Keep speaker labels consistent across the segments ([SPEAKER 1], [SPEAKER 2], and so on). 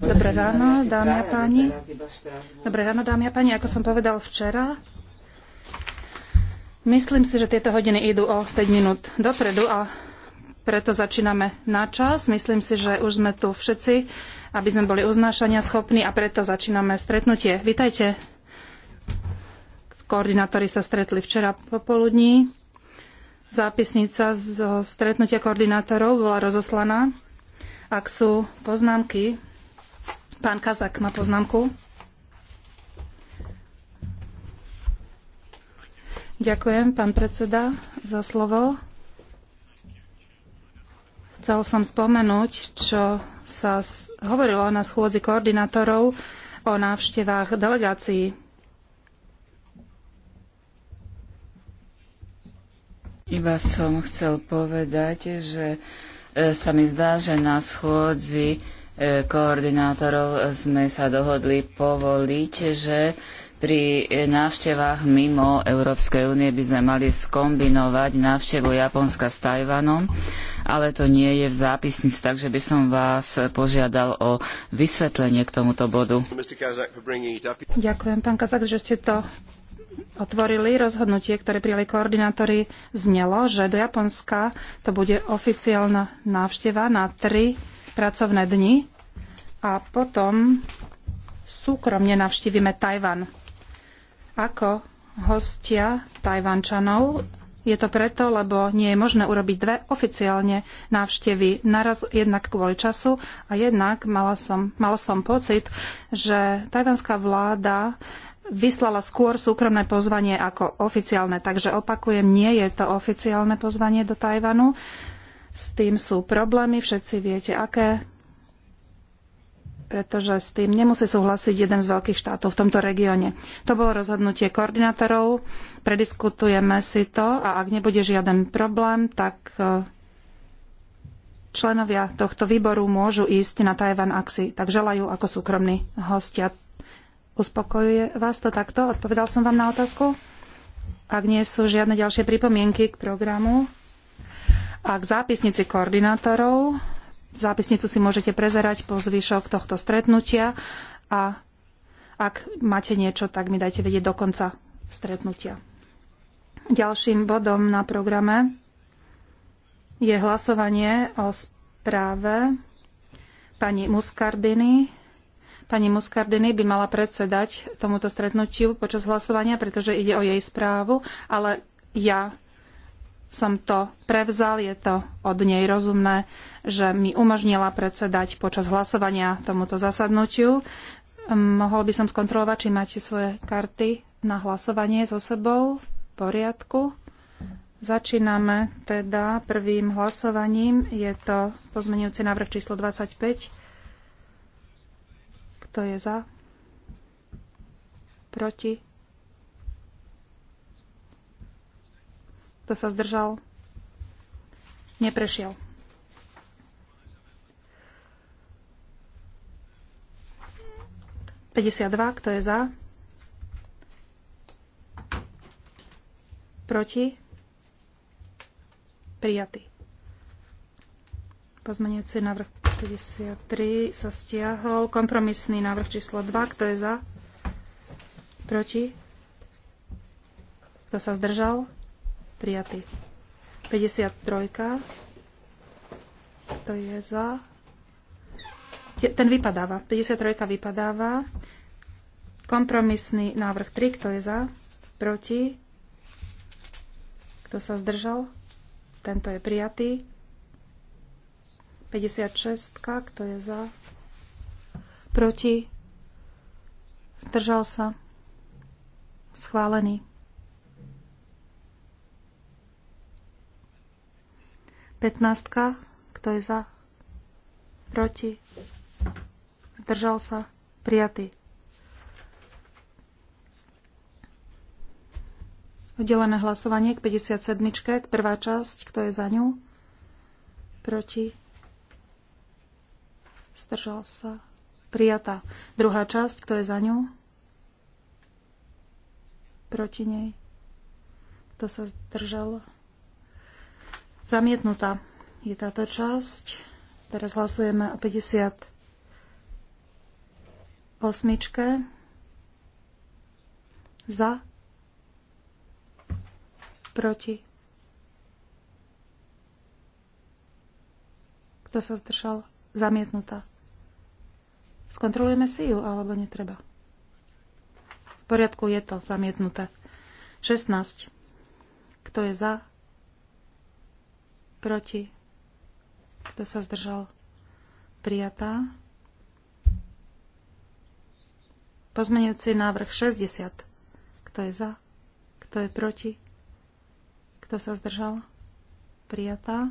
[SPEAKER 1] Dobré ráno, dámy a páni. Dobré ráno, dámy a páni. Ako som povedal včera, myslím si, že tieto hodiny idú o 5 minút dopredu a preto začíname na čas. Myslím si, že už sme tu všetci, aby sme boli uznášania schopní a preto začíname stretnutie. Vítajte. Koordinátori sa stretli včera popoludní. Zápisnica zo stretnutia koordinátorov bola rozoslaná. Ak sú poznámky, pán Kazak má poznámku. Ďakujem, pán predseda, za slovo. Chcel som spomenúť, čo sa hovorilo na schôdzi koordinátorov o návštevách delegácií.
[SPEAKER 2] Iba som chcel povedať, že E, sa mi zdá, že na schôdzi e, koordinátorov e, sme sa dohodli povoliť, že pri návštevách mimo Európskej únie by sme mali skombinovať návštevu Japonska s Tajvanom, ale to nie je v zápisnici, takže by som vás požiadal o vysvetlenie k tomuto bodu.
[SPEAKER 1] Ďakujem, pán Kazak, že ste to otvorili rozhodnutie, ktoré prijali koordinátori, znelo, že do Japonska to bude oficiálna návšteva na tri pracovné dni a potom súkromne navštívime Tajvan. Ako hostia Tajvančanov je to preto, lebo nie je možné urobiť dve oficiálne návštevy naraz, jednak kvôli času a jednak mala som, mal som pocit, že tajvanská vláda vyslala skôr súkromné pozvanie ako oficiálne. Takže opakujem, nie je to oficiálne pozvanie do Tajvanu. S tým sú problémy, všetci viete aké, pretože s tým nemusí súhlasiť jeden z veľkých štátov v tomto regióne. To bolo rozhodnutie koordinátorov, prediskutujeme si to a ak nebude žiaden problém, tak e, členovia tohto výboru môžu ísť na Tajvan, ak si tak želajú ako súkromní hostia. Uspokojuje vás to takto? Odpovedal som vám na otázku? Ak nie sú žiadne ďalšie pripomienky k programu a k zápisnici koordinátorov, zápisnicu si môžete prezerať po zvyšok tohto stretnutia a ak máte niečo, tak mi dajte vedieť do konca stretnutia. Ďalším bodom na programe je hlasovanie o správe pani Muscardini Pani Muscardini by mala predsedať tomuto stretnutiu počas hlasovania, pretože ide o jej správu, ale ja som to prevzal, je to od nej rozumné, že mi umožnila predsedať počas hlasovania tomuto zasadnutiu. Mohol by som skontrolovať, či máte svoje karty na hlasovanie so sebou v poriadku. Začíname teda prvým hlasovaním. Je to pozmenujúci návrh číslo 25 kto je za? Proti? Kto sa zdržal? Neprešiel. dva, kto je za? Proti? Prijatý. Pozmenujúci návrh 53 sa stiahol. Kompromisný návrh číslo 2. Kto je za? Proti? Kto sa zdržal? Prijatý. 53. Kto je za? Ten vypadáva. 53 vypadáva. Kompromisný návrh 3. Kto je za? Proti? Kto sa zdržal? Tento je prijatý. 56. Kto je za? Proti? Zdržal sa? Schválený. 15. Kto je za? Proti? Zdržal sa? Prijatý. Oddelené hlasovanie k 57. Prvá časť. Kto je za ňu? Proti? Zdržal sa. Prijatá. Druhá časť, kto je za ňou? Proti nej. Kto sa zdržal? Zamietnutá je táto časť. Teraz hlasujeme o 50 osmičke. Za. Proti. Kto sa zdržal? Zamietnutá. Skontrolujeme si ju, alebo netreba. V poriadku je to zamietnuté. 16. Kto je za? Proti? Kto sa zdržal? Prijatá. Pozmenujúci návrh 60. Kto je za? Kto je proti? Kto sa zdržal? Prijatá.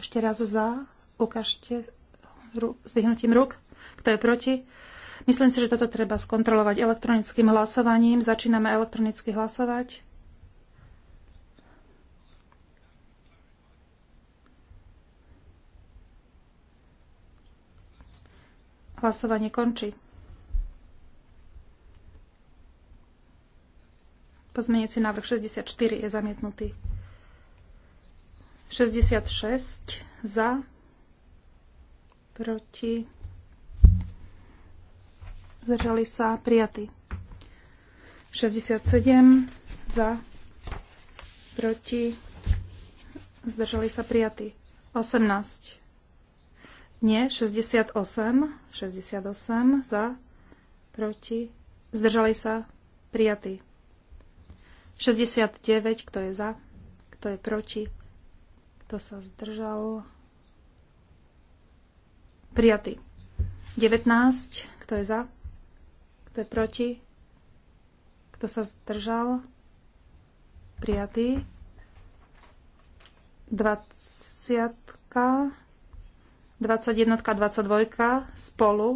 [SPEAKER 1] Ešte raz za. Ukážte zdvihnutím ruk. Kto je proti? Myslím si, že toto treba skontrolovať elektronickým hlasovaním. Začíname elektronicky hlasovať. Hlasovanie končí. Pozmeniaci návrh 64 je zamietnutý. 66 za, proti, zdržali sa, prijatí. 67 za, proti, zdržali sa, prijatí. 18. Nie, 68, 68 za, proti, zdržali sa, prijatí. 69, kto je za, kto je proti, kto sa zdržal? Prijatý. 19. Kto je za? Kto je proti? Kto sa zdržal? Prijatý. 20. 21, 22 spolu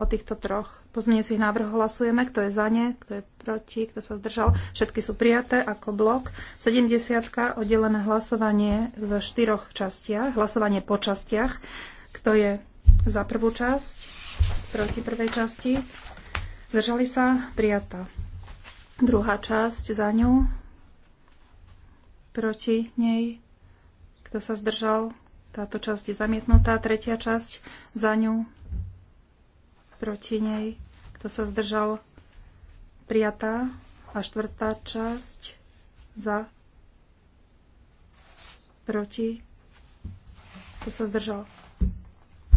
[SPEAKER 1] o týchto troch pozmeňujúcich návrhoch hlasujeme. Kto je za ne, kto je proti, kto sa zdržal. Všetky sú prijaté ako blok. 70 oddelené hlasovanie v štyroch častiach, hlasovanie po častiach. Kto je za prvú časť, proti prvej časti. Zdržali sa, prijatá. Druhá časť za ňu, proti nej. Kto sa zdržal, táto časť je zamietnutá. Tretia časť za ňu. Proti nej. Kto sa zdržal? Prijatá. A štvrtá časť za. Proti. Kto sa zdržal?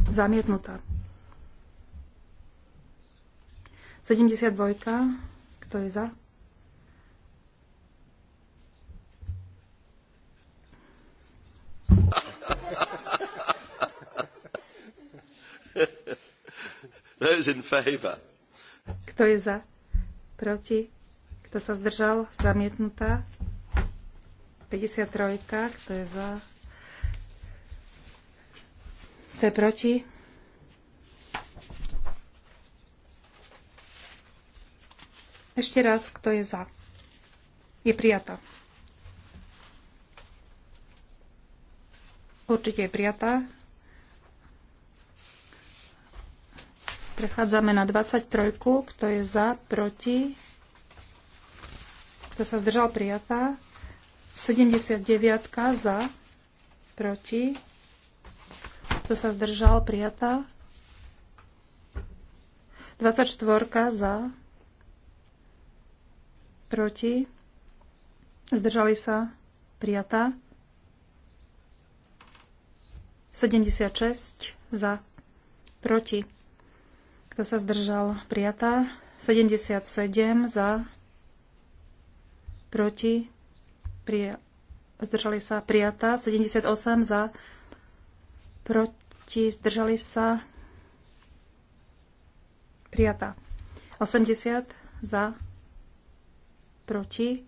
[SPEAKER 1] Zamietnutá. 72. Kto je za?
[SPEAKER 2] Those in favor.
[SPEAKER 1] Kto je za? Proti? Kto sa zdržal? Zamietnutá. 53. Kto je za? Kto je proti? Ešte raz, kto je za? Je prijatá. Určite je prijatá. Prechádzame na 23. Kto je za, proti? Kto sa zdržal, prijatá. 79. Za, proti? Kto sa zdržal, prijatá. 24. Za, proti? Zdržali sa, prijatá. 76. Za, proti? Kto sa zdržal? Prijatá. 77 za. Proti. Prija- zdržali sa. Prijatá. 78 za. Proti. Zdržali sa. Prijatá. 80 za. Proti.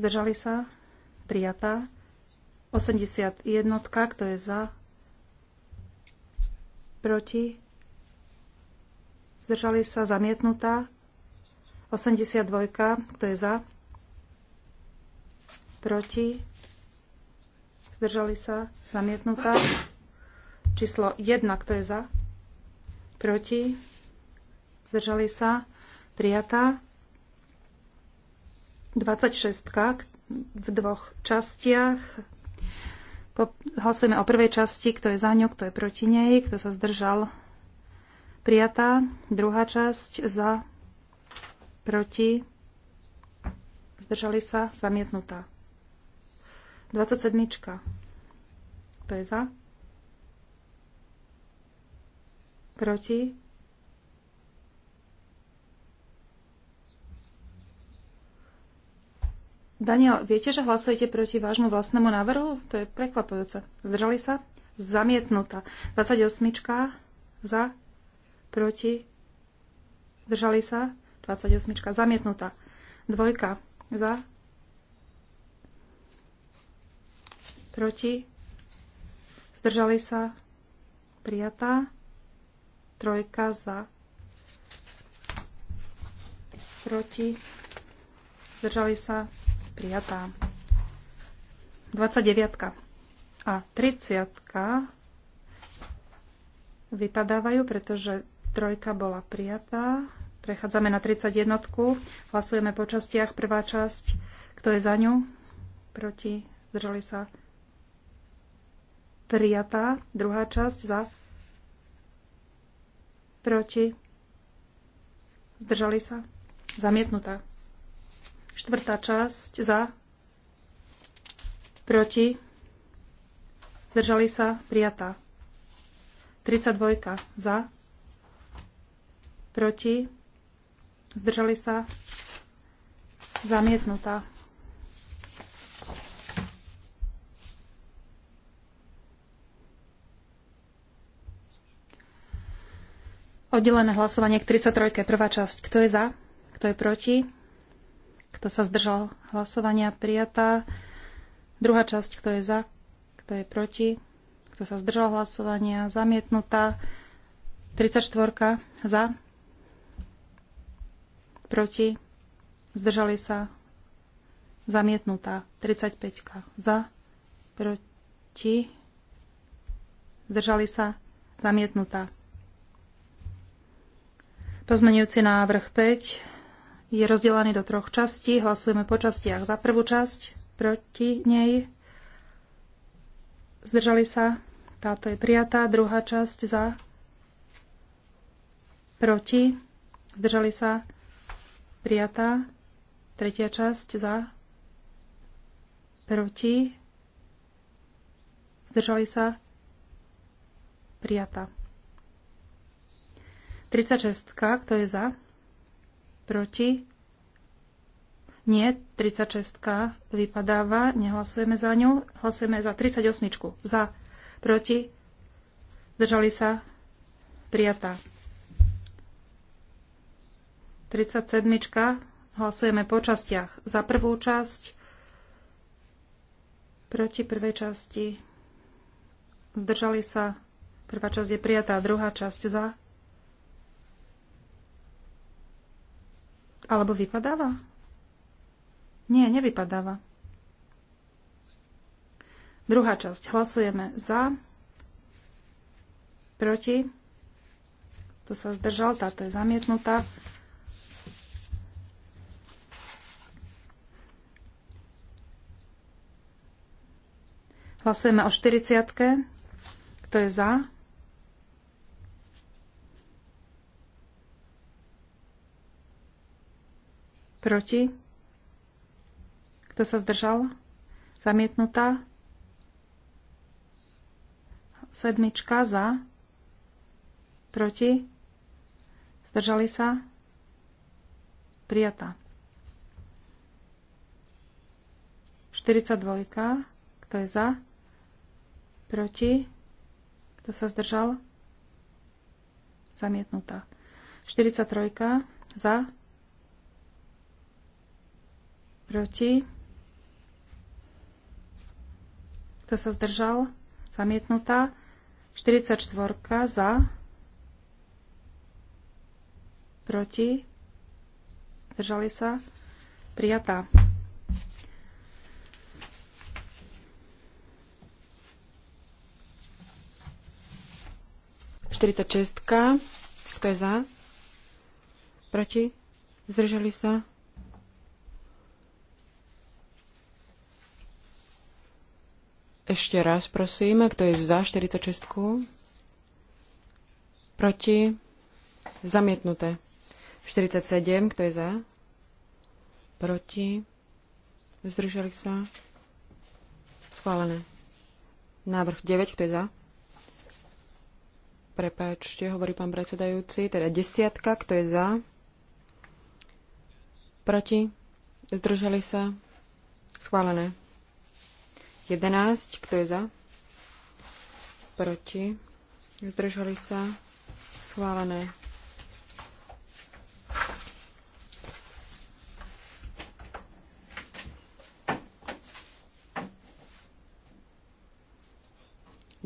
[SPEAKER 1] Zdržali sa. Prijatá. 81, kto je za? Proti zdržali sa, zamietnutá. 82, kto je za, proti, zdržali sa, zamietnutá. Číslo 1, kto je za, proti, zdržali sa, prijatá. 26 v dvoch častiach. Hlasujeme o prvej časti, kto je za ňu, kto je proti nej, kto sa zdržal, Prijatá. Druhá časť za, proti, zdržali sa, zamietnutá. 27. To je za, proti, Daniel, viete, že hlasujete proti vášmu vlastnému návrhu? To je prekvapujúce. Zdržali sa? Zamietnutá. 28. Za? proti, zdržali sa, 28 zamietnutá. Dvojka za, proti, zdržali sa, prijatá, trojka za, proti, zdržali sa, prijatá. 29 a 30 vypadávajú, pretože Trojka bola prijatá. Prechádzame na 31. Hlasujeme po častiach. Prvá časť. Kto je za ňu? Proti. Zdržali sa. Prijatá. Druhá časť za. Proti. Zdržali sa. Zamietnutá. Štvrtá časť za. Proti. Zdržali sa. Prijatá. 32 za proti, zdržali sa, zamietnutá. Oddelené hlasovanie k 33. Prvá časť. Kto je za? Kto je proti? Kto sa zdržal hlasovania? Prijatá. Druhá časť. Kto je za? Kto je proti? Kto sa zdržal hlasovania? Zamietnutá. 34. Za? proti, zdržali sa, zamietnutá. 35 za, proti, zdržali sa, zamietnutá. Pozmenujúci návrh 5 je rozdelený do troch častí. Hlasujeme po častiach za prvú časť, proti nej, zdržali sa, táto je prijatá. Druhá časť za, proti, zdržali sa, prijatá. Tretia časť za, proti, zdržali sa, prijatá. 36, kto je za, proti, nie, 36 vypadáva, nehlasujeme za ňu, hlasujeme za 38, za, proti, zdržali sa, prijatá. 37. Hlasujeme po častiach. Za prvú časť, proti prvej časti, zdržali sa. Prvá časť je prijatá, druhá časť za. Alebo vypadáva? Nie, nevypadáva. Druhá časť. Hlasujeme za, proti. To sa zdržal, táto je zamietnutá. Hlasujeme o 40. -tke. Kto je za? Proti? Kto sa zdržal? Zamietnutá? Sedmička za? Proti? Zdržali sa? Prijatá. 42. Kto je za? Proti? Kto sa zdržal? Zamietnutá. 43. Za? Proti? Kto sa zdržal? Zamietnutá. 44. Za? Proti? Držali sa? Prijatá.
[SPEAKER 3] 46. Kto je za? Proti? Zdržali sa? Ešte raz prosím, kto je za 46? Proti? Zamietnuté. 47, kto je za? Proti? Zdržali sa? Schválené. Návrh 9, kto je za? Prepáčte, hovorí pán predsedajúci. Teda desiatka, kto je za? Proti? Zdržali sa? Schválené. 11, kto je za? Proti? Zdržali sa? Schválené.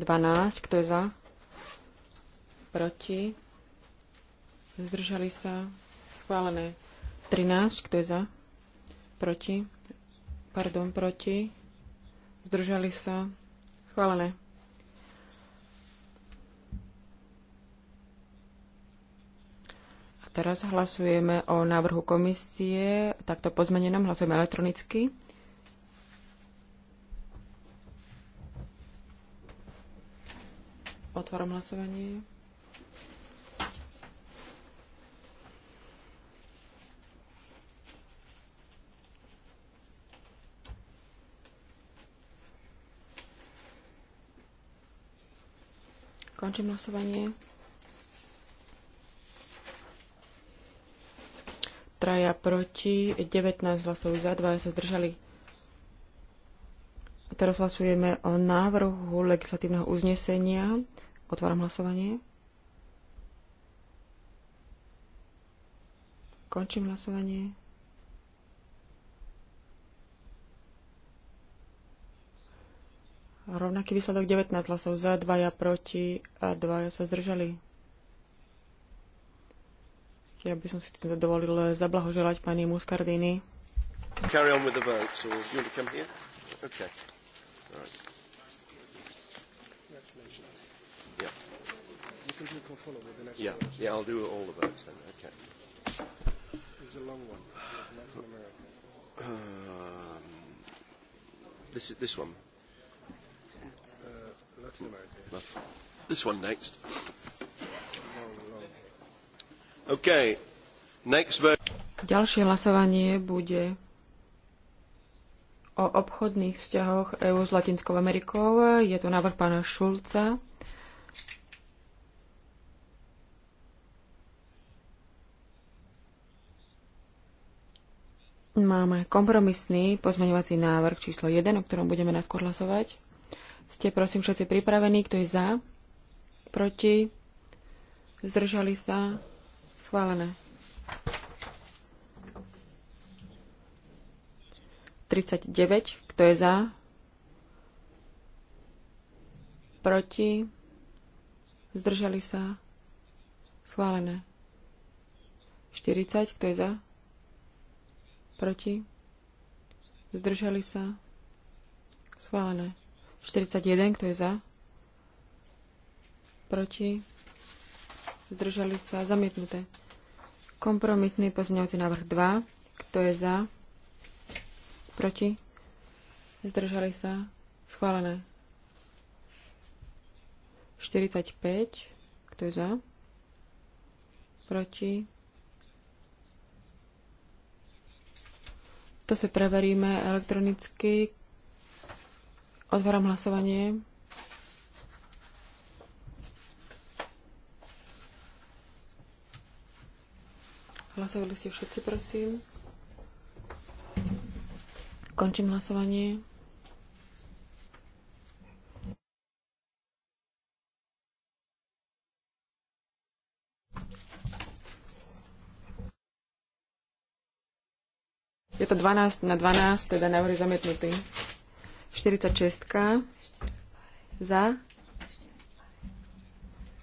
[SPEAKER 3] 12, kto je za? proti, zdržali sa, schválené 13, kto je za, proti, pardon, proti, zdržali sa, schválené. A teraz hlasujeme o návrhu komisie, takto pozmenenom, hlasujeme elektronicky. Otváram hlasovanie. Končím hlasovanie. Traja proti, 19 hlasov za, 2 sa zdržali. Teraz hlasujeme o návrhu legislatívneho uznesenia. Otváram hlasovanie. Končím hlasovanie. Rovnaký výsledok 19 hlasov za, dvaja proti a dvaja sa zdržali. Ja by som si teda dovolil zablahoželať pani Muscardini.
[SPEAKER 1] Carry on with the vote, so you want to come here? Okay. All right. Yeah. You can with the next Yeah, yeah, I'll do all the votes then. Okay. It's a long one. Latin America. Um, this, this one that's
[SPEAKER 2] idea. This one next. Okay. Next ver-
[SPEAKER 3] Ďalšie hlasovanie bude o obchodných vzťahoch EÚ s Latinskou Amerikou. Je tu návrh pána Šulca. Máme kompromisný pozmeňovací návrh číslo 1, o ktorom budeme najskôr hlasovať. Ste prosím všetci pripravení? Kto je za? Proti? Zdržali sa? Schválené. 39. Kto je za? Proti? Zdržali sa? Schválené. 40. Kto je za? Proti? Zdržali sa? Schválené. 41, kto je za? Proti? Zdržali sa? Zamietnuté. Kompromisný pozmeňovací návrh 2. Kto je za? Proti? Zdržali sa? Schválené. 45. Kto je za? Proti? To sa preveríme elektronicky. Otváram hlasovanie. Hlasovali ste všetci, prosím. Končím hlasovanie. Je to 12 na 12, teda návrh zamietnutý. 46 za.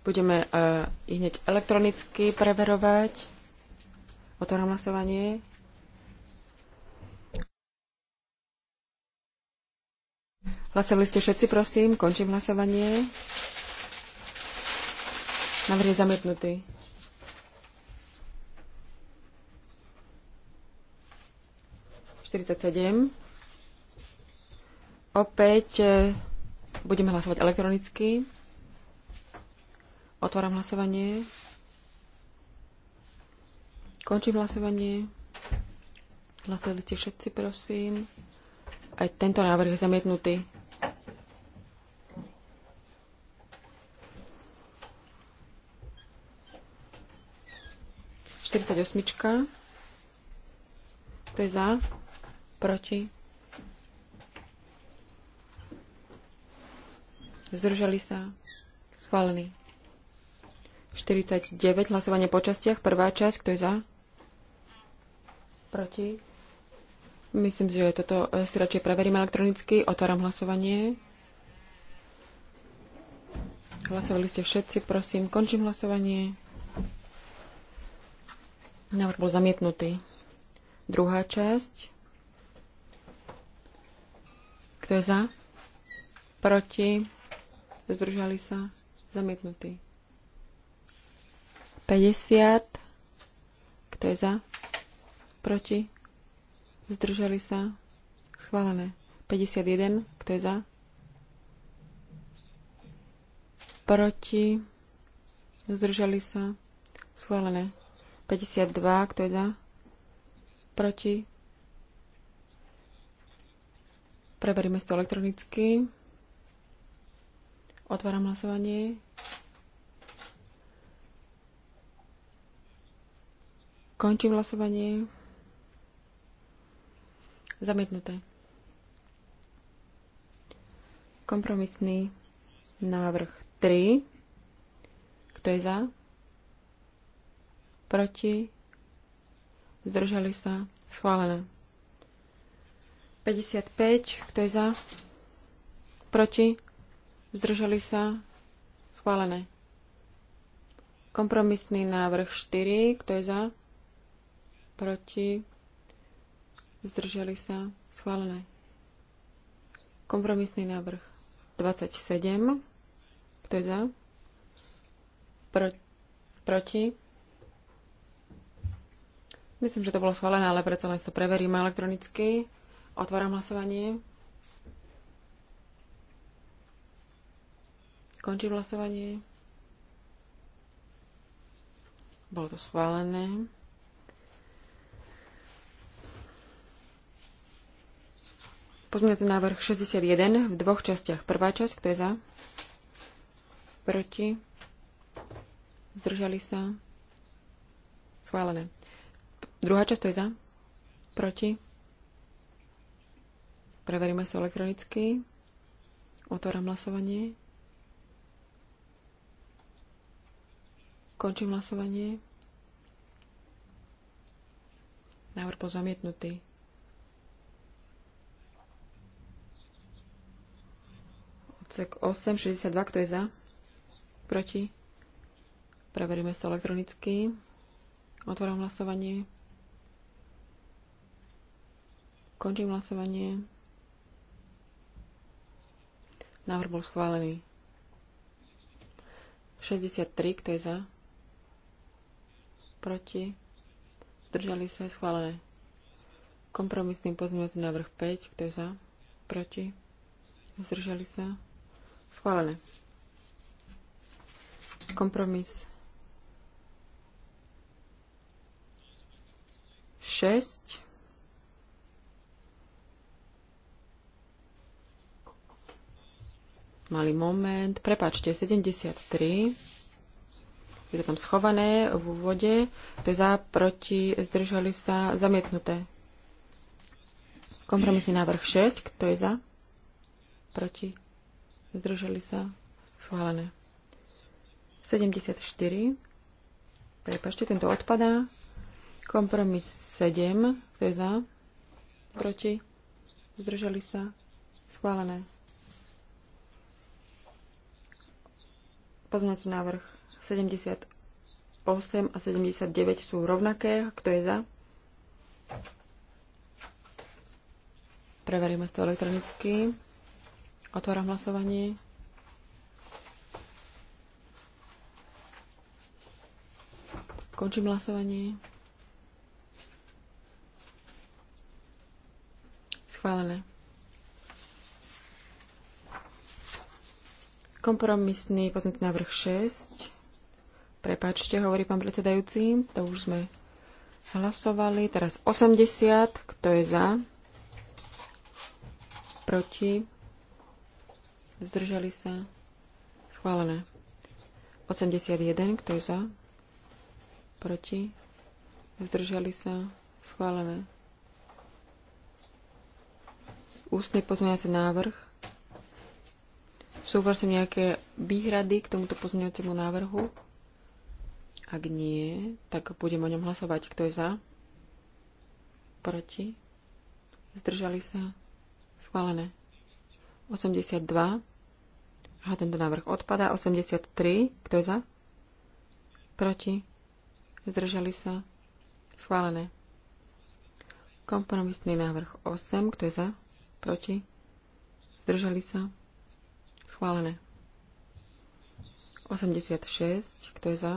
[SPEAKER 3] Budeme uh, hneď elektronicky preverovať. Otváram hlasovanie. Hlasovali ste všetci, prosím. Končím hlasovanie. Návrh je zamietnutý. Štyridsať sedem. Opäť e, budeme hlasovať elektronicky. Otváram hlasovanie. Končím hlasovanie. Hlasovali ste všetci, prosím. Aj tento návrh je zamietnutý. Štyridsaťosmička. To je za. Proti. Zdržali sa? Schválený. 49. Hlasovanie po častiach. Prvá časť. Kto je za? Proti? Myslím, že toto e, si radšej preverím elektronicky. Otváram hlasovanie. Hlasovali ste všetci, prosím. Končím hlasovanie. Návrh bol zamietnutý. Druhá časť. Kto je za? Proti? zdržali sa, zamietnutí. 50, kto je za, proti, zdržali sa, schválené. 51, kto je za, proti, zdržali sa, schválené. 52, kto je za, proti, preberíme to elektronicky. Otváram hlasovanie. Končím hlasovanie. Zamietnuté. Kompromisný návrh 3. Kto je za? Proti? Zdržali sa? Schválené. 55. Kto je za? Proti? Zdržali sa? Schválené. Kompromisný návrh 4. Kto je za? Proti? Zdržali sa? Schválené. Kompromisný návrh 27. Kto je za? Pro- proti? Myslím, že to bolo schválené, ale predsa len sa preveríme elektronicky. Otváram hlasovanie. Končím hlasovanie. Bolo to schválené. ten návrh 61 v dvoch častiach. Prvá časť, kto je za? Proti? Zdržali sa? Schválené. Druhá časť, kto je za? Proti? Preveríme sa elektronicky. Otváram hlasovanie. Končím hlasovanie. Návrh bol zamietnutý. Odsek 62 kto je za? Proti? Preveríme sa elektronicky. Otváram hlasovanie. Končím hlasovanie. Návrh bol schválený. 63, kto je za? proti, zdržali sa, schválené. Kompromisný pozmeňovací návrh 5, kto je za, proti, zdržali sa, schválené. Kompromis 6, malý moment. Prepačte, 73. Je to tam schované v úvode. To je za, proti, zdržali sa, zamietnuté. Kompromisný návrh 6. Kto je za? Proti? Zdržali sa? Schválené. 74. Prepašte, tento odpadá. Kompromis 7. Kto je za? Proti? Zdržali sa? Schválené. Pozmeňujúci návrh 78 a 79 sú rovnaké. Kto je za? Preveríme to elektronicky. Otváram hlasovanie. Končím hlasovanie. Schválené. Kompromisný pozemný návrh 6. Prepačte, hovorí pán predsedajúci, to už sme hlasovali. Teraz 80, kto je za? Proti? Zdržali sa? Schválené. 81, kto je za? Proti? Zdržali sa? Schválené. Ústny pozmeňovací návrh. Sú vlastne nejaké výhrady k tomuto pozmeňovacému návrhu? Ak nie, tak budem o ňom hlasovať. Kto je za? Proti? Zdržali sa? Schválené. 82. Aha, tento návrh odpadá. 83. Kto je za? Proti? Zdržali sa? Schválené. Kompromisný návrh 8. Kto je za? Proti? Zdržali sa? Schválené. 86. Kto je za?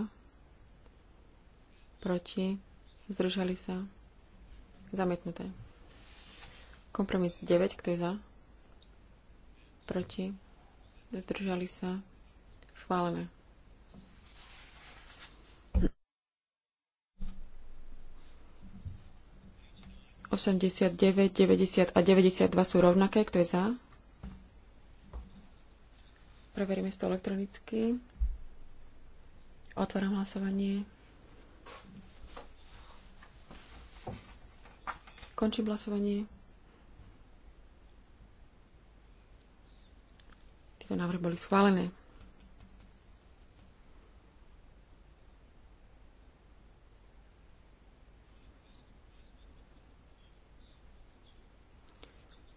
[SPEAKER 3] proti, zdržali sa, zamietnuté. Kompromis 9, kto je za, proti, zdržali sa, schválené. Osemdesiat devet, deväťdesiat a deväťdesiat dva sú rovnaké. Kto je za? Preveríme si to elektronicky. Otváram hlasovanie. Končím hlasovanie. Tieto návrhy boli schválené.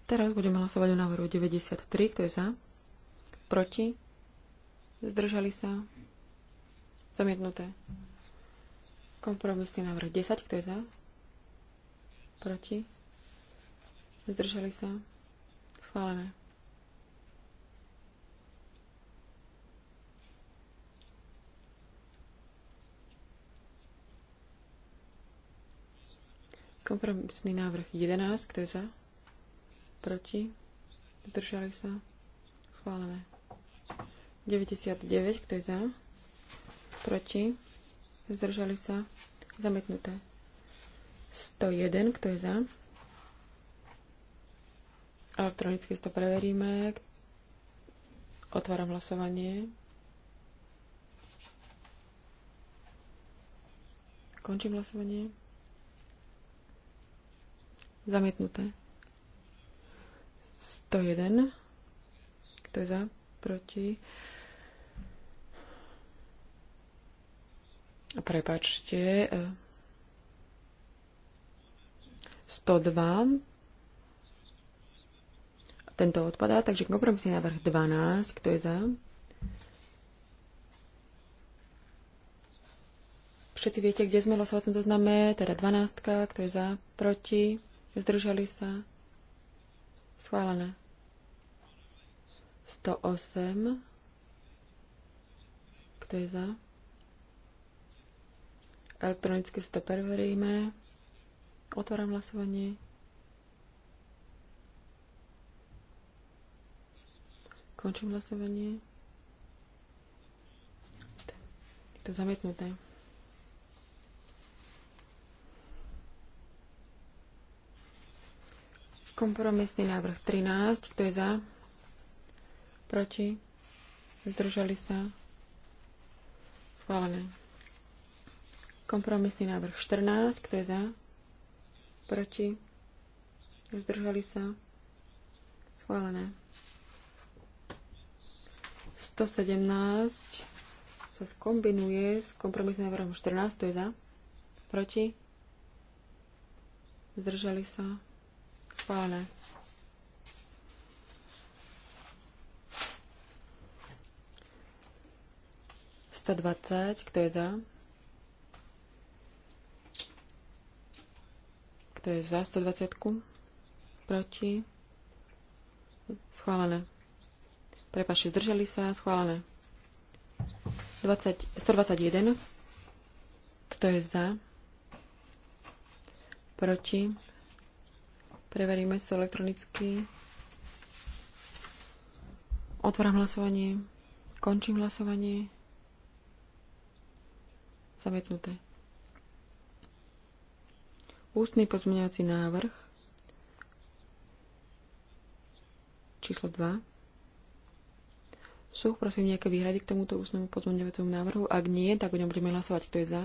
[SPEAKER 3] Teraz budeme hlasovať o návrhu 93. Kto je za? Proti? Zdržali sa? Zamietnuté. Kompromisný návrh 10. Kto je za? Proti? Zdržali sa? Schválené. Kompromisný návrh 11. Kto je za? Proti? Zdržali sa? Schválené. 99. Kto je za? Proti? Zdržali sa? Zamietnuté. 101, kto je za? Elektronicky si to preveríme. Otváram hlasovanie. Končím hlasovanie. Zamietnuté. 101. Kto je za? Proti. Prepačte. E, 102. Tento odpadá, takže kompromisný návrh 12. Kto je za? Všetci viete, kde sme hlasovacom zozname, teda 12. Kto je za? Proti? Zdržali sa? Schválené. 108. Kto je za? Elektronicky si to preveríme. Otváram hlasovanie. Končím hlasovanie. Je to zamietnuté. Kompromisný návrh 13. Kto je za? Proti? Zdržali sa? Schválené. Kompromisný návrh 14. Kto je za? proti, zdržali sa, schválené. 117 sa skombinuje s kompromisným návrhom 14, to je za, proti, zdržali sa, schválené. 120, kto je za? Kto je za 120? Proti? Schválené. Prepašte, zdržali sa? Schválené. 20, 121. Kto je za? Proti? Preveríme sa elektronicky. Otváram hlasovanie. Končím hlasovanie. Zamietnuté. Ústny pozmeňovací návrh číslo 2. Sú, prosím, nejaké výhrady k tomuto ústnemu pozmeňovacomu návrhu? Ak nie, tak o ňom budeme hlasovať. Kto je za?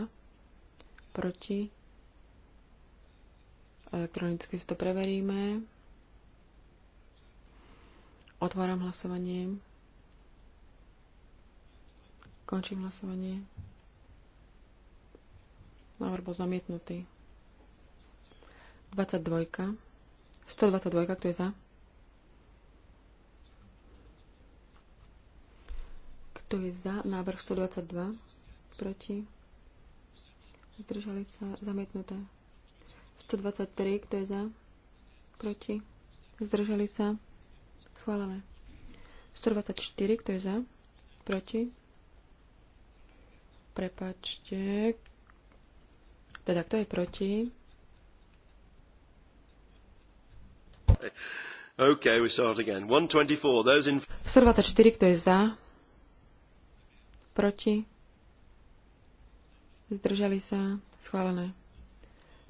[SPEAKER 3] Proti? Elektronicky si to preveríme. Otváram hlasovanie. Končím hlasovanie. Návrh bol zamietnutý. 22. 122, kto je za? Kto je za návrh 122? Proti? Zdržali sa zamietnuté. 123, kto je za? Proti? Zdržali sa? Schválené. 124, kto je za? Proti? Prepačte. Teda, kto je proti?
[SPEAKER 2] Okay, we start again. 124, those in...
[SPEAKER 3] 124, kto je za? Proti? Zdržali sa? Schválené.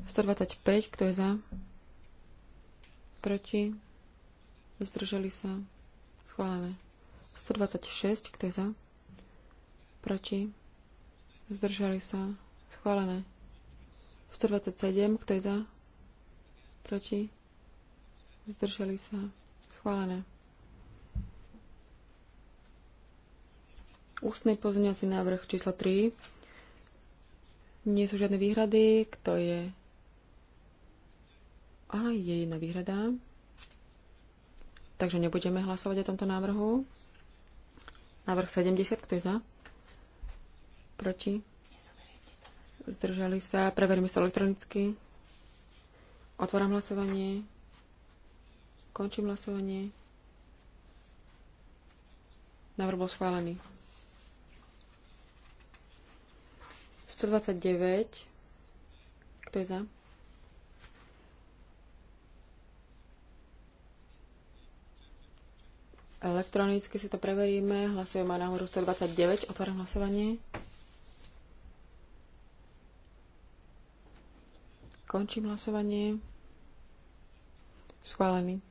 [SPEAKER 3] 125, kto je za? Proti? Zdržali sa? Schválené. 126, kto je za? Proti? Zdržali sa? Schválené. 127, kto je za? Proti? zdržali sa, schválené. Ústny pozňací návrh číslo 3. Nie sú žiadne výhrady. Kto je? A je jedna výhrada. Takže nebudeme hlasovať o tomto návrhu. Návrh 70. Kto je za? Proti? Zdržali sa. Preverím sa elektronicky. Otváram hlasovanie. Končím hlasovanie. Návrh bol schválený. 129. Kto je za? Elektronicky si to preveríme. Hlasujeme aj nahoru 129. Otváram hlasovanie. Končím hlasovanie. Schválený.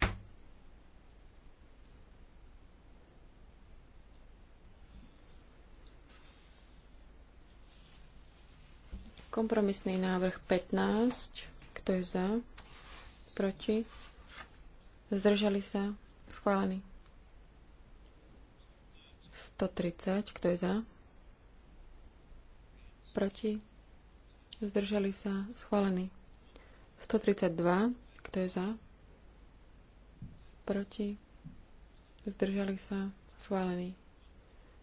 [SPEAKER 3] Kompromisný návrh 15. Kto je za? Proti? Zdržali sa? Schválený. 130. Kto je za? Proti? Zdržali sa? Schválený. 132. Kto je za? Proti? Zdržali sa? Schválený.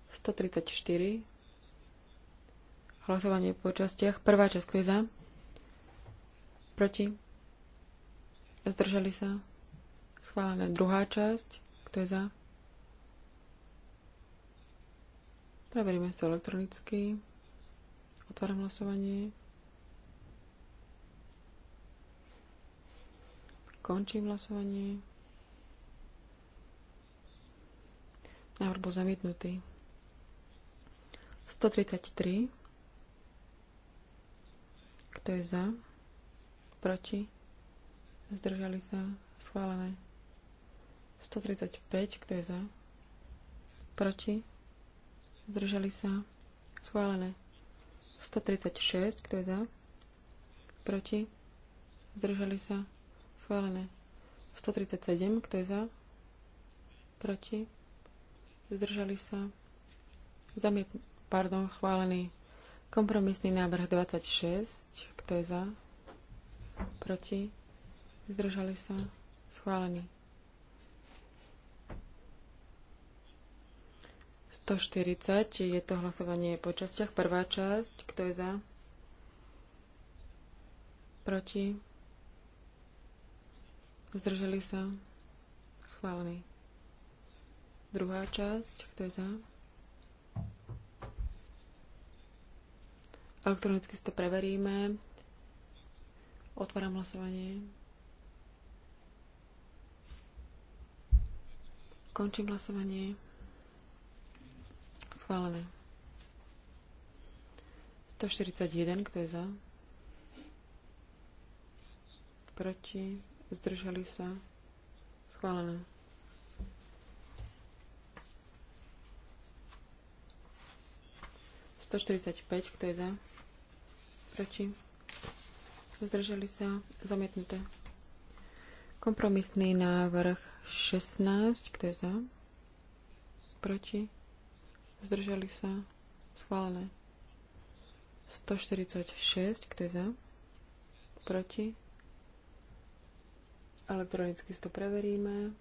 [SPEAKER 3] 134. Hlasovanie po častiach. Prvá časť, kto je za? Proti? Zdržali sa? Schválené. Druhá časť, kto je za? Preveríme to elektronicky. Otváram hlasovanie. Končím hlasovanie. Návrh bol zamietnutý. 133. Kto je za? Proti? Zdržali sa? Schválené. 135. Kto je za? Proti? Zdržali sa? Schválené. 136. Kto je za? Proti? Zdržali sa? Schválené. 137. Kto je za? Proti? Zdržali sa? Zamiet... Pardon, chválený. Kompromisný návrh 26. Kto je za? Proti? Zdržali sa? Schválený. 140. Je to hlasovanie po častiach. Prvá časť. Kto je za? Proti? Zdržali sa? Schválený. Druhá časť. Kto je za? Elektronicky si to preveríme. Otváram hlasovanie. Končím hlasovanie. Schválené. 141, kto je za? Proti? Zdržali sa? Schválené. Сто тридцать пять, kto je za? zdržali sa, zamietnuté. Kompromisný návrh 16, kto je za? Proti? Zdržali sa? Schválené. 146, kto je za? Proti? Elektronicky si to preveríme.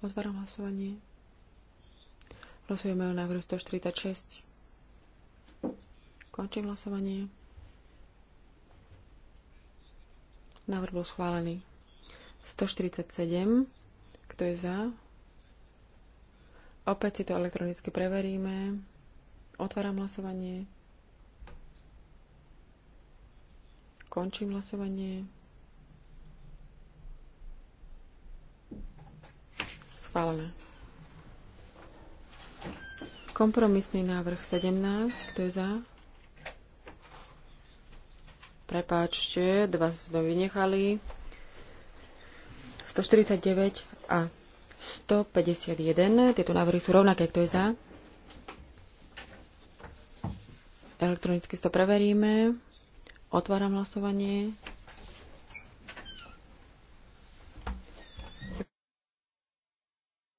[SPEAKER 3] Otváram hlasovanie. Hlasujeme o návrhu 146. Končím hlasovanie. Návrh bol schválený. 147. Kto je za? Opäť si to elektronicky preveríme. Otváram hlasovanie. Končím hlasovanie. Schválené. Kompromisný návrh 17. Kto je za? Prepáčte, dva sme vynechali. 149 a 151. Tieto návrhy sú rovnaké. Kto je za? Elektronicky to preveríme. Otváram hlasovanie.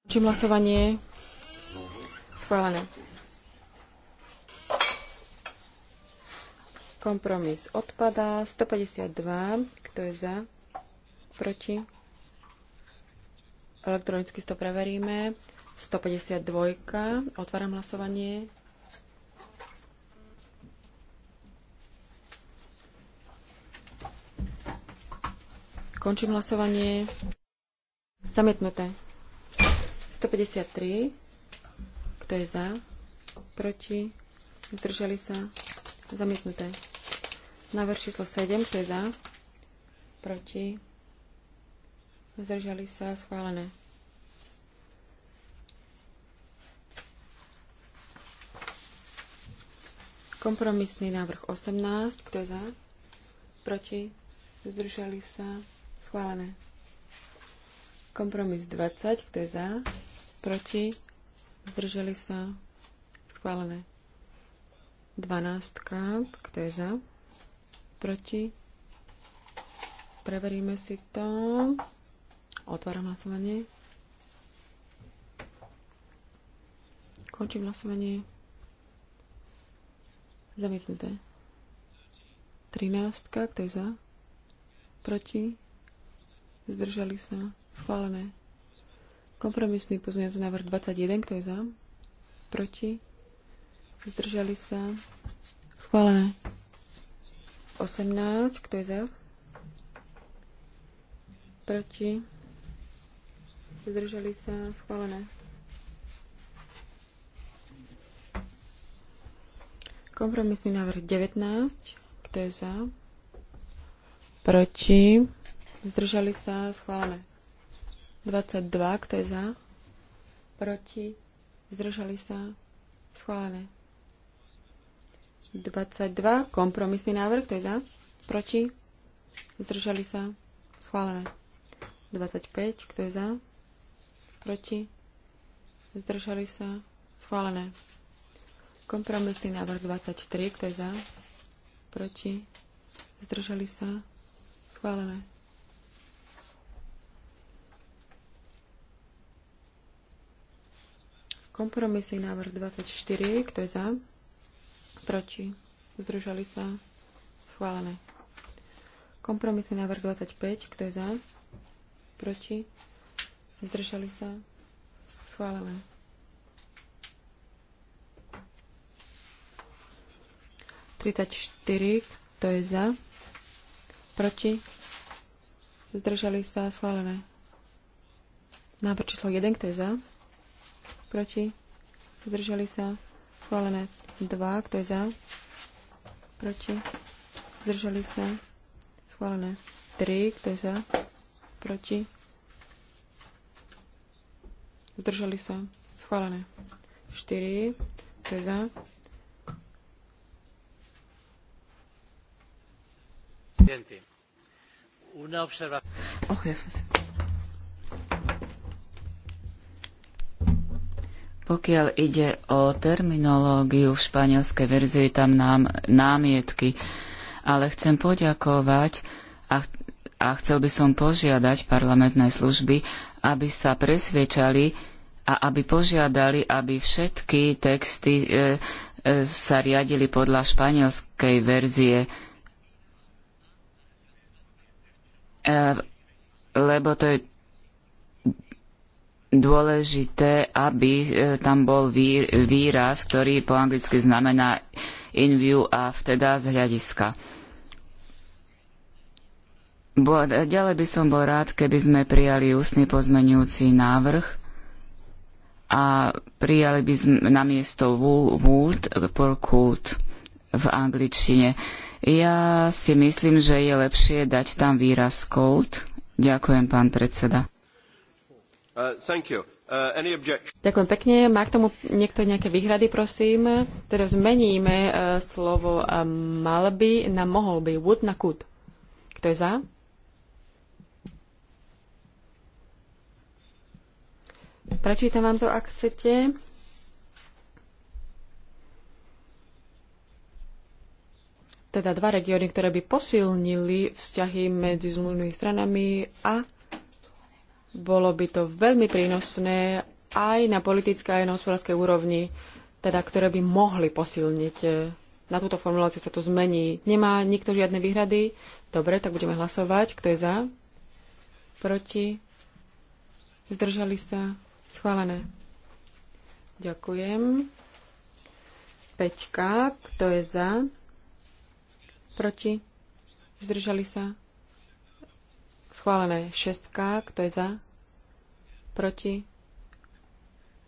[SPEAKER 3] Čím hlasovanie? Schválené. Kompromis odpadá. 152. Kto je za? Proti? Elektronicky to preveríme. 152. Otváram hlasovanie. Končím hlasovanie. Zamietnuté. 153. Kto je za? Proti? Zdržali sa? Zamietnuté. Návrh číslo 7, kto je za? Proti? Zdržali sa? Schválené. Kompromisný návrh 18, kto je za? Proti? Zdržali sa? Schválené. Kompromis 20, kto je za? Proti? Zdržali sa? Schválené. 12, kto je za? proti. Preveríme si to. Otváram hlasovanie. Končím hlasovanie. Zamietnuté. 13. Kto je za? Proti? Zdržali sa. Schválené. Kompromisný pozniac návrh 21. Kto je za? Proti? Zdržali sa. Schválené. 18, kto je za? Proti? Zdržali sa? Schválené. Kompromisný návrh 19, kto je za? Proti? Zdržali sa? Schválené. 22, kto je za? Proti? Zdržali sa? Schválené. 22, kompromisný návrh, to je za, proti, zdržali sa, schválené. 25, kto je za, proti, zdržali sa, schválené. Kompromisný návrh 23, kto je za, proti, zdržali sa, schválené. Kompromisný návrh 24, kto je za, Proti. Zdržali sa. Schválené. Kompromisný návrh 25. Kto je za? Proti. Zdržali sa. Schválené. Tridsať štyri. Kto je za? Proti? Zdržali sa. Schválené. Návrh číslo 1. Kto je za? Proti? Zdržali sa? Schválené. 2, kto je za? Proti? Zdržali sa? Schválené. 3, kto je za? Proti? Zdržali sa? Schválené. 4, kto je za?
[SPEAKER 2] Och, ja som si... Pokiaľ ide o terminológiu v španielskej verzii, tam nám námietky, ale chcem poďakovať a, a chcel by som požiadať parlamentné služby, aby sa presviečali a aby požiadali, aby všetky texty e, e, sa riadili podľa španielskej verzie. E, lebo to je dôležité, aby e, tam bol výraz, ktorý po anglicky znamená in view a teda z hľadiska. Bo, ďalej by som bol rád, keby sme prijali ústny pozmenujúci návrh a prijali by sme na miesto would por could v angličtine. Ja si myslím, že je lepšie dať tam výraz code. Ďakujem, pán predseda.
[SPEAKER 3] Uh, uh, Ďakujem pekne. Má k tomu niekto nejaké výhrady, prosím? Teda zmeníme uh, slovo mal by na mohol by, would na could. Kto je za? Prečítam vám to, ak chcete. Teda dva regióny, ktoré by posilnili vzťahy medzi zmluvnými stranami a bolo by to veľmi prínosné aj na politickej, aj na hospodárskej úrovni, teda ktoré by mohli posilniť. E, na túto formuláciu sa to zmení. Nemá nikto žiadne výhrady? Dobre, tak budeme hlasovať. Kto je za? Proti? Zdržali sa? Schválené. Ďakujem. Peťka, kto je za? Proti? Zdržali sa? Schválené. Šestka, kto je za? Proti?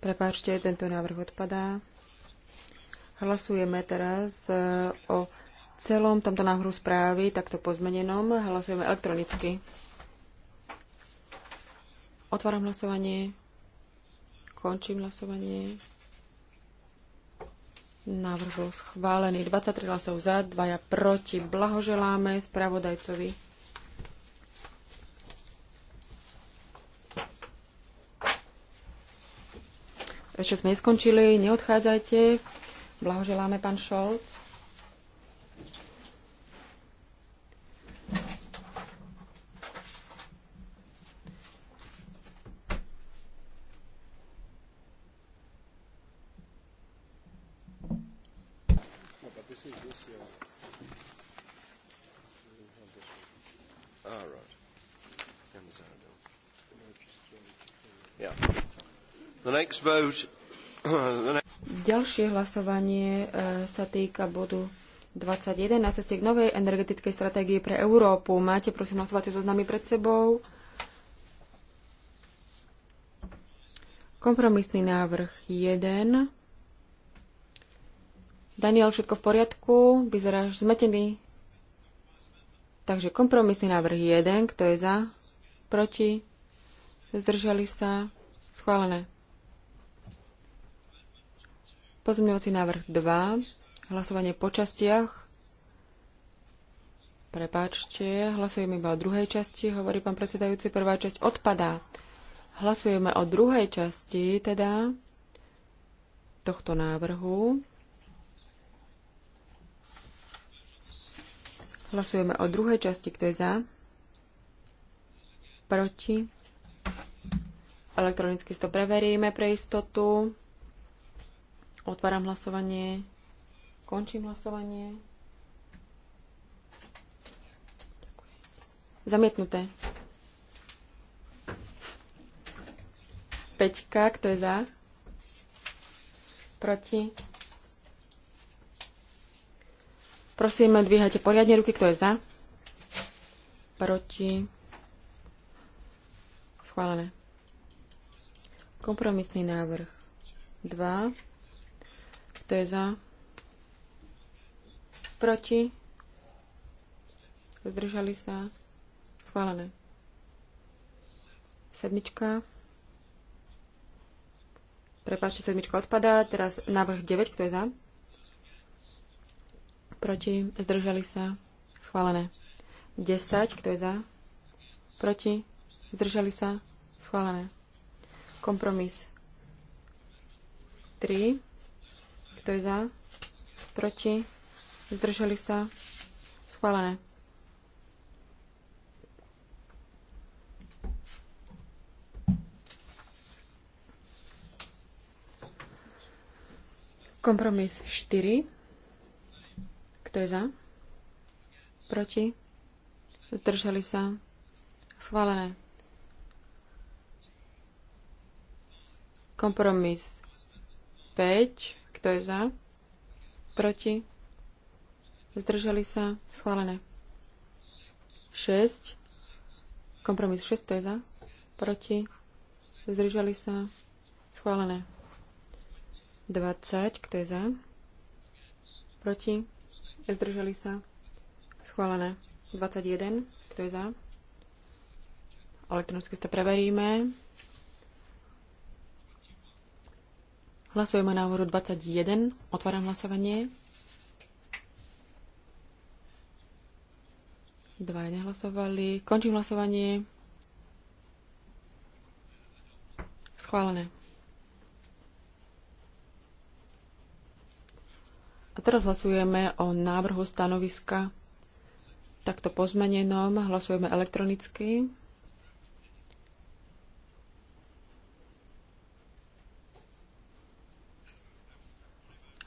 [SPEAKER 3] Prepáčte, tento návrh odpadá. Hlasujeme teraz e, o celom tomto návrhu správy, takto pozmenenom. Hlasujeme elektronicky. Otváram hlasovanie. Končím hlasovanie. Návrh bol schválený. 23 hlasov za, 2 proti. Blahoželáme spravodajcovi. Ešte sme neskončili, neodchádzajte. Blahoželáme, pán Šolc. Ďalšie hlasovanie e, sa týka bodu 21 na ceste k novej energetickej stratégii pre Európu. Máte prosím hlasovacie zoznamy pred sebou. Kompromisný návrh 1. Daniel, všetko v poriadku? Vyzeráš zmetený? Takže kompromisný návrh 1. Kto je za? Proti? Zdržali sa? Schválené. Pozmeňovací návrh 2. Hlasovanie po častiach. Prepáčte, hlasujeme iba o druhej časti, hovorí pán predsedajúci. Prvá časť odpadá. Hlasujeme o druhej časti, teda tohto návrhu. Hlasujeme o druhej časti, kto je za, proti. Elektronicky si to preveríme pre istotu. Otváram hlasovanie. Končím hlasovanie. Zamietnuté. Peťka, kto je za? Proti? Prosím, dvíhajte poriadne ruky, kto je za? Proti? Schválené. Kompromisný návrh 2. Kto je za? Proti? Zdržali sa? Schválené. Sedmička. Prepáčte, sedmička odpadá. Teraz návrh 9, kto je za? Proti? Zdržali sa? Schválené. 10, kto je za? Proti? Zdržali sa? Schválené. Kompromis. 3. Kto je za? Proti? Zdržali sa? Schválené. Kompromis 4. Kto je za? Proti? Zdržali sa? Schválené. Kompromis 5. Kto je za? Proti? Zdržali sa? Schválené. 6. Kompromis 6, to je za? Proti? Zdržali sa? Schválené. 20, kto je za? Proti? Zdržali sa? Schválené. 21, kto je za? Elektronicky ste preveríme. Hlasujeme návrhu 21. Otváram hlasovanie. Dva nehlasovali. Končím hlasovanie. Schválené. A teraz hlasujeme o návrhu stanoviska takto pozmenenom. Hlasujeme elektronicky.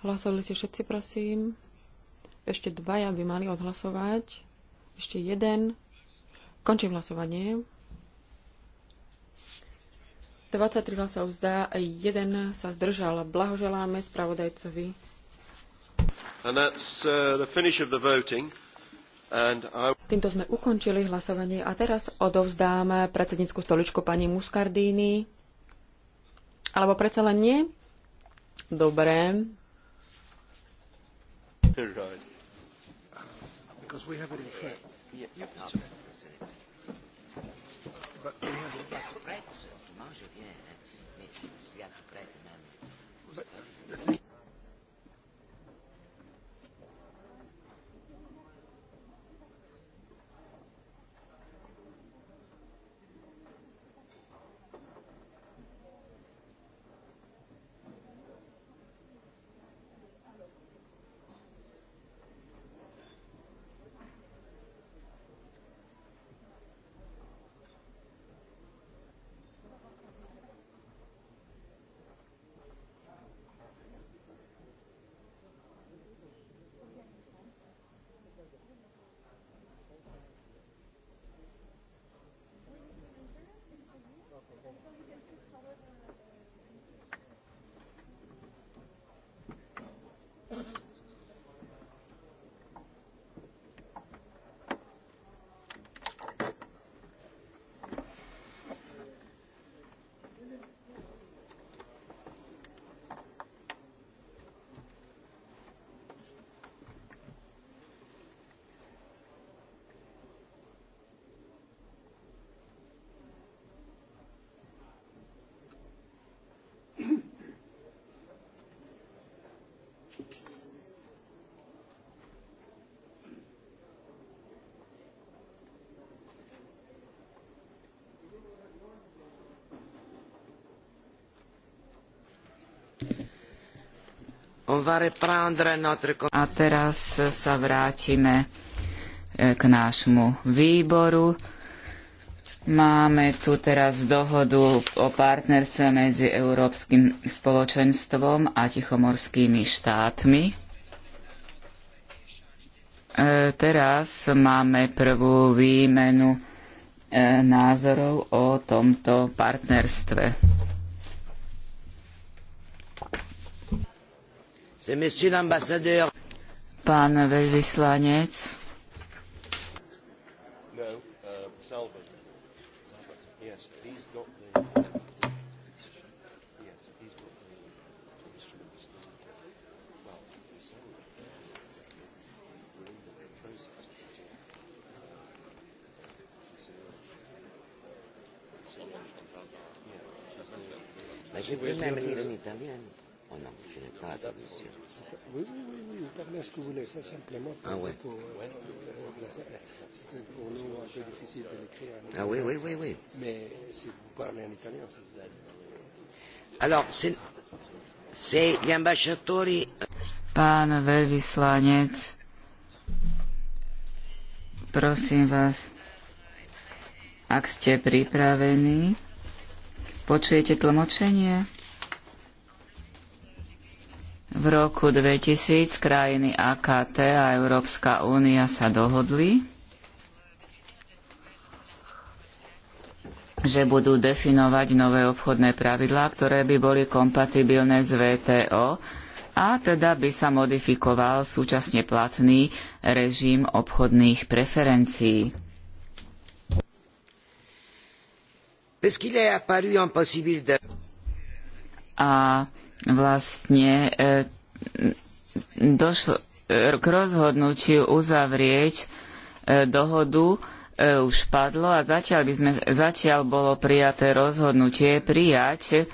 [SPEAKER 3] Hlasovali ste všetci, prosím. Ešte dvaja by mali odhlasovať. Ešte jeden. Končím hlasovanie. 23 hlasov za, jeden sa zdržal. Blahoželáme spravodajcovi.
[SPEAKER 2] And that's, uh, the finish of the voting. And I...
[SPEAKER 3] Týmto sme ukončili hlasovanie a teraz odovzdám predsednickú stoličku pani Muscardini. Alebo predsa len nie? Dobre,
[SPEAKER 2] Because
[SPEAKER 1] we have it in front. Yeah, you have it. But we have it back.
[SPEAKER 3] But the thing
[SPEAKER 2] A teraz sa vrátime e, k nášmu výboru. Máme tu teraz dohodu o partnerstve medzi Európskym spoločenstvom a Tichomorskými štátmi. E, teraz máme prvú výmenu e, názorov o tomto partnerstve. Pán veľvyslanec,
[SPEAKER 1] simplement ah ouais. pour, ouais.
[SPEAKER 3] C'est pour nous un peu difficile de l'écrire Ah oui, oui, oui, oui. Mais si vous parlez en italien, ça vous aide.
[SPEAKER 2] Alors, c'est, c'est gli ambasciatori... Pán veľvyslanec, prosím vás, ak ste pripravení, počujete tlmočenie? V roku 2000 krajiny AKT a Európska únia sa dohodli, že budú definovať nové obchodné pravidlá, ktoré by boli kompatibilné s VTO a teda by sa modifikoval súčasne platný režim obchodných preferencií. A vlastne e, došlo e, k rozhodnutiu uzavrieť e, dohodu už padlo a zatiaľ, by sme, zatiaľ bolo prijaté rozhodnutie prijať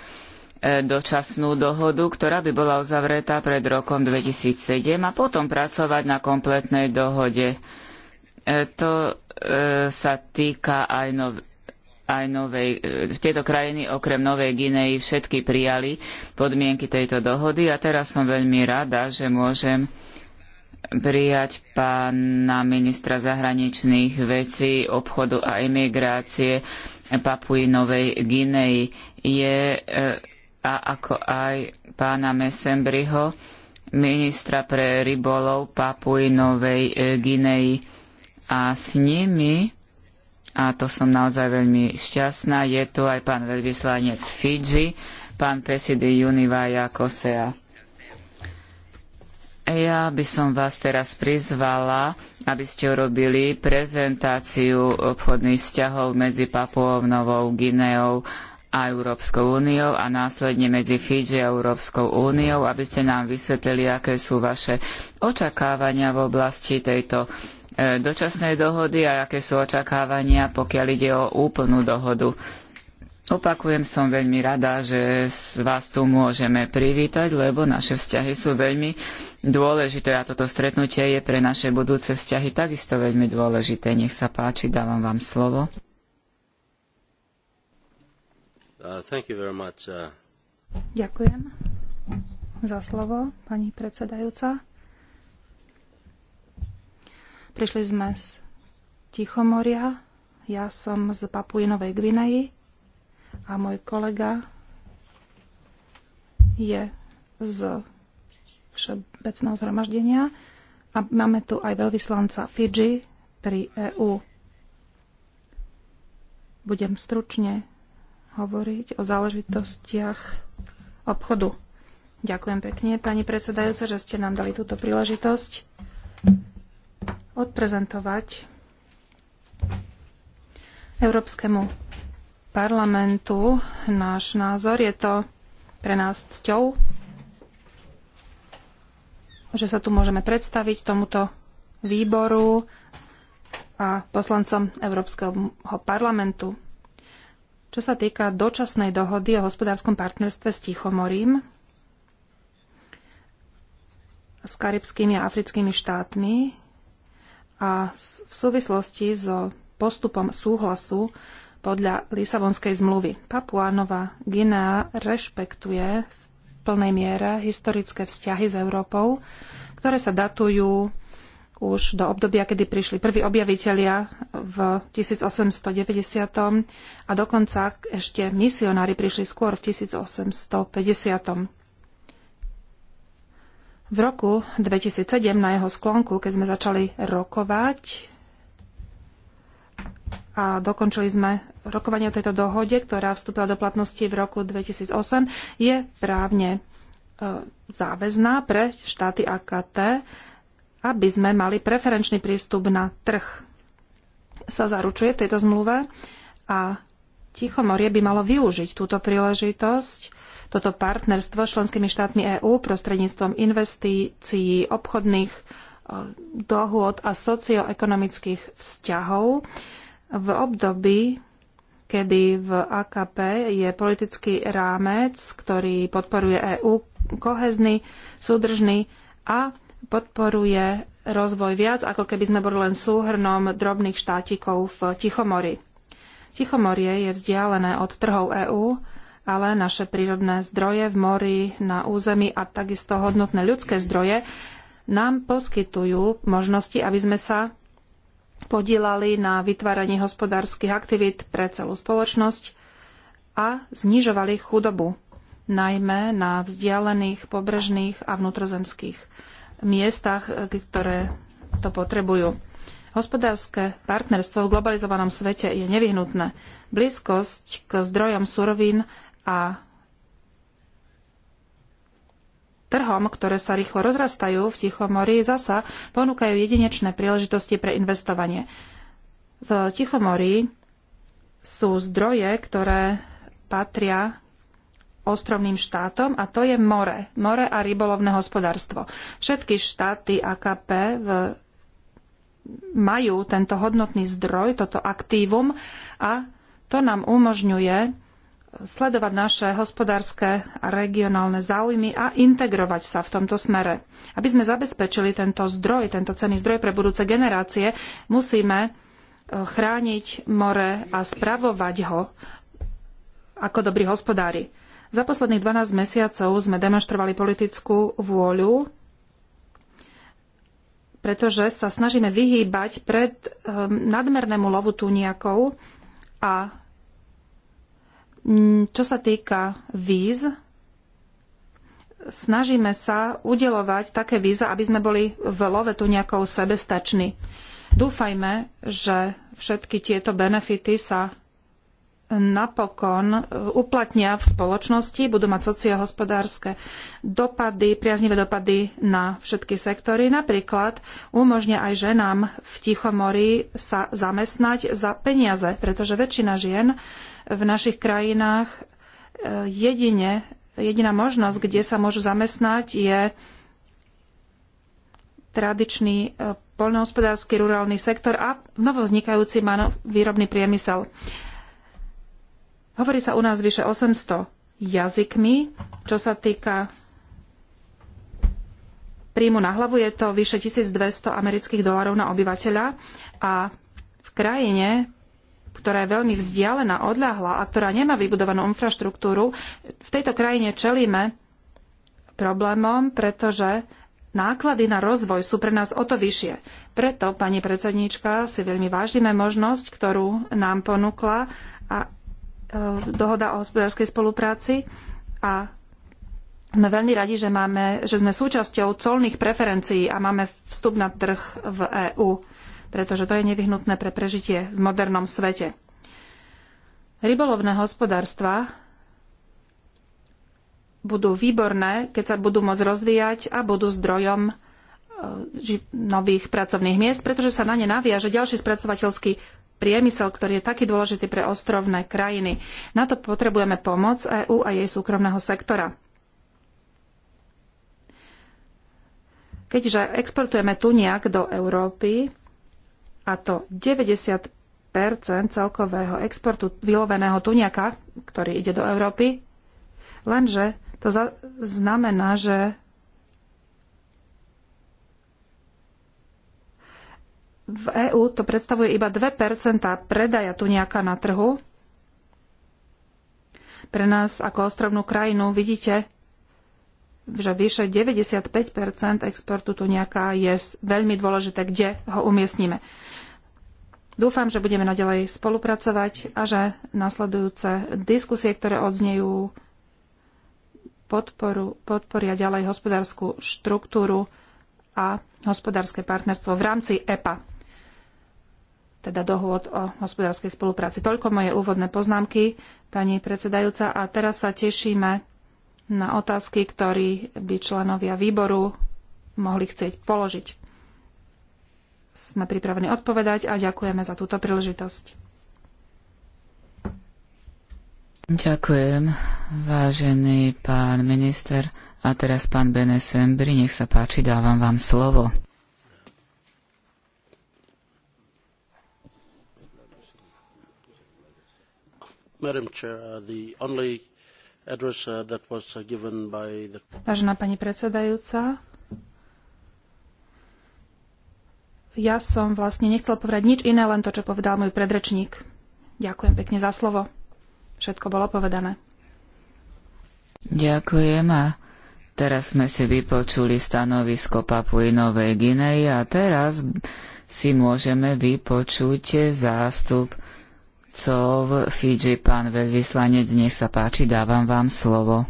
[SPEAKER 2] dočasnú dohodu, ktorá by bola uzavretá pred rokom 2007 a potom pracovať na kompletnej dohode. To sa týka aj nov- aj Novej, e, tieto krajiny okrem Novej Gineji všetky prijali podmienky tejto dohody a teraz som veľmi rada, že môžem prijať pána ministra zahraničných vecí, obchodu a emigrácie Papuji Novej Gineji. Je e, a ako aj pána Mesembriho, ministra pre rybolov Papuji Novej e, Gineji. A s nimi a to som naozaj veľmi šťastná. Je tu aj pán veľvyslanec Fidži, pán presidy Univaja Kosea. Ja by som vás teraz prizvala, aby ste urobili prezentáciu obchodných vzťahov medzi Papuou Novou Gineou a Európskou úniou a následne medzi Fidži a Európskou úniou, aby ste nám vysvetlili, aké sú vaše očakávania v oblasti tejto E, dočasnej dohody a aké sú očakávania, pokiaľ ide o úplnú dohodu. Opakujem, som veľmi rada, že vás tu môžeme privítať, lebo naše vzťahy sú veľmi dôležité a toto stretnutie je pre naše budúce vzťahy takisto veľmi dôležité. Nech sa páči, dávam vám slovo. Uh, uh,
[SPEAKER 1] Ďakujem za slovo, pani predsedajúca. Prišli sme z Tichomoria, ja som z Papuinovej Gvineji a môj kolega je z Všeobecného zhromaždenia a máme tu aj veľvyslanca Fidži pri EU. Budem stručne hovoriť o záležitostiach obchodu. Ďakujem pekne, pani predsedajúca, že ste nám dali túto príležitosť odprezentovať Európskemu parlamentu náš názor. Je to pre nás cťou, že sa tu môžeme predstaviť tomuto výboru a poslancom Európskeho parlamentu. Čo sa týka dočasnej dohody o hospodárskom partnerstve s Tichomorím a s karibskými a africkými štátmi, a v súvislosti so postupom súhlasu podľa Lisabonskej zmluvy. Papuánova Guinea rešpektuje v plnej miere historické vzťahy s Európou, ktoré sa datujú už do obdobia, kedy prišli prví objavitelia v 1890. a dokonca ešte misionári prišli skôr v 1850. V roku 2007 na jeho sklonku, keď sme začali rokovať a dokončili sme rokovanie o tejto dohode, ktorá vstúpila do platnosti v roku 2008, je právne e, záväzná pre štáty AKT, aby sme mali preferenčný prístup na trh. Sa zaručuje v tejto zmluve a Tichomorie by malo využiť túto príležitosť toto partnerstvo s členskými štátmi EÚ prostredníctvom investícií, obchodných e, dohôd a socioekonomických vzťahov v období, kedy v AKP je politický rámec, ktorý podporuje EÚ kohezný, súdržný a podporuje rozvoj viac, ako keby sme boli len súhrnom drobných štátikov v Tichomori. Tichomorie je vzdialené od trhov EÚ ale naše prírodné zdroje v mori, na území a takisto hodnotné ľudské zdroje nám poskytujú možnosti, aby sme sa podielali na vytváraní hospodárskych aktivít pre celú spoločnosť a znižovali chudobu, najmä na vzdialených pobrežných a vnútrozemských miestach, ktoré to potrebujú. Hospodárske partnerstvo v globalizovanom svete je nevyhnutné. Blízkosť k zdrojom surovín a trhom, ktoré sa rýchlo rozrastajú v Tichomorí, zasa ponúkajú jedinečné príležitosti pre investovanie. V Tichomorí sú zdroje, ktoré patria ostrovným štátom a to je more. More a rybolovné hospodárstvo. Všetky štáty AKP v majú tento hodnotný zdroj, toto aktívum a to nám umožňuje sledovať naše hospodárske a regionálne záujmy a integrovať sa v tomto smere. Aby sme zabezpečili tento zdroj, tento cenný zdroj pre budúce generácie, musíme e, chrániť more a spravovať ho ako dobrí hospodári. Za posledných 12 mesiacov sme demonstrovali politickú vôľu, pretože sa snažíme vyhýbať pred e, nadmernému lovu túniakov a Mm, čo sa týka víz, snažíme sa udelovať také víza, aby sme boli v love tu nejakou sebestační. Dúfajme, že všetky tieto benefity sa napokon e, uplatnia v spoločnosti, budú mať sociohospodárske dopady, priaznivé dopady na všetky sektory. Napríklad umožnia aj ženám v Tichomorí sa zamestnať za peniaze, pretože väčšina žien v našich krajinách e, jedine, jediná možnosť, kde sa môžu zamestnať, je tradičný e, poľnohospodársky rurálny sektor a novovznikajúci výrobný priemysel. Hovorí sa u nás vyše 800 jazykmi, čo sa týka príjmu na hlavu je to vyše 1200 amerických dolarov na obyvateľa a v krajine ktorá je veľmi vzdialená, odľahla a ktorá nemá vybudovanú infraštruktúru, v tejto krajine čelíme problémom, pretože náklady na rozvoj sú pre nás o to vyššie. Preto, pani predsedníčka, si veľmi vážime možnosť, ktorú nám ponúkla a e, dohoda o hospodárskej spolupráci a sme veľmi radi, že, máme, že sme súčasťou colných preferencií a máme vstup na trh v EÚ pretože to je nevyhnutné pre prežitie v modernom svete. Rybolovné hospodárstva budú výborné, keď sa budú môcť rozvíjať a budú zdrojom e, nových pracovných miest, pretože sa na ne naviaže ďalší spracovateľský priemysel, ktorý je taký dôležitý pre ostrovné krajiny. Na to potrebujeme pomoc EÚ a jej súkromného sektora. Keďže exportujeme tuniak do Európy, a to 90 celkového exportu vyloveného tuniaka, ktorý ide do Európy. Lenže to znamená, že v EÚ to predstavuje iba 2 predaja tuniaka na trhu. Pre nás ako ostrovnú krajinu vidíte, že vyše 95 exportu tuniaka je veľmi dôležité, kde ho umiestnime. Dúfam, že budeme naďalej spolupracovať a že nasledujúce diskusie, ktoré odznejú, podporu, podporia ďalej hospodárskú štruktúru a hospodárske partnerstvo v rámci EPA, teda dohôd o hospodárskej spolupráci. Toľko moje úvodné poznámky, pani predsedajúca, a teraz sa tešíme na otázky, ktoré by členovia výboru mohli chcieť položiť sme pripravení odpovedať a ďakujeme za túto príležitosť.
[SPEAKER 2] Ďakujem, vážený pán minister. A teraz pán Benesembri, nech sa páči, dávam vám slovo.
[SPEAKER 3] Vážená
[SPEAKER 1] pani predsedajúca, Ja som vlastne nechcel povedať nič iné, len to, čo povedal môj predrečník. Ďakujem pekne za slovo. Všetko bolo povedané.
[SPEAKER 2] Ďakujem a teraz sme si vypočuli stanovisko novej Gineji a teraz si môžeme vypočuť zástup Cov Fidži, pán veľvyslanec, nech sa páči, dávam vám slovo.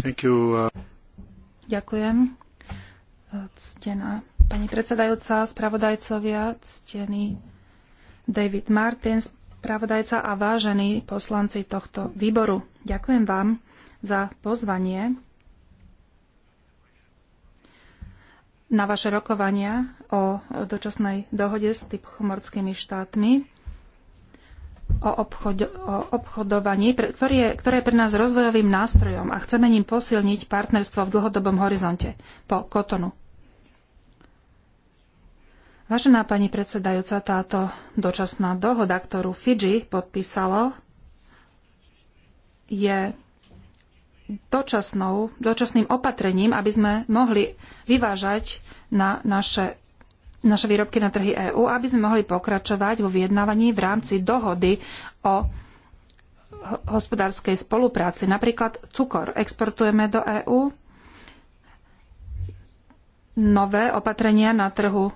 [SPEAKER 1] Uh, ďakujem. Ctená pani predsedajúca, spravodajcovia, ctený David Martin, spravodajca a vážení poslanci tohto výboru. Ďakujem vám za pozvanie na vaše rokovania o dočasnej dohode s typchomorskými štátmi o, obchod, o obchodovaní, ktorý je, ktoré je pre nás rozvojovým nástrojom a chceme ním posilniť partnerstvo v dlhodobom horizonte po Kotonu. Vážená pani predsedajúca, táto dočasná dohoda, ktorú Fidži podpísalo, je dočasnou, dočasným opatrením, aby sme mohli vyvážať na naše naše výrobky na trhy EÚ, aby sme mohli pokračovať vo vyjednávaní v rámci dohody o hospodárskej spolupráci. Napríklad cukor exportujeme do EÚ, nové opatrenia na trhu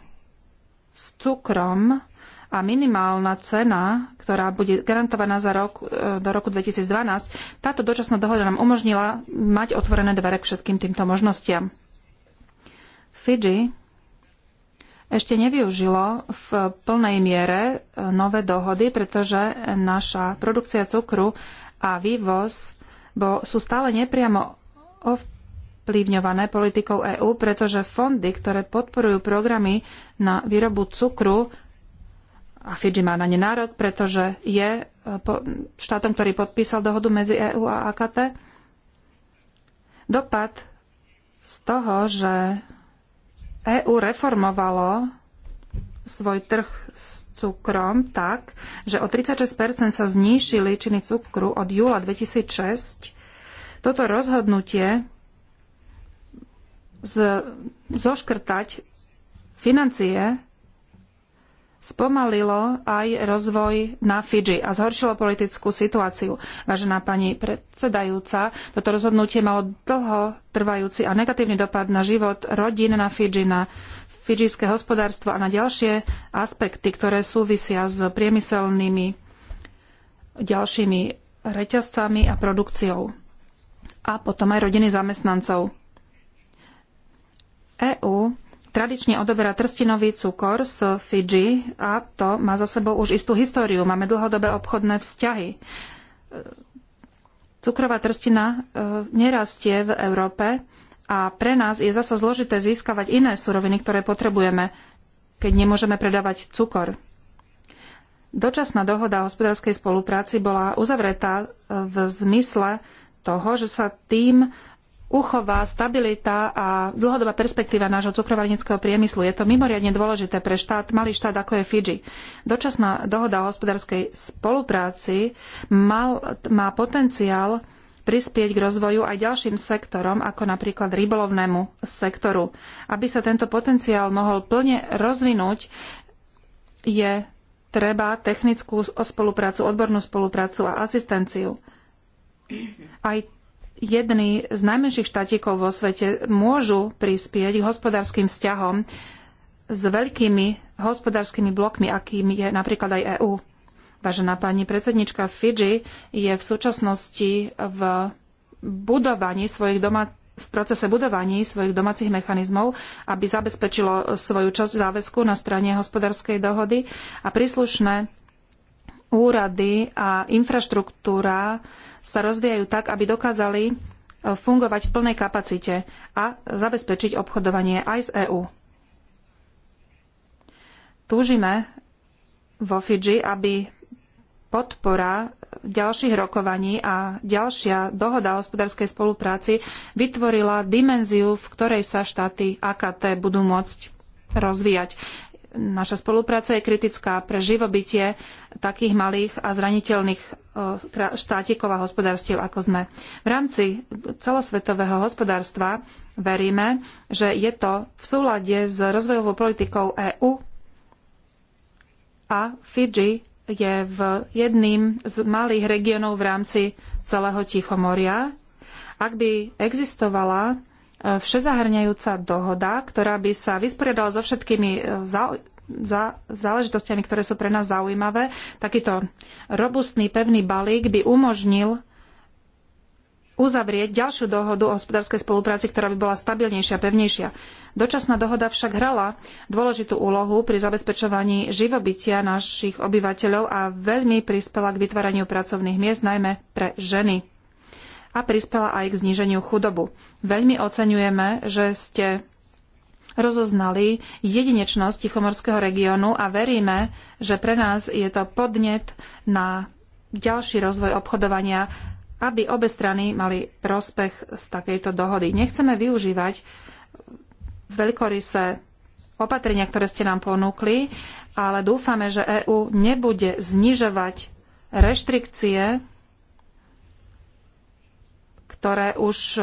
[SPEAKER 1] s cukrom a minimálna cena, ktorá bude garantovaná za rok, e, do roku 2012, táto dočasná dohoda nám umožnila mať otvorené dvere k všetkým týmto možnostiam. Fidži ešte nevyužilo v plnej miere e, nové dohody, pretože naša produkcia cukru a vývoz bo sú stále nepriamo ovplyvňované politikou EÚ, pretože fondy, ktoré podporujú programy na výrobu cukru, a Fidži má na ne nárok, pretože je e, štátom, ktorý podpísal dohodu medzi EÚ a AKT. Dopad z toho, že EÚ reformovalo svoj trh s cukrom tak, že o 36 sa znížili činy cukru od júla 2006. Toto rozhodnutie z, zoškrtať financie spomalilo aj rozvoj na Fidži a zhoršilo politickú situáciu. Vážená pani predsedajúca, toto rozhodnutie malo dlho trvajúci a negatívny dopad na život rodín na Fidži, na fidžijské hospodárstvo a na ďalšie aspekty, ktoré súvisia s priemyselnými ďalšími reťazcami a produkciou. A potom aj rodiny zamestnancov. EÚ tradične odoberá trstinový cukor z Fidži a to má za sebou už istú históriu. Máme dlhodobé obchodné vzťahy. Cukrová trstina e, nerastie v Európe a pre nás je zasa zložité získavať iné suroviny, ktoré potrebujeme, keď nemôžeme predávať cukor. Dočasná dohoda o hospodárskej spolupráci bola uzavretá e, v zmysle toho, že sa tým e, uchová stabilita a dlhodobá perspektíva nášho cukrovarníckého priemyslu. Je to mimoriadne dôležité pre štát, malý štát ako je Fidži. Dočasná dohoda o hospodárskej spolupráci mal, má potenciál prispieť k rozvoju aj ďalším sektorom, ako napríklad rybolovnému sektoru. Aby sa tento potenciál mohol plne rozvinúť, je treba technickú spoluprácu, odbornú spoluprácu a asistenciu. Aj jedni z najmenších štátikov vo svete môžu prispieť k hospodárskym vzťahom s veľkými hospodárskymi blokmi, akým je napríklad aj EÚ. Vážená pani predsednička Fidži je v súčasnosti v budovaní svojich doma- v procese budovaní svojich domácich mechanizmov, aby zabezpečilo svoju časť záväzku na strane hospodárskej dohody a príslušné úrady a infraštruktúra sa rozvíjajú tak, aby dokázali e, fungovať v plnej kapacite a zabezpečiť obchodovanie aj z EÚ. Túžime vo Fidži, aby podpora ďalších rokovaní a ďalšia dohoda o hospodárskej spolupráci vytvorila dimenziu, v ktorej sa štáty AKT budú môcť rozvíjať. Naša spolupráca je kritická pre živobytie takých malých a zraniteľných e, štátikov a hospodárstiev, ako sme. V rámci celosvetového hospodárstva veríme, že je to v súlade s rozvojovou politikou EÚ a Fidži je v jedným z malých regiónov v rámci celého Tichomoria. Ak by existovala všezahrňajúca dohoda, ktorá by sa vysporiadala so všetkými e, zau- za záležitostiami, ktoré sú pre nás zaujímavé. Takýto robustný, pevný balík by umožnil uzavrieť ďalšiu dohodu o hospodárskej spolupráci, ktorá by bola stabilnejšia, pevnejšia. Dočasná dohoda však hrala dôležitú úlohu pri zabezpečovaní živobytia našich obyvateľov a veľmi prispela k vytváraniu pracovných miest, najmä pre ženy a prispela aj k zníženiu chudobu. Veľmi oceňujeme, že ste rozoznali jedinečnosť Tichomorského regiónu a veríme, že pre nás je to podnet na ďalší rozvoj obchodovania, aby obe strany mali prospech z takejto dohody. Nechceme využívať veľkoryse opatrenia, ktoré ste nám ponúkli, ale dúfame, že EÚ nebude znižovať reštrikcie ktoré už e,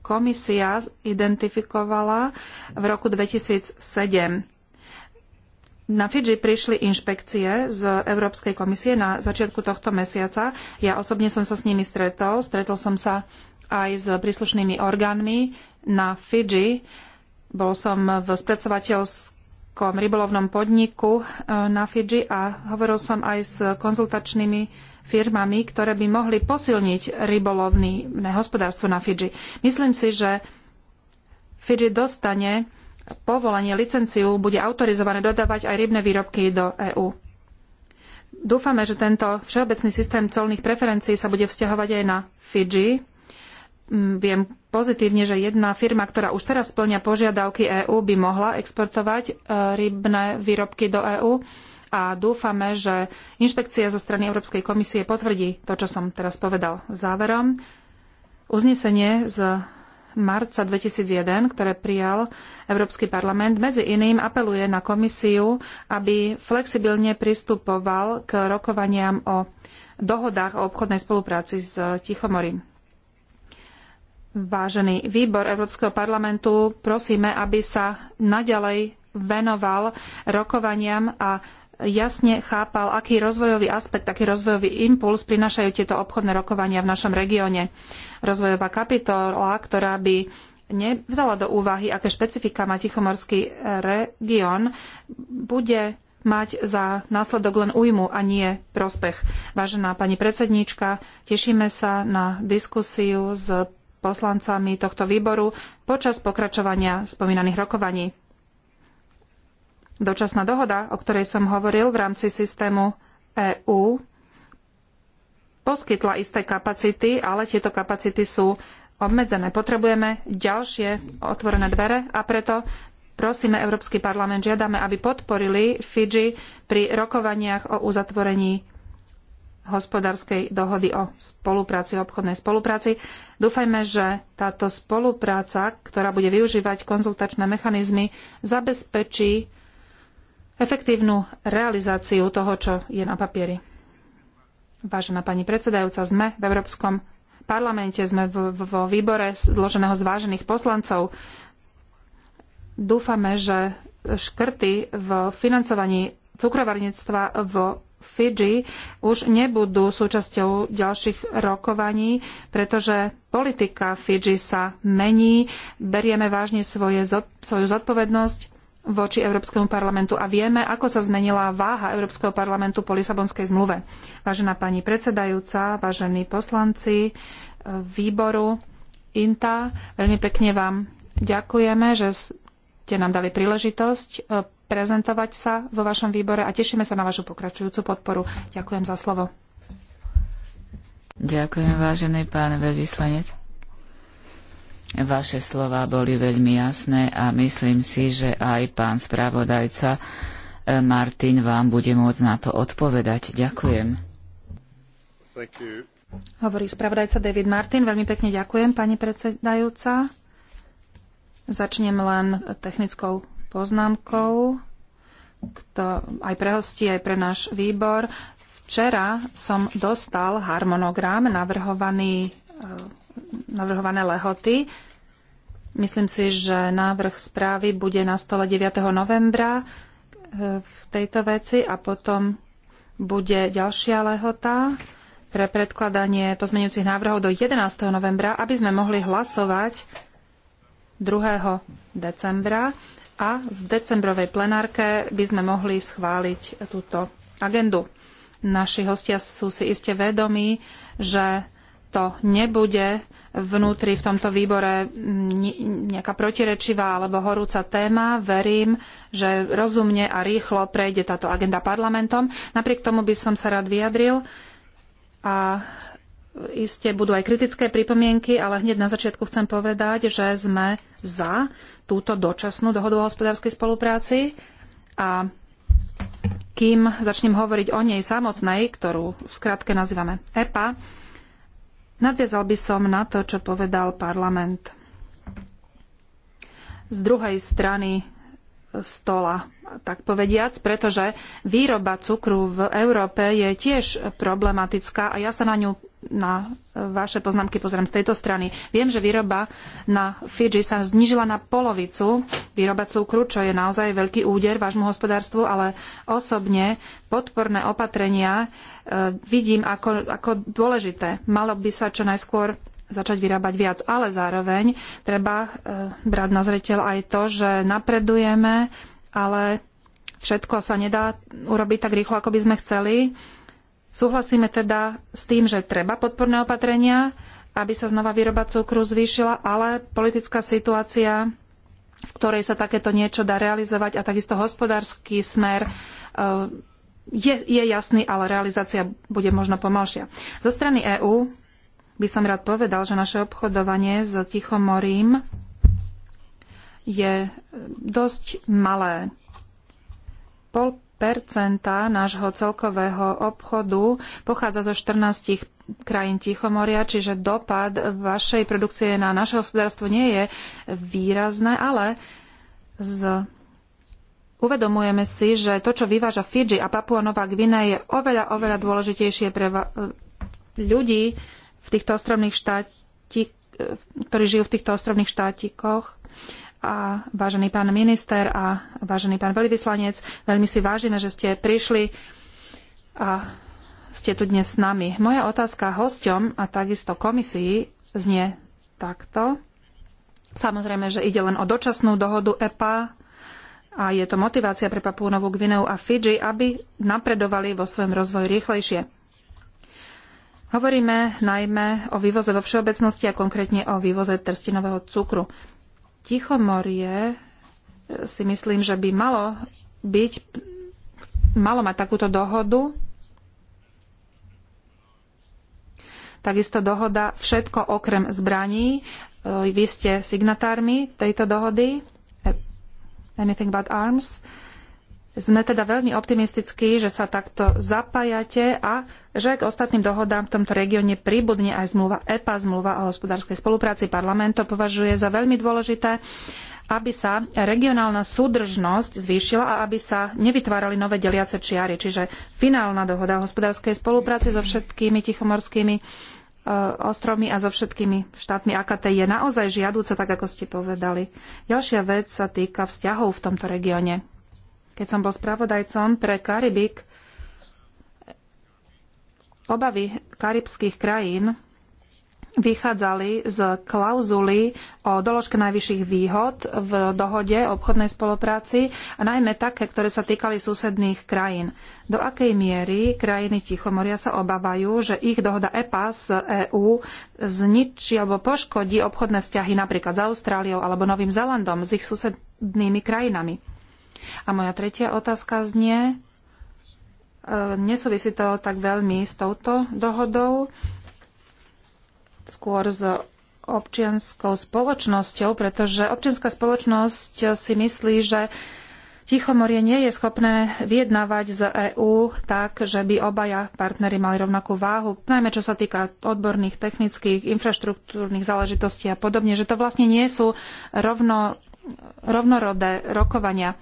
[SPEAKER 1] komisia identifikovala v roku 2007. Na Fidži prišli inšpekcie z Európskej komisie na začiatku tohto mesiaca. Ja osobne som sa s nimi stretol. Stretol som sa aj s príslušnými orgánmi na Fidži. Bol som v spracovateľskom rybolovnom podniku e, na Fidži a hovoril som aj s konzultačnými firmami, ktoré by mohli posilniť rybolovné hospodárstvo na Fidži. Myslím si, že Fidži dostane povolenie, licenciu, bude autorizované dodávať aj rybné výrobky do EÚ. Dúfame, že tento všeobecný systém colných preferencií sa bude vzťahovať aj na Fidži. Mm, viem pozitívne, že jedna firma, ktorá už teraz splňa požiadavky EÚ, by mohla exportovať e, rybné výrobky do EÚ a dúfame, že inšpekcia zo strany Európskej komisie potvrdí to, čo som teraz povedal. Záverom, uznesenie z marca 2001, ktoré prijal Európsky parlament, medzi iným apeluje na komisiu, aby flexibilne pristupoval k rokovaniam o dohodách o obchodnej spolupráci s Tichomorím. Vážený výbor Európskeho parlamentu, prosíme, aby sa naďalej venoval rokovaniam a jasne chápal, aký rozvojový aspekt, aký rozvojový impuls prinášajú tieto obchodné rokovania v našom regióne. Rozvojová kapitola, ktorá by nevzala do úvahy, aké špecifika má Tichomorský región, bude mať za následok len újmu a nie prospech. Vážená pani predsedníčka, tešíme sa na diskusiu s poslancami tohto výboru počas pokračovania spomínaných rokovaní. Dočasná dohoda, o ktorej som hovoril v rámci systému EÚ, poskytla isté kapacity, ale tieto kapacity sú obmedzené. Potrebujeme ďalšie otvorené dvere a preto prosíme Európsky parlament, žiadame, aby podporili Fidži pri rokovaniach o uzatvorení hospodárskej dohody o spolupráci, o obchodnej spolupráci. Dúfajme, že táto spolupráca, ktorá bude využívať konzultačné mechanizmy, zabezpečí efektívnu realizáciu toho, čo je na papieri. Vážená pani predsedajúca, sme v Európskom parlamente, sme vo výbore zloženého z vážených poslancov. Dúfame, že škrty v financovaní cukrovarníctva vo Fidži už nebudú súčasťou ďalších rokovaní, pretože politika Fidži sa mení, berieme vážne svoje, svoju zodpovednosť voči Európskemu parlamentu a vieme, ako sa zmenila váha Európskeho parlamentu po Lisabonskej zmluve. Vážená pani predsedajúca, vážení poslanci eh, výboru INTA, veľmi pekne vám ďakujeme, že ste nám dali príležitosť eh, prezentovať sa vo vašom výbore a tešíme sa na vašu pokračujúcu podporu. Ďakujem za slovo.
[SPEAKER 2] Ďakujem, vážený pán veľvyslanec. Vaše slova boli veľmi jasné a myslím si, že aj pán spravodajca eh, Martin vám bude môcť na to odpovedať. Ďakujem.
[SPEAKER 1] Hovorí spravodajca David Martin. Veľmi pekne ďakujem, pani predsedajúca. Začnem len technickou poznámkou, kto, aj pre hosti, aj pre náš výbor. Včera som dostal harmonogram navrhovaný eh, navrhované lehoty. Myslím si, že návrh správy bude na stole 9. novembra e, v tejto veci a potom bude ďalšia lehota pre predkladanie pozmeňujúcich návrhov do 11. novembra, aby sme mohli hlasovať 2. decembra a v decembrovej plenárke by sme mohli schváliť túto agendu. Naši hostia sú si iste vedomí, že to nebude vnútri v tomto výbore nejaká protirečivá alebo horúca téma. Verím, že rozumne a rýchlo prejde táto agenda parlamentom. Napriek tomu by som sa rád vyjadril a iste budú aj kritické pripomienky, ale hneď na začiatku chcem povedať, že sme za túto dočasnú dohodu o hospodárskej spolupráci a kým začnem hovoriť o nej samotnej, ktorú v skratke nazývame EPA, Nadviazal by som na to, čo povedal parlament z druhej strany stola, tak povediac, pretože výroba cukru v Európe je tiež problematická a ja sa na ňu na vaše poznámky pozriem z tejto strany. Viem, že výroba na Fidži sa znížila na polovicu výroba cukru, čo je naozaj veľký úder vášmu hospodárstvu, ale osobne podporné opatrenia e, vidím ako, ako dôležité. Malo by sa čo najskôr začať vyrábať viac, ale zároveň treba e, brať na zreteľ aj to, že napredujeme, ale všetko sa nedá urobiť tak rýchlo, ako by sme chceli Súhlasíme teda s tým, že treba podporné opatrenia, aby sa znova výroba cukru zvýšila, ale politická situácia, v ktorej sa takéto niečo dá realizovať a takisto hospodársky smer eh, je, je jasný, ale realizácia bude možno pomalšia. Zo strany EÚ by som rád povedal, že naše obchodovanie s Tichomorím je eh, dosť malé. Pol nášho celkového obchodu pochádza zo 14 krajín Tichomoria, čiže dopad vašej produkcie na naše hospodárstvo nie je výrazné, ale z... uvedomujeme si, že to, čo vyváža Fidži a Papua Nová Gvina je oveľa, oveľa dôležitejšie pre va... ľudí v týchto ostrovných štáti, eh, ktorí žijú v týchto ostrovných štátikoch a vážený pán minister a vážený pán veľvyslanec, veľmi si vážime, že ste prišli a ste tu dnes s nami. Moja otázka hosťom a takisto komisii znie takto. Samozrejme, že ide len o dočasnú dohodu EPA a je to motivácia pre Papúnovú Gvineu a Fidži, aby napredovali vo svojom rozvoji rýchlejšie. Hovoríme najmä o vývoze vo všeobecnosti a konkrétne o vývoze trstinového cukru. Tichomorie e, si myslím, že by malo byť, malo mať takúto dohodu. Takisto dohoda všetko okrem zbraní. E, vy ste signatármi tejto dohody. E, anything but arms. Uh, sme teda veľmi optimistickí, že sa takto zapájate a že k ostatným dohodám v tomto regióne príbudne aj zmluva EPA, zmluva o hospodárskej spolupráci. Parlament to považuje za veľmi dôležité, aby sa regionálna súdržnosť zvýšila a aby sa nevytvárali nové deliace čiary. Čiže finálna dohoda o hospodárskej spolupráci so všetkými tichomorskými eh, ostrovmi a so všetkými štátmi AKT je naozaj žiaduca, tak ako ste povedali. Ďalšia vec sa týka vzťahov v tomto regióne keď som bol spravodajcom pre Karibik, obavy karibských krajín vychádzali z klauzuly o doložke najvyšších výhod v dohode o obchodnej spolupráci a najmä také, ktoré sa týkali susedných krajín. Do akej miery krajiny Tichomoria sa obávajú, že ich dohoda EPA z EÚ zničí alebo poškodí obchodné vzťahy napríklad s Austráliou alebo Novým Zelandom s ich susednými krajinami? A moja tretia otázka znie, e, nesúvisí to tak veľmi s touto dohodou, skôr s občianskou spoločnosťou, pretože občianská spoločnosť si myslí, že Tichomorie nie je schopné vyjednávať z EÚ tak, že by obaja partnery mali rovnakú váhu, najmä čo sa týka odborných, technických, infraštruktúrnych záležitostí a podobne, že to vlastne nie sú rovno, rovnorodé rokovania.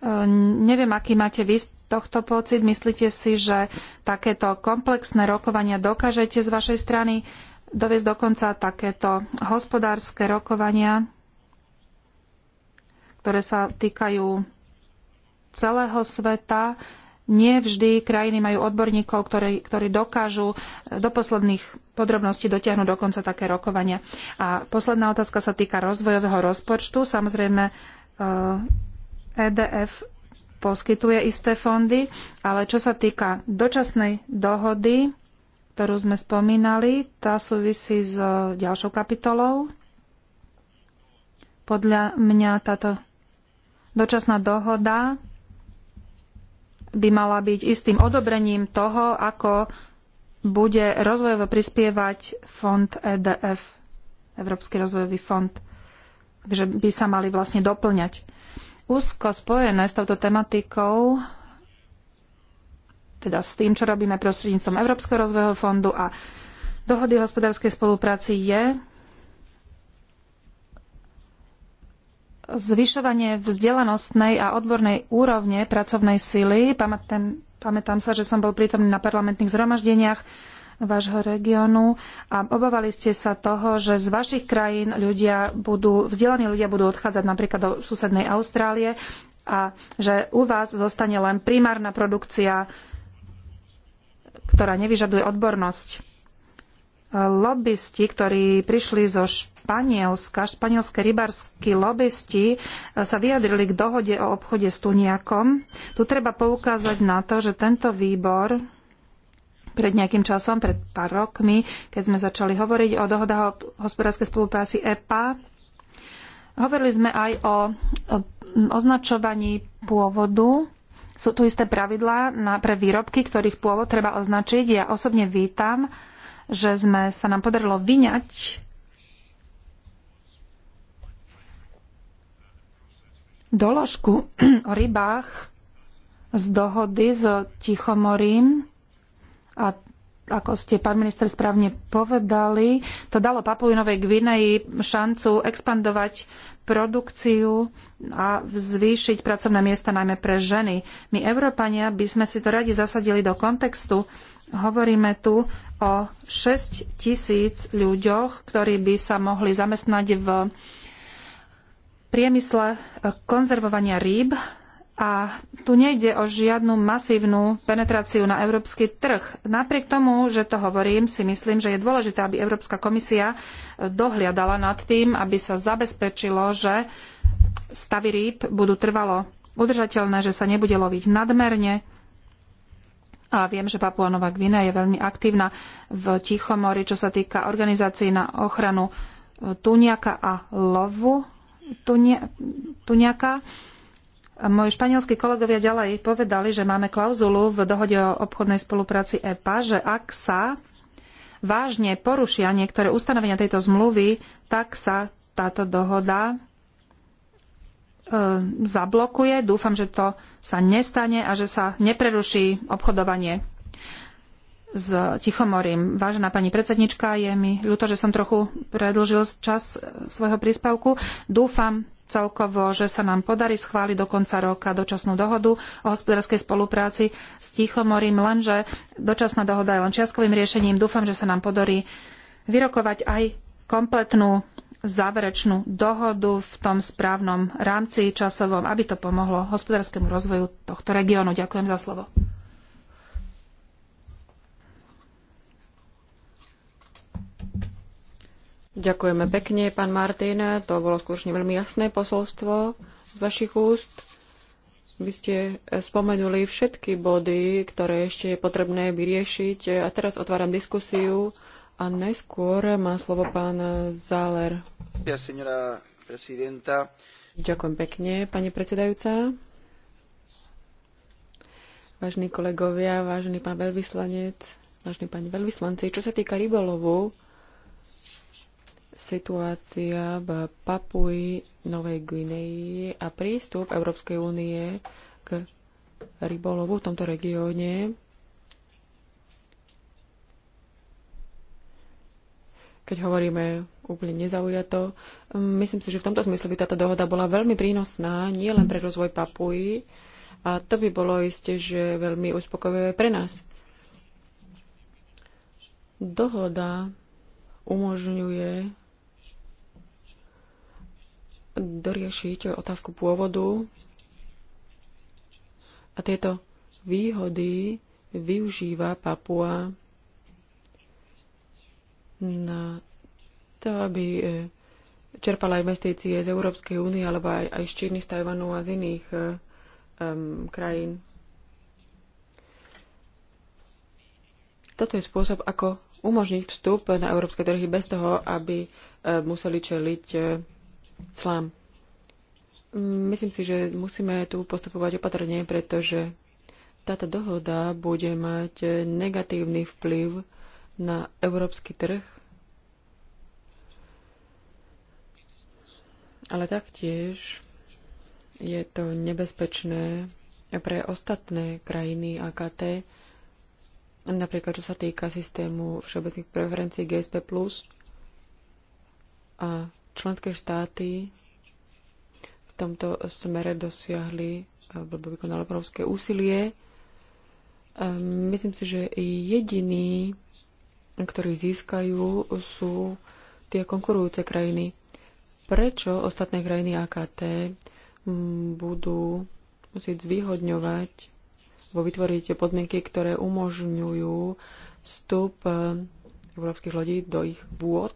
[SPEAKER 1] Neviem, aký máte vy tohto pocit. Myslíte si, že takéto komplexné rokovania dokážete z vašej strany doviesť do konca takéto hospodárske rokovania, ktoré sa týkajú celého sveta? Nie vždy krajiny majú odborníkov, ktorí, ktorí dokážu do posledných podrobností dotiahnuť dokonca také rokovania. A posledná otázka sa týka rozvojového rozpočtu. Samozrejme, EDF poskytuje isté fondy, ale čo sa týka dočasnej dohody, ktorú sme spomínali, tá súvisí s ďalšou kapitolou. Podľa mňa táto dočasná dohoda by mala byť istým odobrením toho, ako bude rozvojovo prispievať fond EDF, Európsky rozvojový fond. Takže by sa mali vlastne doplňať úzko spojené s touto tematikou, teda s tým, čo robíme prostredníctvom Európskeho rozvojového fondu a dohody o hospodárskej spolupráci je zvyšovanie vzdelanostnej a odbornej úrovne pracovnej sily. Pamätám, pamätám sa, že som bol prítomný na parlamentných zhromaždeniach vášho regiónu a obávali ste sa toho, že z vašich krajín ľudia budú, vzdelaní ľudia budú odchádzať napríklad do susednej Austrálie a že u vás zostane len primárna produkcia, ktorá nevyžaduje odbornosť. Lobbysti, ktorí prišli zo Španielska, španielské rybarskí lobbysti sa vyjadrili k dohode o obchode s Tuniakom. Tu treba poukázať na to, že tento výbor pred nejakým časom, pred pár rokmi, keď sme začali hovoriť o dohodách o hospodárskej spolupráci EPA. Hovorili sme aj o označovaní pôvodu. Sú tu isté pravidlá na, pre výrobky, ktorých pôvod treba označiť. Ja osobne vítam, že sme sa nám podarilo vyňať doložku o rybách z dohody s Tichomorím a ako ste, pán minister, správne povedali, to dalo Papuinovej Gvineji šancu expandovať produkciu a zvýšiť pracovné miesta najmä pre ženy. My, Európania, by sme si to radi zasadili do kontextu. Hovoríme tu o 6 tisíc ľuďoch, ktorí by sa mohli zamestnať v priemysle konzervovania rýb a tu nejde o žiadnu masívnu penetráciu na európsky trh. Napriek tomu, že to hovorím, si myslím, že je dôležité, aby Európska komisia e, dohliadala nad tým, aby sa zabezpečilo, že stavy rýb budú trvalo udržateľné, že sa nebude loviť nadmerne. A viem, že Papua Nová Gvina je veľmi aktívna v Tichomori, čo sa týka organizácií na ochranu e, tuniaka a lovu tuniaka. Moji španielskí kolegovia ďalej povedali, že máme klauzulu v dohode o obchodnej spolupráci EPA, že ak sa vážne porušia niektoré ustanovenia tejto zmluvy, tak sa táto dohoda e, zablokuje. Dúfam, že to sa nestane a že sa nepreruší obchodovanie s Tichomorím. Vážená pani predsednička, je mi ľúto, že som trochu predlžil čas svojho príspevku. Dúfam, celkovo, že sa nám podarí schváliť do konca roka dočasnú dohodu o hospodárskej spolupráci s Tichomorím, lenže dočasná dohoda je len čiastkovým riešením. Dúfam, že sa nám podarí vyrokovať aj kompletnú záverečnú dohodu v tom správnom rámci časovom, aby to pomohlo hospodárskemu rozvoju tohto regiónu. Ďakujem za slovo.
[SPEAKER 3] Ďakujeme pekne, pán Martin. To bolo skutočne veľmi jasné posolstvo z vašich úst. Vy ste spomenuli všetky body, ktoré ešte je potrebné vyriešiť. A teraz otváram diskusiu. A najskôr má slovo pán Záler. Ďakujem pekne, pani predsedajúca. Vážení kolegovia, vážený pán veľvyslanec, vážení pani veľvyslanci, čo sa týka rybolovu, situácia v Papui Novej Guineji a prístup Európskej únie k rybolovu v tomto regióne. Keď hovoríme úplne nezaujato, myslím si, že v tomto smysle by táto dohoda bola veľmi prínosná nie len pre rozvoj Papuji, a to by bolo isté, že veľmi uspokojivé pre nás. Dohoda umožňuje doriešiť otázku pôvodu a tieto výhody využíva Papua na to, aby e, čerpala investície z Európskej únie alebo aj, aj z Číny, z Tajvanu a z iných um, krajín. Toto je spôsob, ako umožniť vstup na európske trhy bez toho, aby e, museli čeliť clám. Myslím si, že musíme tu postupovať opatrne, pretože táto dohoda bude mať negatívny vplyv na európsky trh, ale taktiež je to nebezpečné pre ostatné krajiny AKT, napríklad čo sa týka systému všeobecných preferencií GSP+, a Členské štáty v tomto smere dosiahli alebo vykonali obrovské úsilie. Ehm, myslím si, že jediní, ktorí získajú, sú tie konkurujúce krajiny. Prečo ostatné krajiny AKT budú musieť zvýhodňovať alebo vytvoriť podmienky, ktoré umožňujú vstup ehm, európskych lodí do ich vôd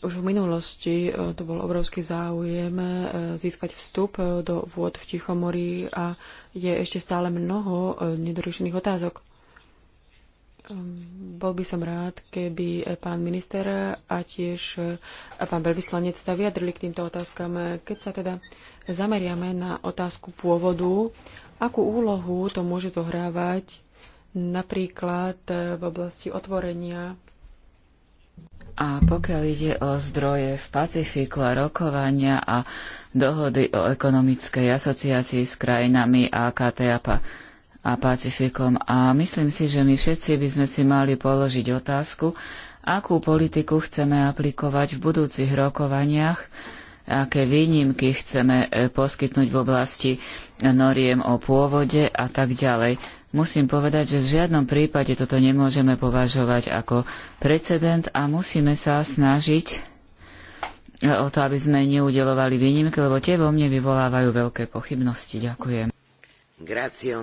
[SPEAKER 3] Už v minulosti e, to bol obrovský záujem e, získať vstup e, do vôd v Tichomorí a je ešte stále mnoho nedorušených otázok. Ehm, bol by som rád, keby pán minister a tiež pán veľvyslanec sa vyjadrili k týmto otázkam. Keď sa teda zameriame na otázku pôvodu, akú úlohu to môže zohrávať napríklad v oblasti otvorenia
[SPEAKER 2] a pokiaľ ide o zdroje v Pacifiku a rokovania a dohody o ekonomickej asociácii s krajinami AKT a, pa- a Pacifikom. A myslím si, že my všetci by sme si mali položiť otázku, akú politiku chceme aplikovať v budúcich rokovaniach, aké výnimky chceme e, poskytnúť v oblasti noriem o pôvode a tak ďalej. Musím povedať, že v žiadnom prípade toto nemôžeme považovať ako precedent a musíme sa snažiť o to, aby sme neudelovali výnimky, lebo tie vo mne vyvolávajú veľké pochybnosti. Ďakujem. Grazie,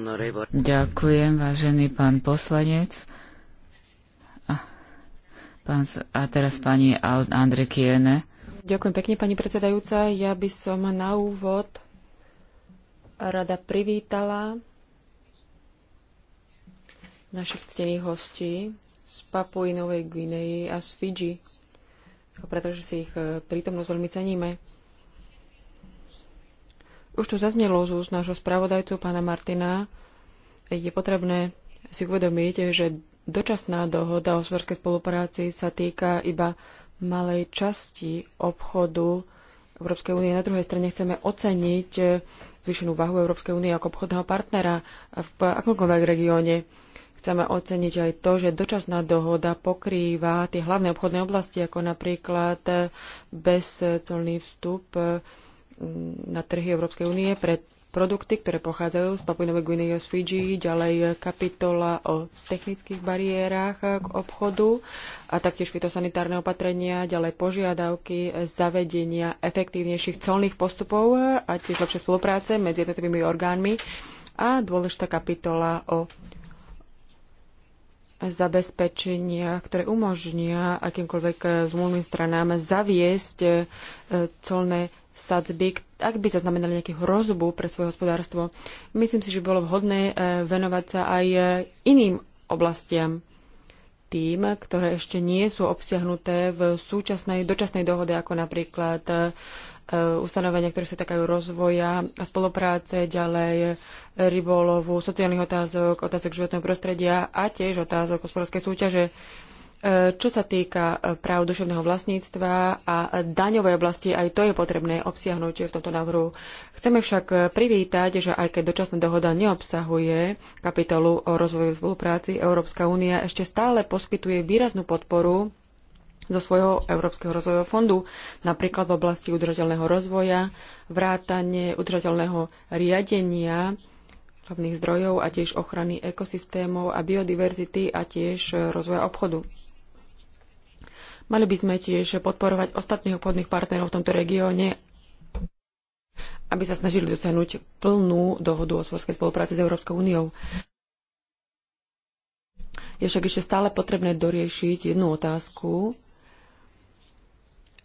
[SPEAKER 2] Ďakujem, vážený pán poslanec. A, pán, a teraz pani Andre Kiene.
[SPEAKER 3] Ďakujem pekne, pani predsedajúca. Ja by som na úvod rada privítala našich ctených hostí z Papuji Novej Gvineji a z Fidži, pretože si ich e, prítomnosť veľmi ceníme. Už tu zaznelo z úst nášho spravodajcu, pána Martina, je potrebné si uvedomiť, že dočasná dohoda o svorskej spolupráci sa týka iba malej časti obchodu Európskej únie. Na druhej strane chceme oceniť e, zvyšenú váhu Európskej únie ako obchodného partnera v akomkoľvek regióne. Chceme oceniť aj to, že dočasná dohoda pokrýva tie hlavné obchodné oblasti, ako napríklad bezcolný vstup mm, na trhy Európskej únie pre produkty, ktoré pochádzajú z Papuinovej Guinea z Fiji, ďalej kapitola o technických bariérach k obchodu a taktiež fitosanitárne opatrenia, ďalej požiadavky zavedenia efektívnejších colných postupov a tiež lepšie spolupráce medzi jednotlivými orgánmi a dôležitá kapitola o zabezpečenia, ktoré umožnia akýmkoľvek eh, zmluvným stranám zaviesť eh, colné sadzby, ak by zaznamenali nejakú hrozbu pre svoje hospodárstvo. Myslím si, že bolo vhodné eh, venovať sa aj iným oblastiam tým, ktoré ešte nie sú obsiahnuté v súčasnej dočasnej dohode, ako napríklad Eh, ustanovenia, ktoré sa týkajú rozvoja a spolupráce, ďalej rybolovu, sociálnych otázok, otázok životného prostredia a tiež otázok hospodárskej súťaže. Eh, čo sa týka eh, práv duševného vlastníctva a daňovej oblasti, aj to je potrebné obsiahnuť v tomto návrhu. Chceme však privítať, že aj keď dočasná dohoda neobsahuje kapitolu o rozvoju spolupráci, Európska únia ešte stále poskytuje výraznú podporu zo svojho Európskeho rozvojového fondu, napríklad v oblasti udržateľného rozvoja, vrátanie udržateľného riadenia hlavných zdrojov a tiež ochrany ekosystémov a biodiverzity a tiež rozvoja obchodu. Mali by sme tiež podporovať ostatných obchodných partnerov v tomto regióne, aby sa snažili dosiahnuť plnú dohodu o svojskej spolupráci s Európskou úniou. Je však ešte stále potrebné doriešiť jednu otázku,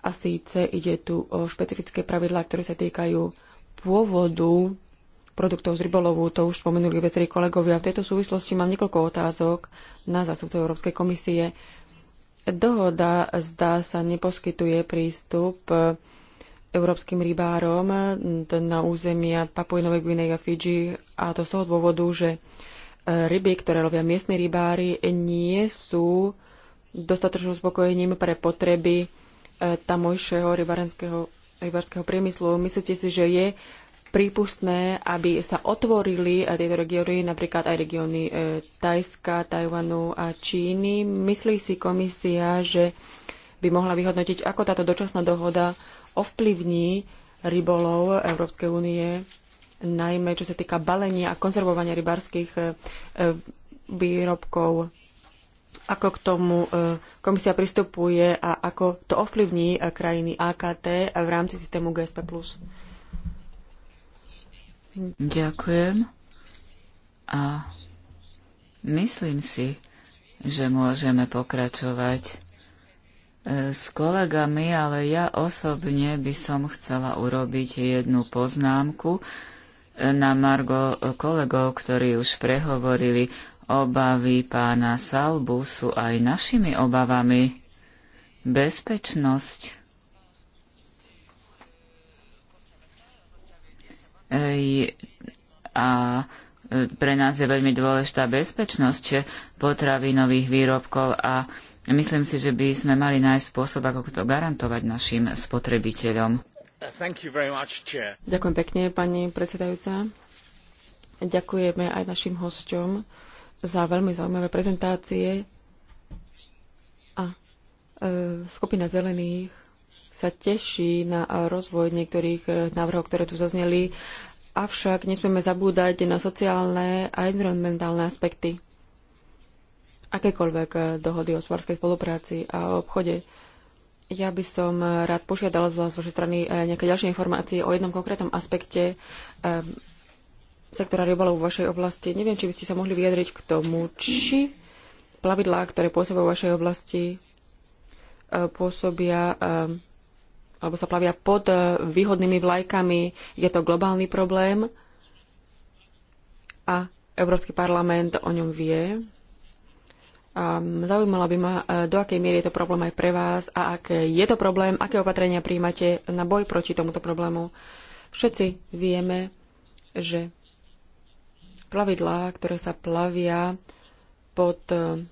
[SPEAKER 3] a síce ide tu o špecifické pravidlá, ktoré sa týkajú pôvodu produktov z rybolovu, to už spomenuli viacerí kolegovia. V tejto súvislosti mám niekoľko otázok na zástupcu Európskej komisie. Dohoda, zdá sa, neposkytuje prístup európskym rybárom na územia Papuj guinej Gvinej a Fidži a to z toho dôvodu, že ryby, ktoré robia miestni rybári, nie sú dostatočným uspokojením pre potreby tamojšieho rybarenského, rybárskeho priemyslu. Myslíte si, že je prípustné, aby sa otvorili eh, tieto regióny, napríklad aj regióny eh, Tajska, Tajvanu a Číny. Myslí si komisia, že by mohla vyhodnotiť, ako táto dočasná dohoda ovplyvní rybolov Európskej únie, najmä čo sa týka balenia a konzervovania rybárskych eh, výrobkov, ako k tomu e, komisia pristupuje a ako to ovplyvní eh, krajiny AKT eh, v rámci systému GSP+.
[SPEAKER 2] Ďakujem. A myslím si, že môžeme pokračovať eh, s kolegami, ale ja osobne by som chcela urobiť jednu poznámku na Margo kolegov, ktorí už prehovorili. Obavy pána Salbu sú aj našimi obavami. Bezpečnosť. Ej, a e, pre nás je veľmi dôležitá bezpečnosť potravinových výrobkov a myslím si, že by sme mali nájsť spôsob, ako to garantovať našim spotrebiteľom. Much,
[SPEAKER 3] Ďakujem pekne, pani predsedajúca. Ďakujeme aj našim hosťom za veľmi zaujímavé prezentácie a e, skupina zelených sa teší na rozvoj niektorých e, návrhov, ktoré tu zazneli, avšak nesmieme zabúdať na sociálne a environmentálne aspekty akékoľvek e, dohody o hospodárskej spolupráci a o obchode. Ja by som rád požiadala z vašej strany nejaké ďalšie informácie o jednom konkrétnom aspekte sektora rybolov vo vašej oblasti. Neviem, či by ste sa mohli vyjadriť k tomu, či plavidlá, ktoré pôsobia vo vašej oblasti, e, pôsobia e, alebo sa plavia pod e, výhodnými vlajkami. Je to globálny problém a Európsky parlament o ňom vie. A zaujímala by ma, do akej miery je to problém aj pre vás a ak je to problém, aké opatrenia príjmate na boj proti tomuto problému. Všetci vieme, že plavidlá, ktoré sa plavia pod e,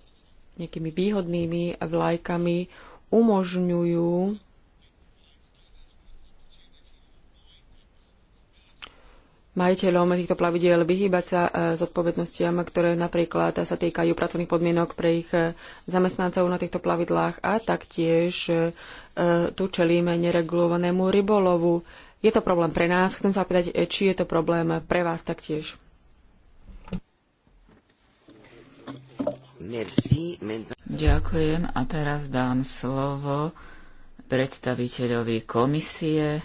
[SPEAKER 3] nejakými výhodnými vlajkami, umožňujú majiteľom týchto plavidiel vyhýbať sa e, odpovednostiam, ktoré napríklad sa týkajú pracovných podmienok pre ich e, zamestnancov na týchto plavidlách a taktiež tu čelíme neregulovanému rybolovu. Je to problém pre nás. Chcem sa opýtať, či je to problém pre vás taktiež.
[SPEAKER 2] Ďakujem a teraz dám slovo predstaviteľovi komisie.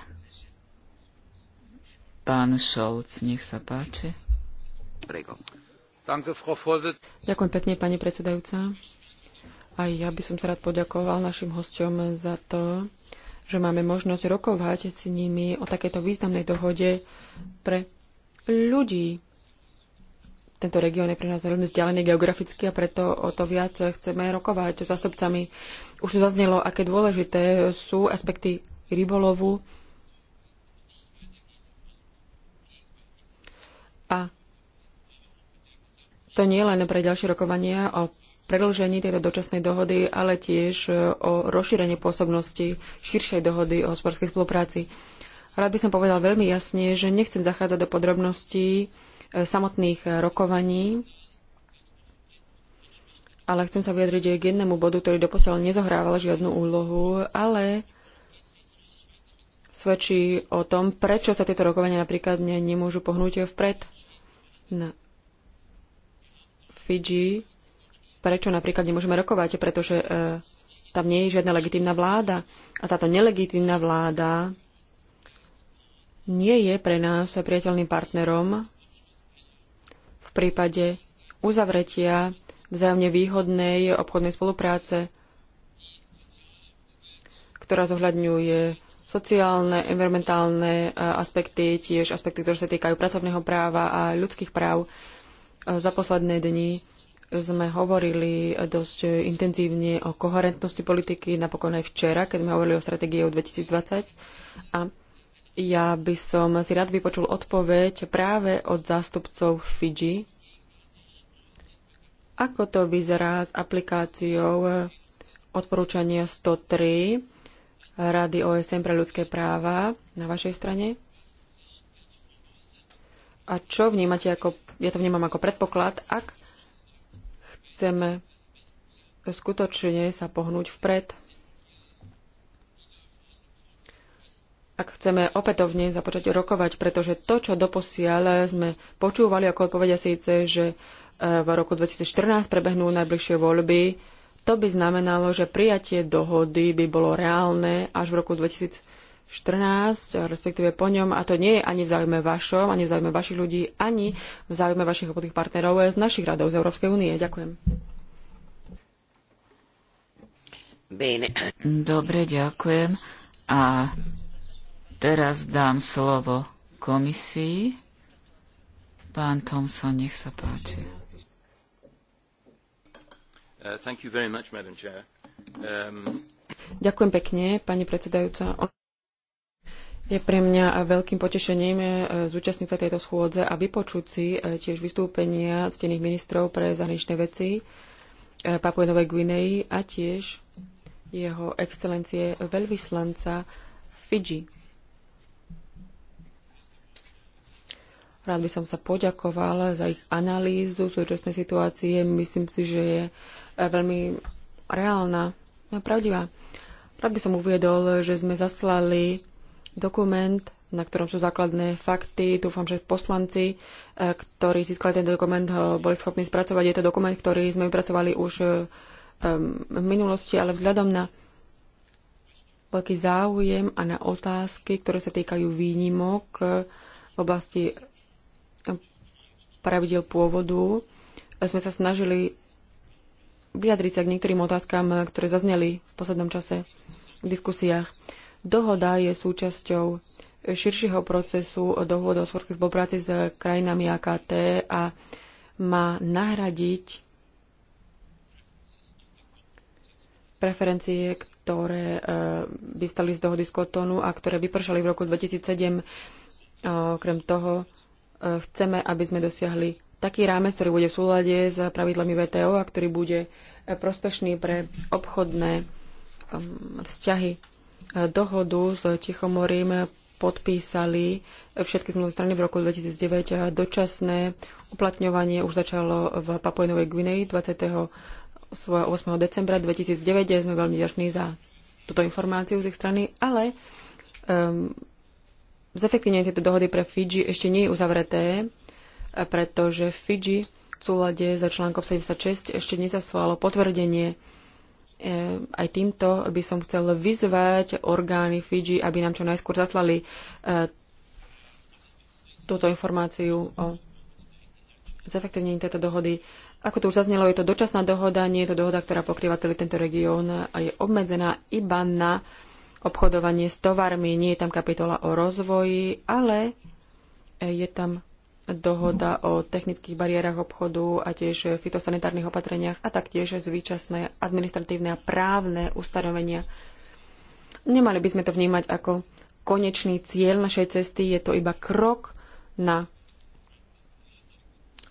[SPEAKER 2] Pán Šolc, nech sa páči.
[SPEAKER 3] Ďakujem pekne, pani predsedajúca. Aj ja by som sa rád poďakoval našim hosťom za to, že máme možnosť rokovať s nimi o takejto významnej dohode pre ľudí, tento región je pre nás veľmi vzdialený geograficky a preto o to viac chceme rokovať s zástupcami. Už tu zaznelo, aké dôležité sú aspekty rybolovu a to nie len pre ďalšie rokovania o predlžení tejto dočasnej dohody, ale tiež o rozšírenie pôsobnosti širšej dohody o hospodárskej spolupráci. Rád by som povedal veľmi jasne, že nechcem zachádzať do podrobností E, samotných e, rokovaní, ale chcem sa vyjadriť k jednému bodu, ktorý doposiaľ nezohrával žiadnu úlohu, ale svedčí o tom, prečo sa tieto rokovania napríklad ne, nemôžu pohnúť vpred na Fiji, prečo napríklad nemôžeme rokovať, pretože e, tam nie je žiadna legitímna vláda. A táto nelegitímna vláda nie je pre nás priateľným partnerom prípade uzavretia vzájomne výhodnej obchodnej spolupráce, ktorá zohľadňuje sociálne, environmentálne e, aspekty, tiež aspekty, ktoré sa týkajú pracovného práva a ľudských práv. E, za posledné dni sme hovorili dosť intenzívne o koherentnosti politiky, napokon aj včera, keď sme hovorili o stratégii 2020. A ja by som si rád vypočul odpoveď práve od zástupcov Fidži. Ako to vyzerá s aplikáciou odporúčania 103 Rady OSN pre ľudské práva na vašej strane? A čo vnímate ako, ja to vnímam ako predpoklad, ak chceme skutočne sa pohnúť vpred? ak chceme opätovne započať rokovať, pretože to, čo doposiaľ sme počúvali ako odpovedia síce, že e, v roku 2014 prebehnú najbližšie voľby, to by znamenalo, že prijatie dohody by bolo reálne až v roku 2014, respektíve po ňom, a to nie je ani v záujme vašom, ani v záujme vašich ľudí, ani v záujme vašich obchodných partnerov z našich radov z Európskej únie. Ďakujem. Dobre, ďakujem. A
[SPEAKER 2] Teraz dám slovo komisii. Pán
[SPEAKER 3] Thompson, nech sa páči. Uh, much, um... Ďakujem pekne, pani predsedajúca. Je pre mňa veľkým potešením uh, zúčastniť sa tejto schôdze a vypočuť si uh, tiež vystúpenia ctených ministrov pre zahraničné veci uh, Papuje Novej Guinei a tiež jeho excelencie veľvyslanca Fidži. Rád by som sa poďakoval za ich analýzu súčasnej situácie. Myslím si, že je eh, veľmi reálna a pravdivá. Rád by som uviedol, že sme zaslali dokument, na ktorom sú základné fakty. Dúfam, že poslanci, eh, ktorí získali ten dokument, ho boli schopní spracovať. Je to dokument, ktorý sme vypracovali už eh, v minulosti, ale vzhľadom na veľký záujem a na otázky, ktoré sa týkajú výnimok v oblasti pravidel pôvodu sme sa snažili vyjadriť sa k niektorým otázkam, ktoré zazneli v poslednom čase v diskusiách. Dohoda je súčasťou širšieho procesu dohôd o svorskej spolupráci s krajinami AKT a má nahradiť preferencie, ktoré e, vystali z dohody z Kotonu a ktoré vypršali v roku 2007. E, okrem toho Eh, chceme, aby sme dosiahli taký rámec, ktorý bude v súlade s pravidlami VTO a ktorý bude eh, prospešný pre obchodné ehm, vzťahy. Eh, dohodu s Tichomorím podpísali všetky zmluvné strany v roku 2009 a dočasné uplatňovanie už začalo v Papuenovej Gvineji 28. decembra 2009. Sme veľmi ďační za túto informáciu z ich strany, ale um, zefektívnenie tejto dohody pre Fidži ešte nie je uzavreté, pretože Fidži v súlade za článkom 76 ešte nezaslalo potvrdenie. E, aj týmto by som chcel vyzvať orgány Fidži, aby nám čo najskôr zaslali e, túto informáciu o zefektívnení tejto dohody. Ako to už zaznelo, je to dočasná dohoda, nie je to dohoda, ktorá pokrýva celý tento región a je obmedzená iba na obchodovanie s tovarmi. Nie je tam kapitola o rozvoji, ale je tam dohoda o technických bariérach obchodu a tiež fitosanitárnych opatreniach a taktiež zvyčasné administratívne a právne ustanovenia. Nemali by sme to vnímať ako konečný cieľ našej cesty, je to iba krok na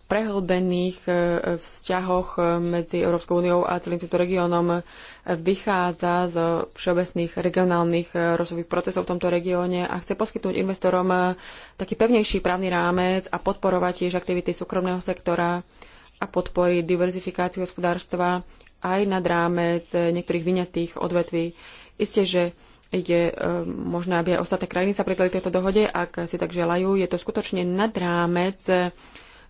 [SPEAKER 3] prehlbených e, e, vzťahoch e, medzi Európskou úniou a celým týmto regiónom vychádza z všeobecných regionálnych rozvojových procesov v tomto regióne a chce poskytnúť investorom taký pevnejší právny rámec a podporovať tiež aktivity súkromného sektora a podporiť diverzifikáciu hospodárstva aj nad rámec niektorých vyňatých odvetví. Isté, že je možné, aby aj ostatné krajiny sa pridali tejto dohode, ak si tak želajú. Je to skutočne nad rámec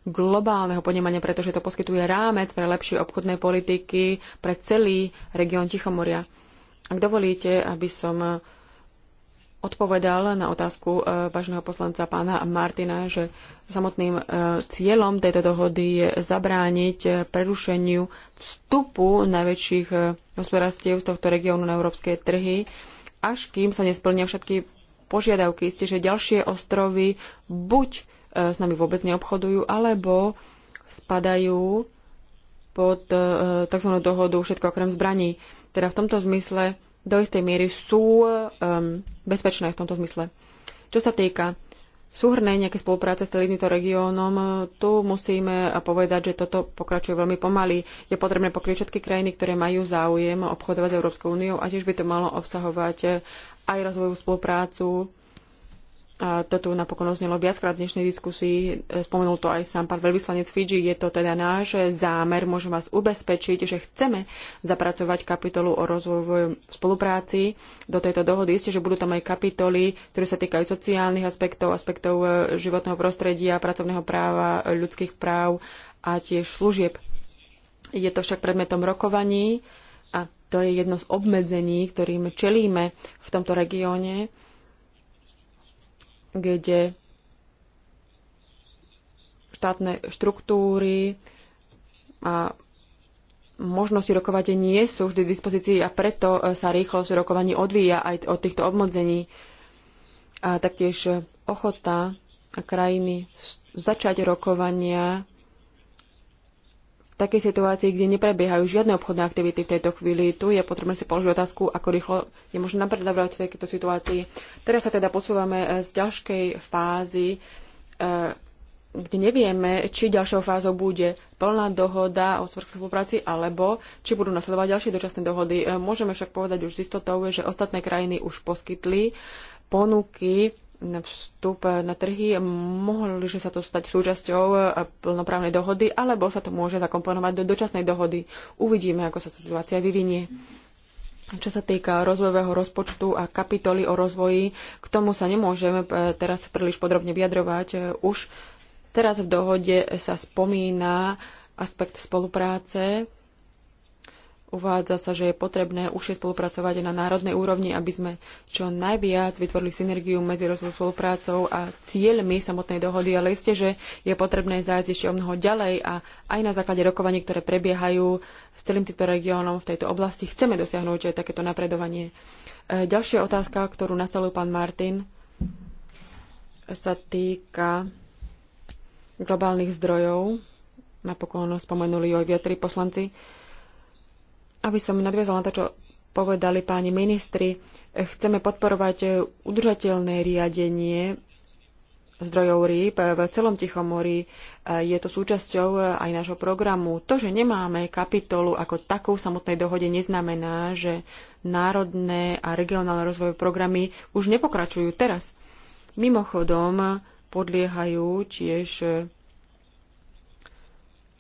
[SPEAKER 3] globálneho ponímania, pretože to poskytuje rámec pre lepšie obchodné politiky pre celý región Tichomoria. Ak dovolíte, aby som odpovedal na otázku e, vážneho poslanca pána Martina, že samotným e, cieľom tejto dohody je zabrániť e, prerušeniu vstupu najväčších hospodárstiev z tohto regiónu na európske trhy, až kým sa nesplnia všetky požiadavky. Isté, že ďalšie ostrovy buď E, s nami vôbec neobchodujú, alebo spadajú pod e, tzv. dohodu všetko okrem zbraní. Teda v tomto zmysle do istej miery sú um, bezpečné v tomto zmysle. Čo sa týka súhrnej nejaké spolupráce s týmto regiónom, tu musíme povedať, že toto pokračuje veľmi pomaly. Je potrebné pokryť všetky krajiny, ktoré majú záujem obchodovať s Európskou úniou a tiež by to malo obsahovať e, aj rozvojovú spoluprácu a to tu napokon oznelo viackrát v dnešnej diskusii, e, spomenul to aj sám pán veľvyslanec Fidži, je to teda náš zámer, môžem vás ubezpečiť, že chceme zapracovať kapitolu o rozvoju spolupráci do tejto dohody. Isté, že budú tam aj kapitoly, ktoré sa týkajú sociálnych aspektov, aspektov e, životného prostredia, pracovného práva, ľudských práv a tiež služieb. Je to však predmetom rokovaní a to je jedno z obmedzení, ktorým čelíme v tomto regióne kde štátne štruktúry a možnosti rokovať nie sú vždy v dispozícii a preto e, sa rýchlosť rokovaní odvíja aj od týchto obmedzení. A taktiež ochota krajiny začať rokovania v takej situácii, kde neprebiehajú žiadne obchodné aktivity v tejto chvíli. Tu je potrebné si položiť otázku, ako rýchlo je možné napredovať v takejto situácii. Teraz sa teda posúvame eh, z ťažkej fázy, eh, kde nevieme, či ďalšou fázou bude plná dohoda o svrchskej spolupráci, alebo či budú nasledovať ďalšie dočasné dohody. Eh, môžeme však povedať už s istotou, že ostatné krajiny už poskytli ponuky na vstup na trhy, mohli, že sa to stať súčasťou e, plnoprávnej dohody, alebo sa to môže zakomponovať do dočasnej dohody. Uvidíme, ako sa situácia vyvinie. Čo sa týka rozvojového rozpočtu a kapitoly o rozvoji, k tomu sa nemôžeme e, teraz príliš podrobne vyjadrovať. E, už teraz v dohode sa spomína aspekt spolupráce Uvádza sa, že je potrebné užšie spolupracovať na národnej úrovni, aby sme čo najviac vytvorili synergiu medzi rozvojou spoluprácou a cieľmi samotnej dohody, ale isté, že je potrebné zájsť ešte o mnoho ďalej a aj na základe rokovaní, ktoré prebiehajú s celým týmto regiónom v tejto oblasti, chceme dosiahnuť aj takéto napredovanie. E, ďalšia otázka, ktorú nastavil pán Martin, sa týka globálnych zdrojov. Napokon spomenuli ju aj viacerí poslanci aby som nadviazala na to, čo povedali páni ministri, chceme podporovať udržateľné riadenie zdrojov rýb v celom Tichomorí. Je to súčasťou aj nášho programu. To, že nemáme kapitolu ako takú v samotnej dohode, neznamená, že národné a regionálne rozvojové programy už nepokračujú teraz. Mimochodom, podliehajú tiež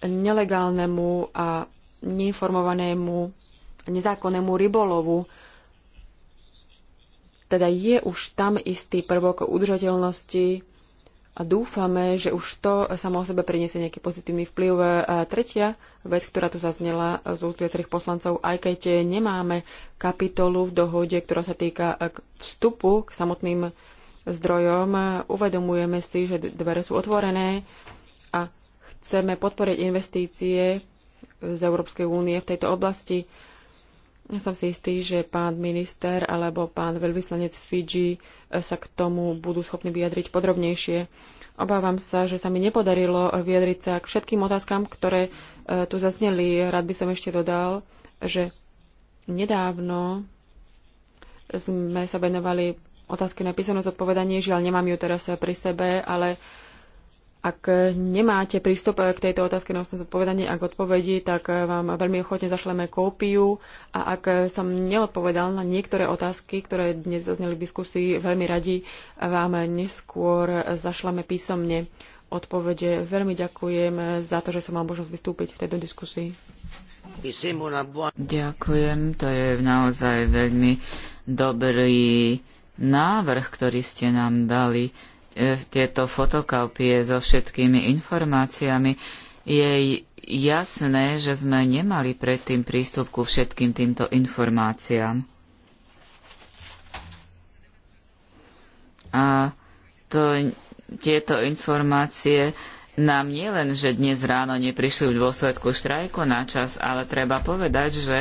[SPEAKER 3] nelegálnemu a neinformovanému nezákonnému rybolovu. Teda je už tam istý prvok udržateľnosti a dúfame, že už to samo o sebe priniesie nejaký pozitívny vplyv. A e, tretia vec, ktorá tu zaznela z úst viacerých poslancov, aj keď nemáme kapitolu v dohode, ktorá sa týka e, vstupu k samotným zdrojom, e, uvedomujeme si, že dvere sú otvorené a chceme podporiť investície z Európskej únie v tejto oblasti. Ja som si istý, že pán minister alebo pán veľvyslanec Fidži eh, sa k tomu budú schopní vyjadriť podrobnejšie. Obávam sa, že sa mi nepodarilo vyjadriť sa k všetkým otázkam, ktoré eh, tu zazneli. Rád by som ešte dodal, že nedávno sme sa venovali otázky na písanú zodpovedanie. Žiaľ, nemám ju teraz pri sebe, ale ak nemáte prístup eh, k tejto otázke na ústne zodpovedanie a k odpovedi, tak eh, vám veľmi ochotne zašleme kópiu a ak som neodpovedal na niektoré otázky, ktoré dnes zazneli v diskusii, veľmi radi vám neskôr zašleme písomne odpovede. Veľmi ďakujem eh, za to, že som mal možnosť vystúpiť v tejto diskusii. Ďakujem,
[SPEAKER 2] to je naozaj veľmi dobrý návrh, ktorý ste nám dali E, tieto fotokopie so všetkými informáciami, je jasné, že sme nemali predtým prístup ku všetkým týmto informáciám. A to, tieto informácie nám nielen, že dnes ráno neprišli v dôsledku štrajku na čas, ale treba povedať, že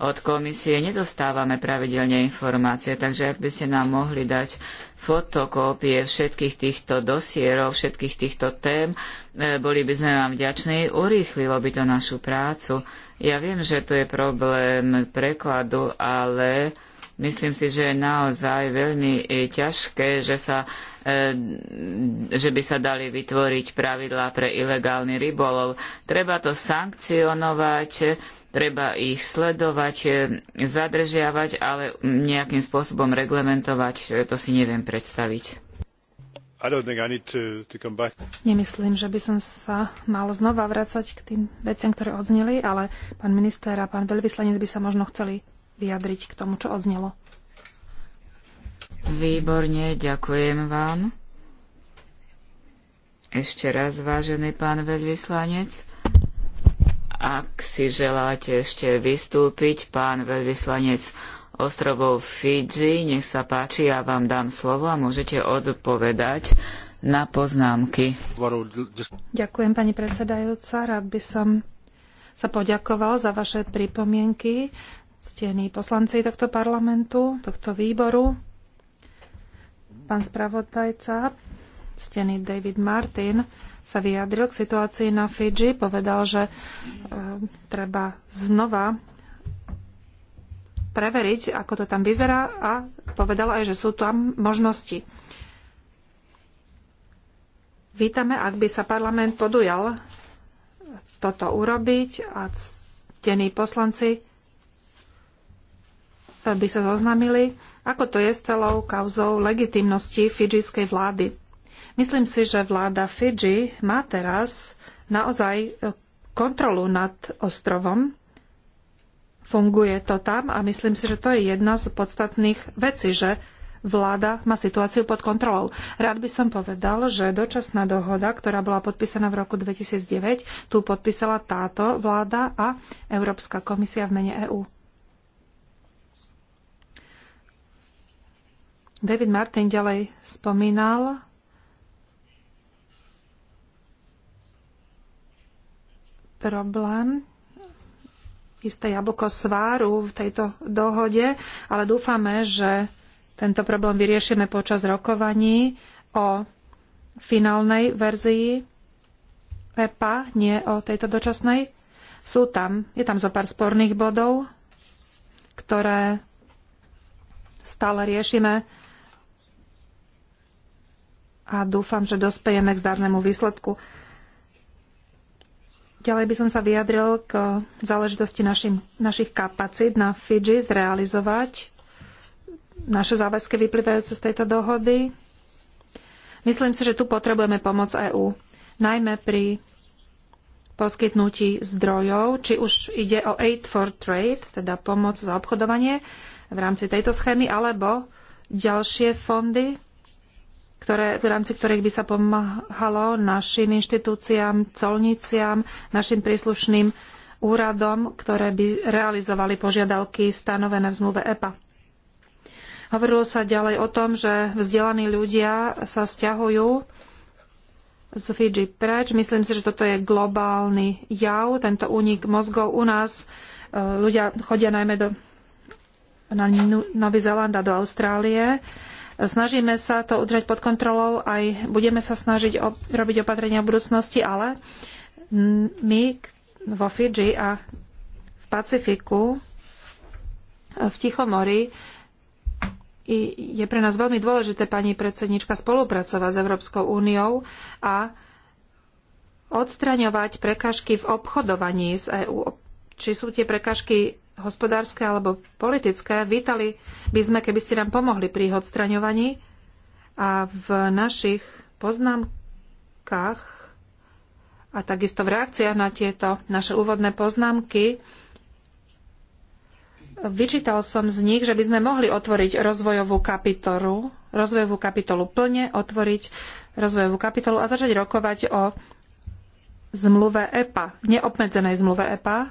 [SPEAKER 2] od komisie nedostávame pravidelne informácie, takže ak by ste nám mohli dať fotokópie všetkých týchto dosierov, všetkých týchto tém, e, boli by sme vám vďační, urýchlilo by to našu prácu. Ja viem, že to je problém prekladu, ale myslím si, že je naozaj veľmi e, ťažké, že, sa, e, že by sa dali vytvoriť pravidlá pre ilegálny rybolov. Treba to sankcionovať, treba ich sledovať, e, zadržiavať, ale nejakým spôsobom reglementovať, e, to si neviem predstaviť.
[SPEAKER 1] Nemyslím, že by som sa mal znova vracať k tým veciam, ktoré odzneli, ale pán minister a pán veľvyslanec by sa možno chceli vyjadriť k tomu, čo odznelo.
[SPEAKER 2] Výborne, ďakujem vám. Ešte raz, vážený pán veľvyslanec. Ak si želáte ešte vystúpiť, pán veľvyslanec ostrovov Fidži, nech sa páči, ja vám dám slovo a môžete odpovedať na poznámky.
[SPEAKER 1] Ďakujem, pani predsedajúca. Rád by som sa poďakoval za vaše pripomienky, ctení poslanci tohto parlamentu, tohto výboru, pán spravodajca, ctený David Martin sa vyjadril k situácii na Fidži. Povedal, že e, treba znova preveriť, ako to tam vyzerá a povedal aj, že sú tam možnosti. Vítame, ak by sa parlament podujal toto urobiť a ctení poslanci by sa zoznamili, ako to je s celou kauzou legitimnosti fidžijskej vlády. Myslím si, že vláda Fidži má teraz naozaj e, kontrolu nad ostrovom. Funguje to tam a myslím si, že to je jedna z podstatných vecí, že vláda má situáciu pod kontrolou. Rád by som povedal, že dočasná dohoda, ktorá bola podpísaná v roku 2009, tu podpísala táto vláda a Európska komisia v mene EÚ. David Martin ďalej spomínal problém, isté jablko sváru v tejto dohode, ale dúfame, že tento problém vyriešime počas rokovaní o finálnej verzii EPA, nie o tejto dočasnej. Sú tam, je tam zo pár sporných bodov, ktoré stále riešime a dúfam, že dospejeme k zdarnému výsledku. Ďalej by som sa vyjadril k záležitosti našim, našich kapacít na Fidži zrealizovať naše záväzky vyplývajúce z tejto dohody. Myslím si, že tu potrebujeme pomoc EÚ, najmä pri poskytnutí zdrojov, či už ide o Aid for Trade, teda pomoc za obchodovanie v rámci tejto schémy, alebo ďalšie fondy, ktoré, v rámci ktorých by sa pomáhalo našim inštitúciám, colniciam, našim príslušným úradom, ktoré by realizovali požiadavky stanovené v zmluve EPA. Hovorilo sa ďalej o tom, že vzdelaní ľudia sa stiahujú z Fiji preč. Myslím si, že toto je globálny jav, tento únik mozgov u nás. E, ľudia chodia najmä do, na Nový Zeland a do Austrálie Snažíme sa to udržať pod kontrolou, aj budeme sa snažiť ob- robiť opatrenia v budúcnosti, ale my vo Fidži a v Pacifiku, v Tichomori, je pre nás veľmi dôležité, pani predsednička, spolupracovať s Európskou úniou a odstraňovať prekážky v obchodovaní s EÚ. Či sú tie prekážky hospodárske alebo politické, vítali by sme, keby ste nám pomohli pri ich odstraňovaní. A v našich poznámkach a takisto v reakciách na tieto naše úvodné poznámky vyčítal som z nich, že by sme mohli otvoriť rozvojovú kapitolu, rozvojovú kapitolu plne otvoriť rozvojovú kapitolu a začať rokovať o zmluve EPA, neobmedzenej zmluve EPA,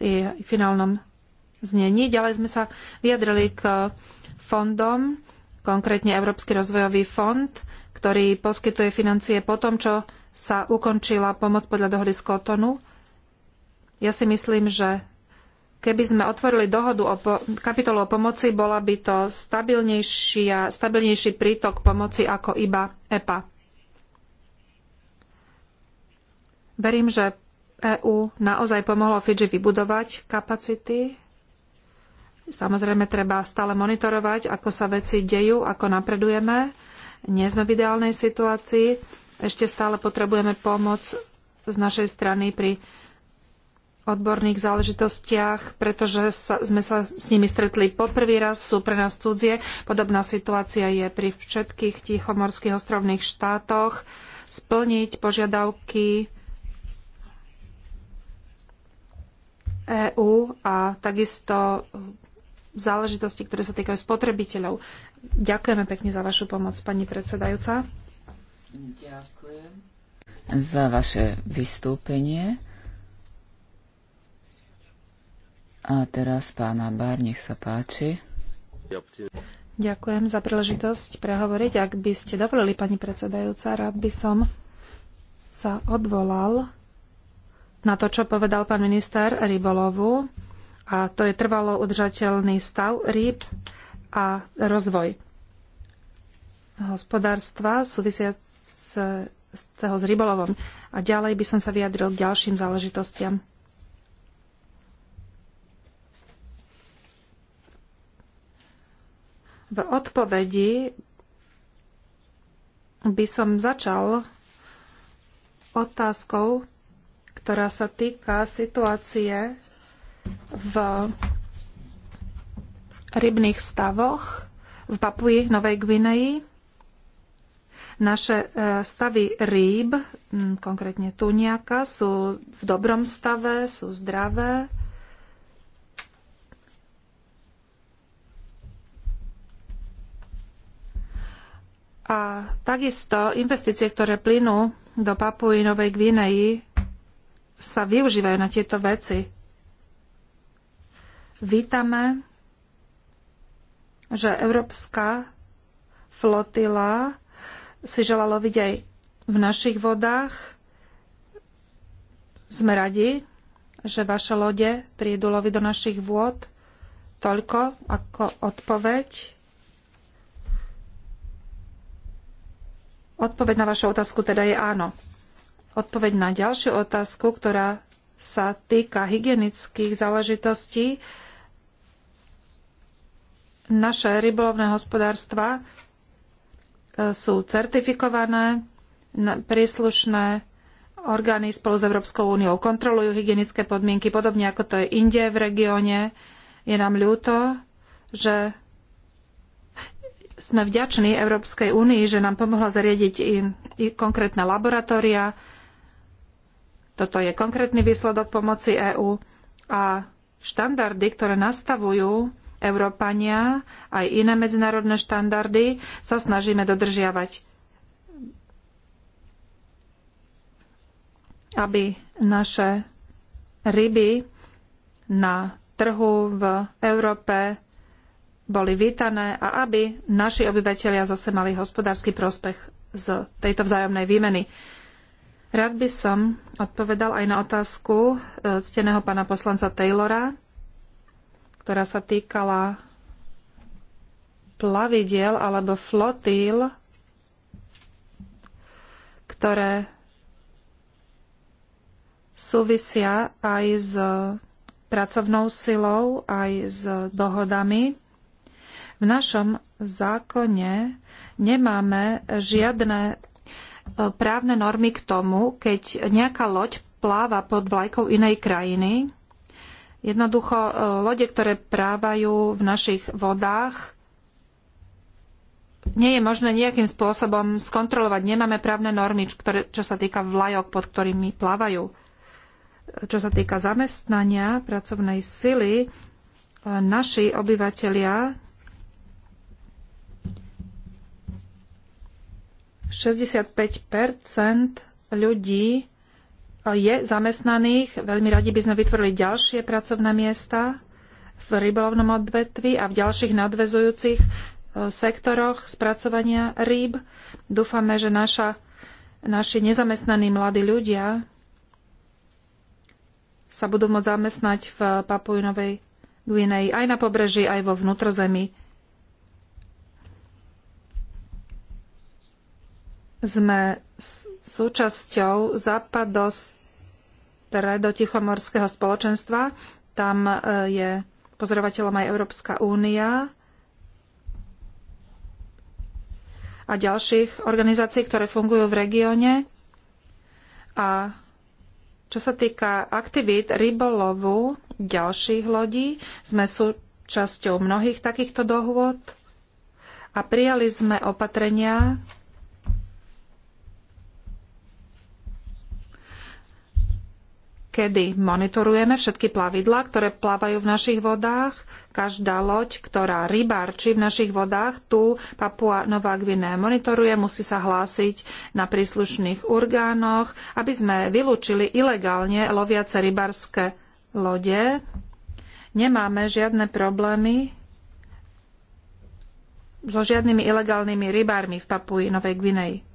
[SPEAKER 1] jej finálnom znení. Ďalej sme sa vyjadrili k fondom, konkrétne Európsky rozvojový fond, ktorý poskytuje financie po tom, čo sa ukončila pomoc podľa dohody z Kotonu. Ja si myslím, že keby sme otvorili dohodu o po, kapitolu o pomoci, bola by to stabilnejší prítok pomoci ako iba EPA. Verím, že EÚ naozaj pomohlo Fidži vybudovať kapacity. Samozrejme, treba stále monitorovať, ako sa veci dejú, ako napredujeme. Nie sme v ideálnej situácii. Ešte stále potrebujeme pomoc z našej strany pri odborných záležitostiach, pretože sa, sme sa s nimi stretli poprvý raz, sú pre nás cudzie. Podobná situácia je pri všetkých tichomorských ostrovných štátoch. Splniť požiadavky EÚ a takisto záležitosti, ktoré sa týkajú spotrebiteľov. Ďakujeme pekne za vašu pomoc, pani predsedajúca. Ďakujem
[SPEAKER 2] za vaše vystúpenie. A teraz pána Bár, nech sa páči.
[SPEAKER 1] Ďakujem za príležitosť prehovoriť. Ak by ste dovolili, pani predsedajúca, rád by som sa odvolal na to, čo povedal pán minister rybolovu. A to je trvalo udržateľný stav rýb a rozvoj hospodárstva súvisiaceho s rybolovom. A ďalej by som sa vyjadril k ďalším záležitostiam. V odpovedi by som začal otázkou, ktorá sa týka situácie v rybných stavoch v Papui Novej Gvineji. Naše e, stavy rýb, konkrétne tuniaka, sú v dobrom stave, sú zdravé. A takisto investície, ktoré plynú do Papuji Novej Gvineji, sa využívajú na tieto veci. Vítame, že Európska flotila si želala loviť aj v našich vodách. Sme radi, že vaše lode prídu loviť do našich vôd. Toľko ako odpoveď. Odpoveď na vašu otázku teda je áno odpoveď na ďalšiu otázku, ktorá sa týka hygienických záležitostí. Naše rybolovné hospodárstva e, sú certifikované, príslušné orgány spolu s Európskou úniou kontrolujú hygienické podmienky, podobne ako to je inde v regióne. Je nám ľúto, že sme vďační Európskej únii, že nám pomohla zariadiť i, i konkrétne laboratória, toto je konkrétny výsledok pomoci EÚ a štandardy, ktoré nastavujú Európania, aj iné medzinárodné štandardy sa snažíme dodržiavať, aby naše ryby na trhu v Európe boli vítané a aby naši obyvateľia zase mali hospodársky prospech z tejto vzájomnej výmeny. Rád by som odpovedal aj na otázku e, cteného pána poslanca Taylora, ktorá sa týkala plavidiel alebo flotíl, ktoré súvisia aj s pracovnou silou, aj s dohodami. V našom zákone nemáme žiadne E, právne normy k tomu, keď nejaká loď pláva pod vlajkou inej krajiny. Jednoducho e, lode, ktoré plávajú v našich vodách, nie je možné nejakým spôsobom skontrolovať. Nemáme právne normy, ktoré, čo sa týka vlajok, pod ktorými plávajú. E, čo sa týka zamestnania pracovnej sily, naši obyvatelia 65 ľudí e, je zamestnaných. Veľmi radi by sme vytvorili ďalšie pracovné miesta v rybolovnom odvetvi a v ďalších nadvezujúcich e, sektoroch spracovania rýb. Dúfame, že naša, naši nezamestnaní mladí ľudia sa budú môcť zamestnať v Papujnovej Guinei aj na pobreží, aj vo vnútrozemí sme súčasťou Tichomorského spoločenstva. Tam e, je pozorovateľom aj Európska únia a ďalších organizácií, ktoré fungujú v regióne. A čo sa týka aktivít rybolovu ďalších lodí, sme súčasťou mnohých takýchto dohôd a prijali sme opatrenia, kedy monitorujeme všetky plavidlá, ktoré plávajú v našich vodách. Každá loď, ktorá rybárči v našich vodách, tu Papua Nová Gviné monitoruje, musí sa hlásiť na príslušných orgánoch, aby sme vylúčili ilegálne loviace rybárske lode. Nemáme žiadne problémy so žiadnymi ilegálnymi rybármi v Papui Novej Gvineji.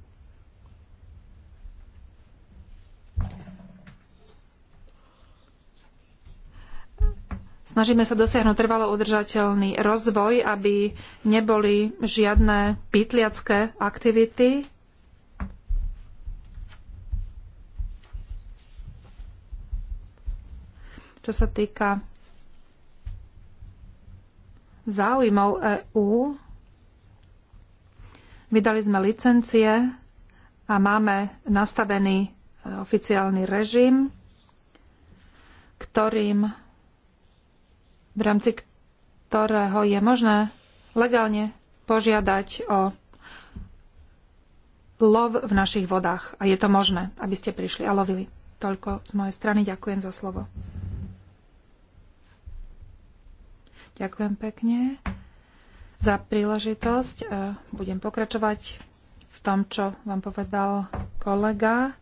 [SPEAKER 1] Snažíme sa dosiahnuť trvalo udržateľný rozvoj, aby neboli žiadne pýtliacké aktivity. Čo sa týka záujmov EÚ, vydali sme licencie a máme nastavený oficiálny režim, ktorým v rámci ktorého je možné legálne požiadať o lov v našich vodách. A je to možné, aby ste prišli a lovili. Toľko z mojej strany. Ďakujem za slovo. Ďakujem pekne za príležitosť. E, budem pokračovať v tom, čo vám povedal kolega.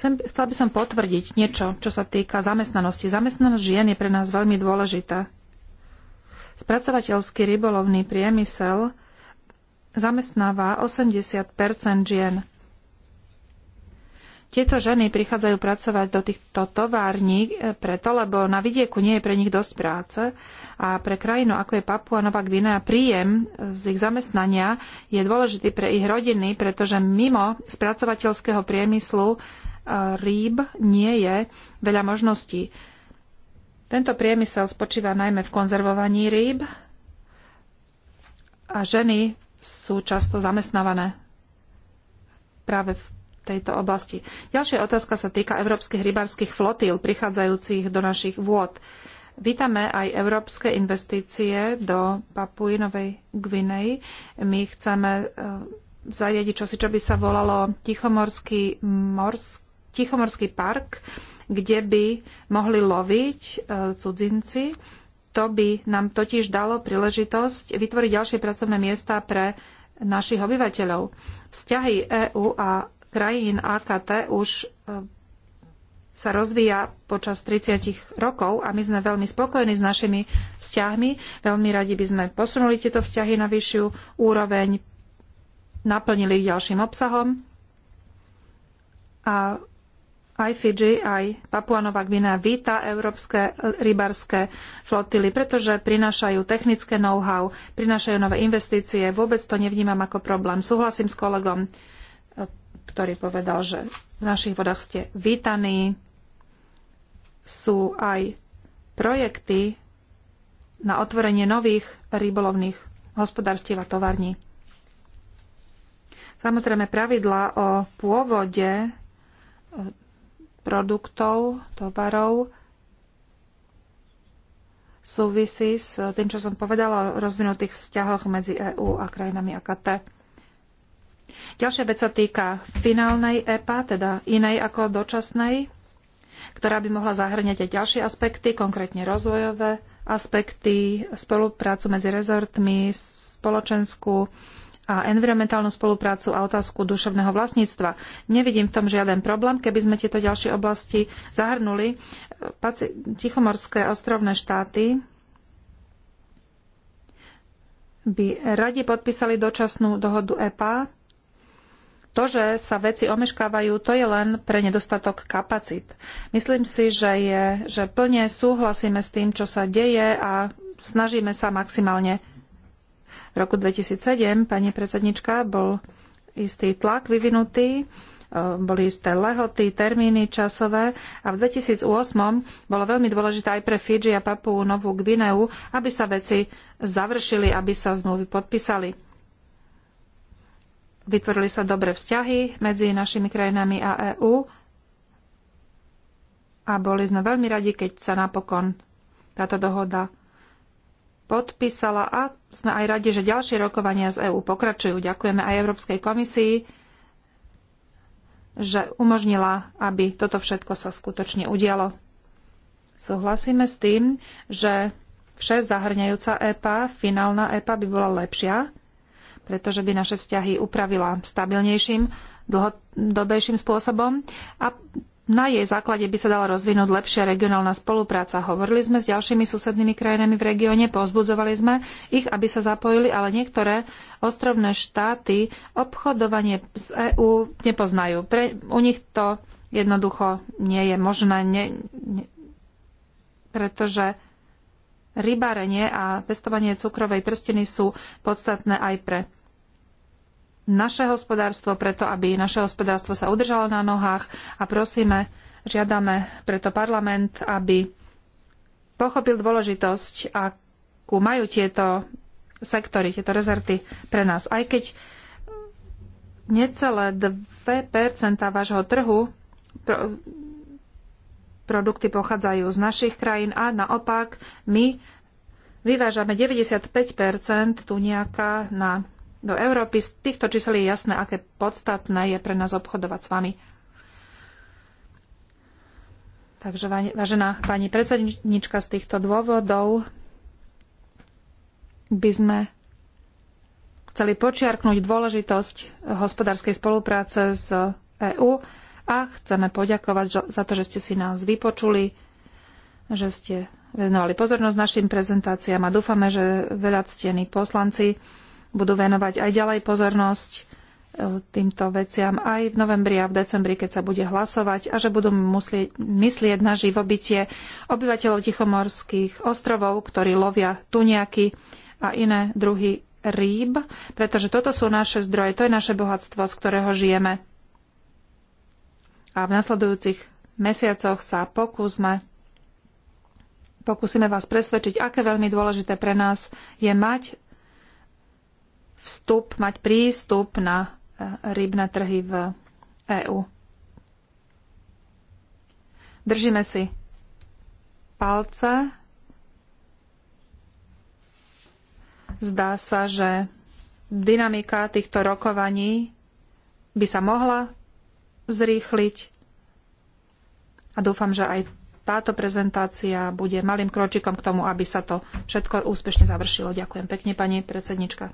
[SPEAKER 1] Chcem, chcela by som potvrdiť niečo, čo sa týka zamestnanosti. Zamestnanosť žien je pre nás veľmi dôležitá. Spracovateľský rybolovný priemysel zamestnáva 80 žien. Tieto ženy prichádzajú pracovať do týchto tovární e, preto, lebo na vidieku nie je pre nich dosť práce a pre krajinu, ako je Papua Nová Gvinea, príjem z ich zamestnania je dôležitý pre ich rodiny, pretože mimo spracovateľského priemyslu rýb nie je veľa možností. Tento priemysel spočíva najmä v konzervovaní rýb a ženy sú často zamestnávané práve v tejto oblasti. Ďalšia otázka sa týka európskych rybárskych flotíl prichádzajúcich do našich vôd. Vítame aj európske investície do Papuinovej Gvinej. My chceme eh, zariadiť čosi, čo by sa volalo Tichomorský morský Tichomorský park, kde by mohli loviť e, cudzinci. To by nám totiž dalo príležitosť vytvoriť ďalšie pracovné miesta pre našich obyvateľov. Vzťahy EÚ a krajín AKT už e, sa rozvíja počas 30 rokov a my sme veľmi spokojní s našimi vzťahmi. Veľmi radi by sme posunuli tieto vzťahy na vyššiu úroveň, naplnili ich ďalším obsahom a aj Fidži, aj Papua Nová Gvinea víta európske rybarské flotily, pretože prinášajú technické know-how, prinášajú nové investície. Vôbec to nevnímam ako problém. Súhlasím s kolegom, ktorý povedal, že v našich vodách ste vítaní. Sú aj projekty na otvorenie nových rybolovných hospodárstiev a tovarní. Samozrejme, pravidlá o pôvode produktov, tovarov súvisí s tým, čo som povedala o rozvinutých vzťahoch medzi EÚ a krajinami AKT. Ďalšia vec sa týka finálnej EPA, teda inej ako dočasnej, ktorá by mohla zahrňať aj ďalšie aspekty, konkrétne rozvojové aspekty, spoluprácu medzi rezortmi, spoločenskú a environmentálnu spoluprácu a otázku duševného vlastníctva. Nevidím v tom žiaden problém, keby sme tieto ďalšie oblasti zahrnuli. Tichomorské ostrovné štáty by radi podpísali dočasnú dohodu EPA. To, že sa veci omeškávajú, to je len pre nedostatok kapacít. Myslím si, že, je, že plne súhlasíme s tým, čo sa deje a snažíme sa maximálne v roku 2007, pani predsednička, bol istý tlak vyvinutý, e, boli isté lehoty, termíny časové a v 2008 bolo veľmi dôležité aj pre Fiji a Papu Novú Gvineu, aby sa veci završili, aby sa zmluvy podpísali. Vytvorili sa dobré vzťahy medzi našimi krajinami a EÚ a boli sme veľmi radi, keď sa napokon táto dohoda podpísala a sme aj radi, že ďalšie rokovania z EÚ pokračujú. Ďakujeme aj Európskej komisii, že umožnila, aby toto všetko sa skutočne udialo. Súhlasíme s tým, že vše zahrňajúca EPA, finálna EPA by bola lepšia, pretože by naše vzťahy upravila stabilnejším, dlhodobejším spôsobom a na jej základe by sa dala rozvinúť lepšia regionálna spolupráca. Hovorili sme s ďalšími susednými krajinami v regióne, pozbudzovali sme ich, aby sa zapojili, ale niektoré ostrovné štáty obchodovanie z EÚ nepoznajú. Pre, u nich to jednoducho nie je možné, ne, ne, pretože rybárenie a pestovanie cukrovej trstiny sú podstatné aj pre naše hospodárstvo, preto aby naše hospodárstvo sa udržalo na nohách a prosíme, žiadame preto parlament, aby pochopil dôležitosť, akú majú tieto sektory, tieto rezerty pre nás. Aj keď necelé 2% vášho trhu pro, produkty pochádzajú z našich krajín a naopak my vyvážame 95% tu nejaká na do Európy. Z týchto čísel je jasné, aké podstatné je pre nás obchodovať s vami. Takže, vážená pani predsednička, z týchto dôvodov by sme chceli počiarknúť dôležitosť hospodárskej spolupráce s EÚ a chceme poďakovať za to, že ste si nás vypočuli, že ste venovali pozornosť našim prezentáciám a dúfame, že veľa ctení poslanci budú venovať aj ďalej pozornosť e, týmto veciam aj v novembri a v decembri, keď sa bude hlasovať a že budú musieť, myslieť na živobytie obyvateľov Tichomorských ostrovov, ktorí lovia tuniaky a iné druhy rýb, pretože toto sú naše zdroje, to je naše bohatstvo, z ktorého žijeme. A v nasledujúcich mesiacoch sa pokúsme pokúsime vás presvedčiť, aké veľmi dôležité pre nás je mať vstup, mať prístup na e, rybné trhy v EÚ. Držíme si palce. Zdá sa, že dynamika týchto rokovaní by sa mohla zrýchliť a dúfam, že aj táto prezentácia bude malým kročikom k tomu, aby sa to všetko úspešne završilo. Ďakujem pekne, pani predsednička.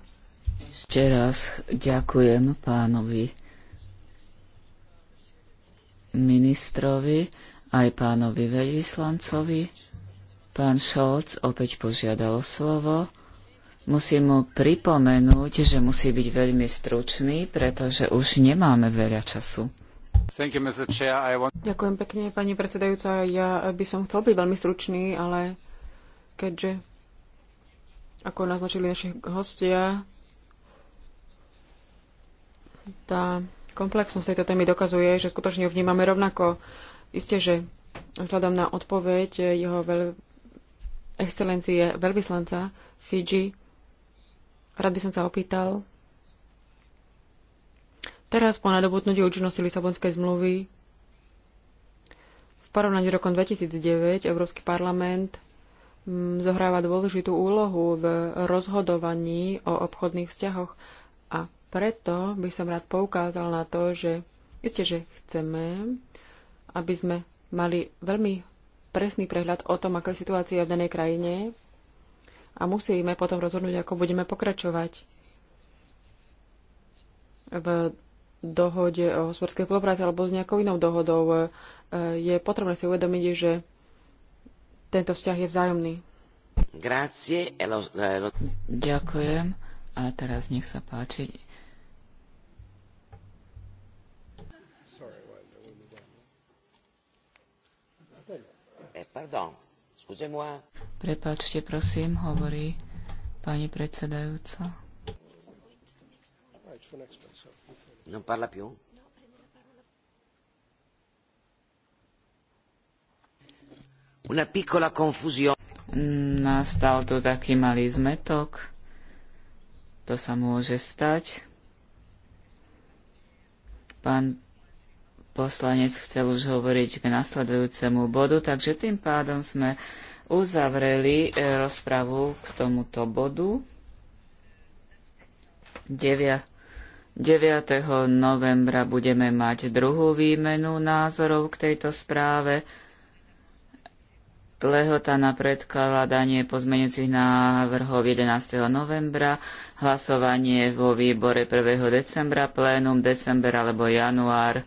[SPEAKER 2] Ešte raz ďakujem pánovi ministrovi, aj pánovi veľvyslancovi. Pán Šolc opäť požiadal slovo. Musím mu pripomenúť, že musí byť veľmi stručný, pretože už nemáme veľa času. You,
[SPEAKER 3] want... Ďakujem pekne, pani predsedajúca. Ja by som chcel byť veľmi stručný, ale keďže, ako naznačili naši hostia, tá komplexnosť tejto témy dokazuje, že skutočne ju vnímame rovnako. Isté, že vzhľadom na odpoveď jeho veľ... excelencie veľvyslanca Fidži, rád by som sa opýtal, teraz po nadobudnutí účinnosti Lisabonskej zmluvy v porovnaní s rokom 2009 Európsky parlament mm, zohráva dôležitú úlohu v rozhodovaní o obchodných vzťahoch preto by som rád poukázal na to, že isté, že chceme, aby sme mali veľmi presný prehľad o tom, aká je situácia v danej krajine a musíme potom rozhodnúť, ako budeme pokračovať v dohode o hospodárskej spolupráci alebo s nejakou inou dohodou. Je potrebné si uvedomiť, že tento vzťah je vzájomný.
[SPEAKER 2] Grazie. Ďakujem.
[SPEAKER 3] A teraz nech sa páči
[SPEAKER 2] Eh, Prepáčte, prosím, hovorí pani predsedajúca. Non parla più? Una piccola confusione. Nastal tu taký malý zmetok. To sa môže stať. Pán poslanec chcel už hovoriť k nasledujúcemu bodu, takže tým pádom sme uzavreli e, rozpravu k tomuto bodu. 9. 9. novembra budeme mať druhú výmenu názorov k tejto správe. Lehota na predkladanie pozmenujúcich návrhov 11. novembra, hlasovanie vo výbore 1. decembra, plénum december alebo január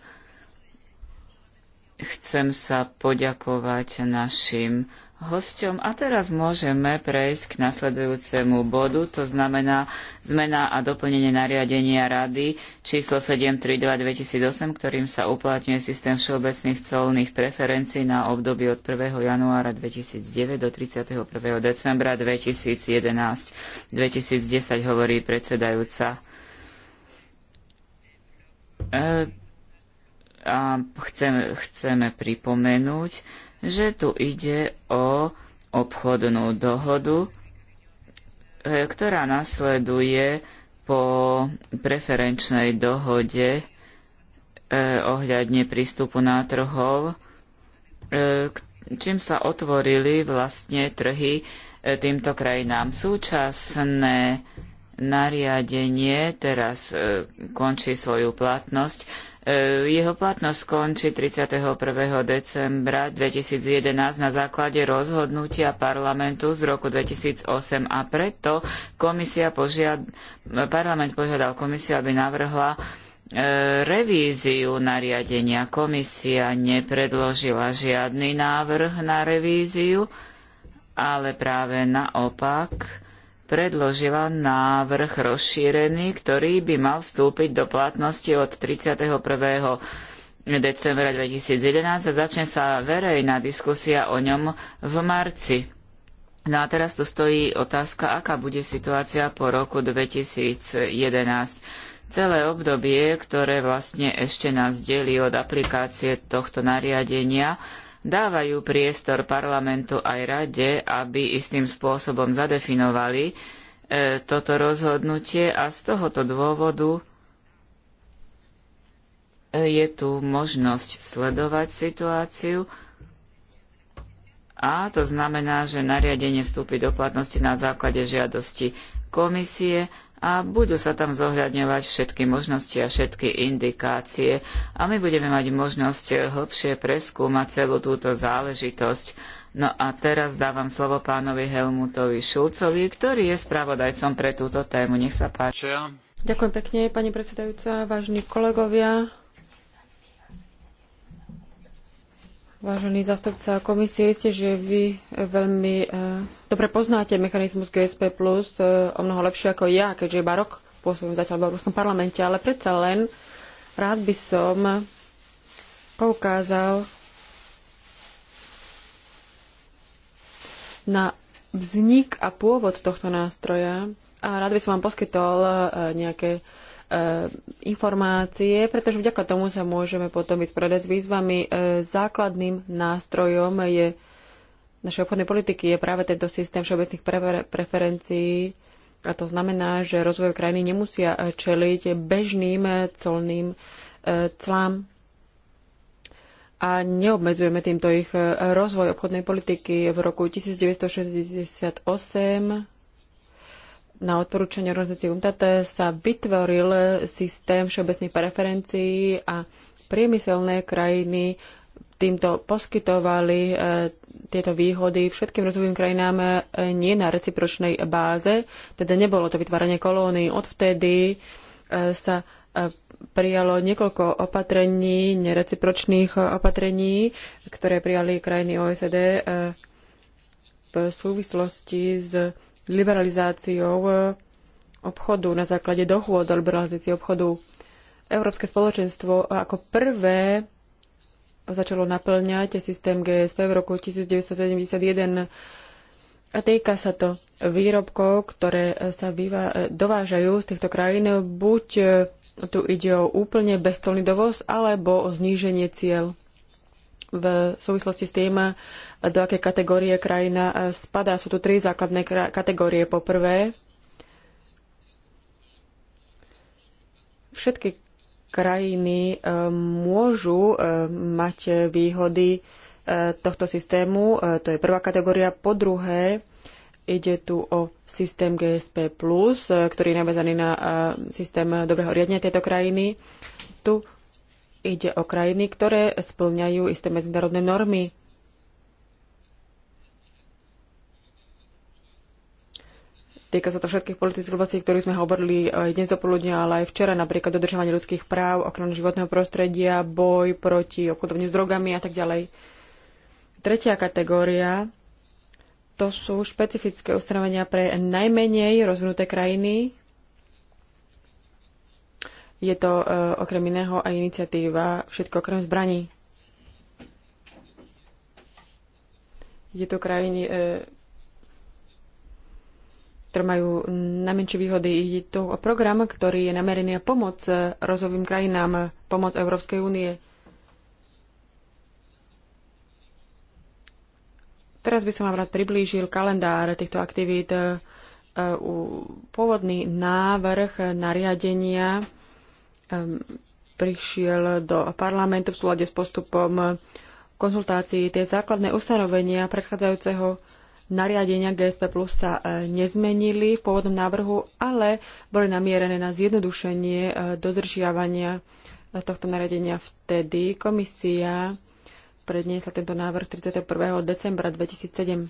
[SPEAKER 2] Chcem sa poďakovať našim hosťom a teraz môžeme prejsť k nasledujúcemu bodu, to znamená zmena a doplnenie nariadenia Rady číslo 732-2008, ktorým sa uplatňuje systém všeobecných colných preferencií na obdobie od 1. januára 2009 do 31. decembra 2011. 2010 hovorí predsedajúca. E a chceme, chceme pripomenúť, že tu ide o obchodnú dohodu, e, ktorá nasleduje po preferenčnej dohode e, ohľadne prístupu na trhov, e, čím sa otvorili vlastne trhy týmto krajinám. Súčasné nariadenie teraz končí svoju platnosť E, jeho platnosť končí 31. decembra 2011 na základe rozhodnutia parlamentu z roku 2008 a preto komisia požiad... parlament požiadal komisiu, aby navrhla e, revíziu nariadenia. Komisia nepredložila žiadny návrh na revíziu, ale práve naopak predložila návrh rozšírený, ktorý by mal vstúpiť do platnosti od 31. decembra 2011 a začne sa verejná diskusia o ňom v marci. No a teraz tu stojí otázka, aká bude situácia po roku 2011 celé obdobie, ktoré vlastne ešte nás delí od aplikácie tohto nariadenia, dávajú priestor parlamentu aj rade, aby istým spôsobom zadefinovali e, toto rozhodnutie a z tohoto dôvodu e, je tu možnosť sledovať situáciu a to znamená, že nariadenie vstúpi do platnosti na základe žiadosti komisie a budú sa tam zohľadňovať všetky možnosti a všetky indikácie a my budeme mať možnosť hlbšie preskúmať celú túto záležitosť. No a teraz dávam slovo pánovi Helmutovi Šulcovi, ktorý je spravodajcom pre túto tému. Nech sa páči.
[SPEAKER 3] Ďakujem pekne, pani predsedajúca, vážni kolegovia. Vážený zastupca komisie, ste, že vy eh, veľmi eh, dobre poznáte mechanizmus GSP+, Plus eh, o mnoho lepšie ako ja, keďže iba rok pôsobím zatiaľ v Európskom parlamente, ale predsa len rád by som poukázal na vznik a pôvod tohto nástroja a rád by som vám poskytol nejaké E, informácie, pretože vďaka tomu sa môžeme potom vysporiadať s výzvami. E, základným nástrojom je našej obchodnej politiky je práve tento systém všeobecných prefer- preferencií a to znamená, že rozvoj krajiny nemusia e, čeliť bežným colným clám a neobmedzujeme týmto ich rozvoj obchodnej politiky. V roku 1968 na odporúčanie organizácie UNTAT sa vytvoril systém všeobecných preferencií a priemyselné krajiny týmto poskytovali e, tieto výhody všetkým rozvojovým krajinám e, nie na recipročnej báze, teda nebolo to vytváranie kolóny. Odvtedy e, sa prijalo niekoľko opatrení, nerecipročných opatrení, ktoré prijali krajiny OSD v súvislosti s liberalizáciou e, obchodu na základe dohôd o liberalizácii obchodu. Európske spoločenstvo ako prvé začalo naplňať systém GSP v roku 1971 a týka sa to výrobkov, ktoré sa býva, dovážajú z týchto krajín. Buď tu ide o úplne bezcolný dovoz, alebo o zníženie cieľ. V súvislosti s tým do aké kategórie krajina e, spadá. Sú tu tri základné kategórie. Po prvé, všetky krajiny e, môžu e, mať výhody tohto systému. To je prvá kategória. Po druhé, ide tu o systém GSP+, ktorý je navezaný na systém dobrého riadenia tejto krajiny. Tu ide o krajiny, ktoré splňajú isté medzinárodné normy. Týka sa to všetkých politických oblastí, ktorých sme hovorili aj eh, dnes dopoludne, ale aj včera, napríklad dodržovanie ľudských práv, ochranu životného prostredia, boj proti obchodovaniu s drogami a tak ďalej. Tretia kategória to sú špecifické ustanovenia pre najmenej rozvinuté krajiny. Je to uh, okrem iného aj iniciatíva Všetko okrem zbraní. Je to krajiny, eh, ktoré majú najmenšie výhody. Je tu program, ktorý je namerený na pomoc eh, rozvojovým krajinám, pomoc Európskej únie. Teraz by som vám rád priblížil kalendár týchto aktivít. Eh, eh, pôvodný návrh nariadenia prišiel do parlamentu v súlade s postupom konzultácií. Tie základné ustanovenia predchádzajúceho nariadenia GSP Plus sa e, nezmenili v pôvodnom návrhu, ale boli namierené na zjednodušenie e, dodržiavania e, tohto nariadenia vtedy. Komisia predniesla tento návrh 31. decembra 2007. 31.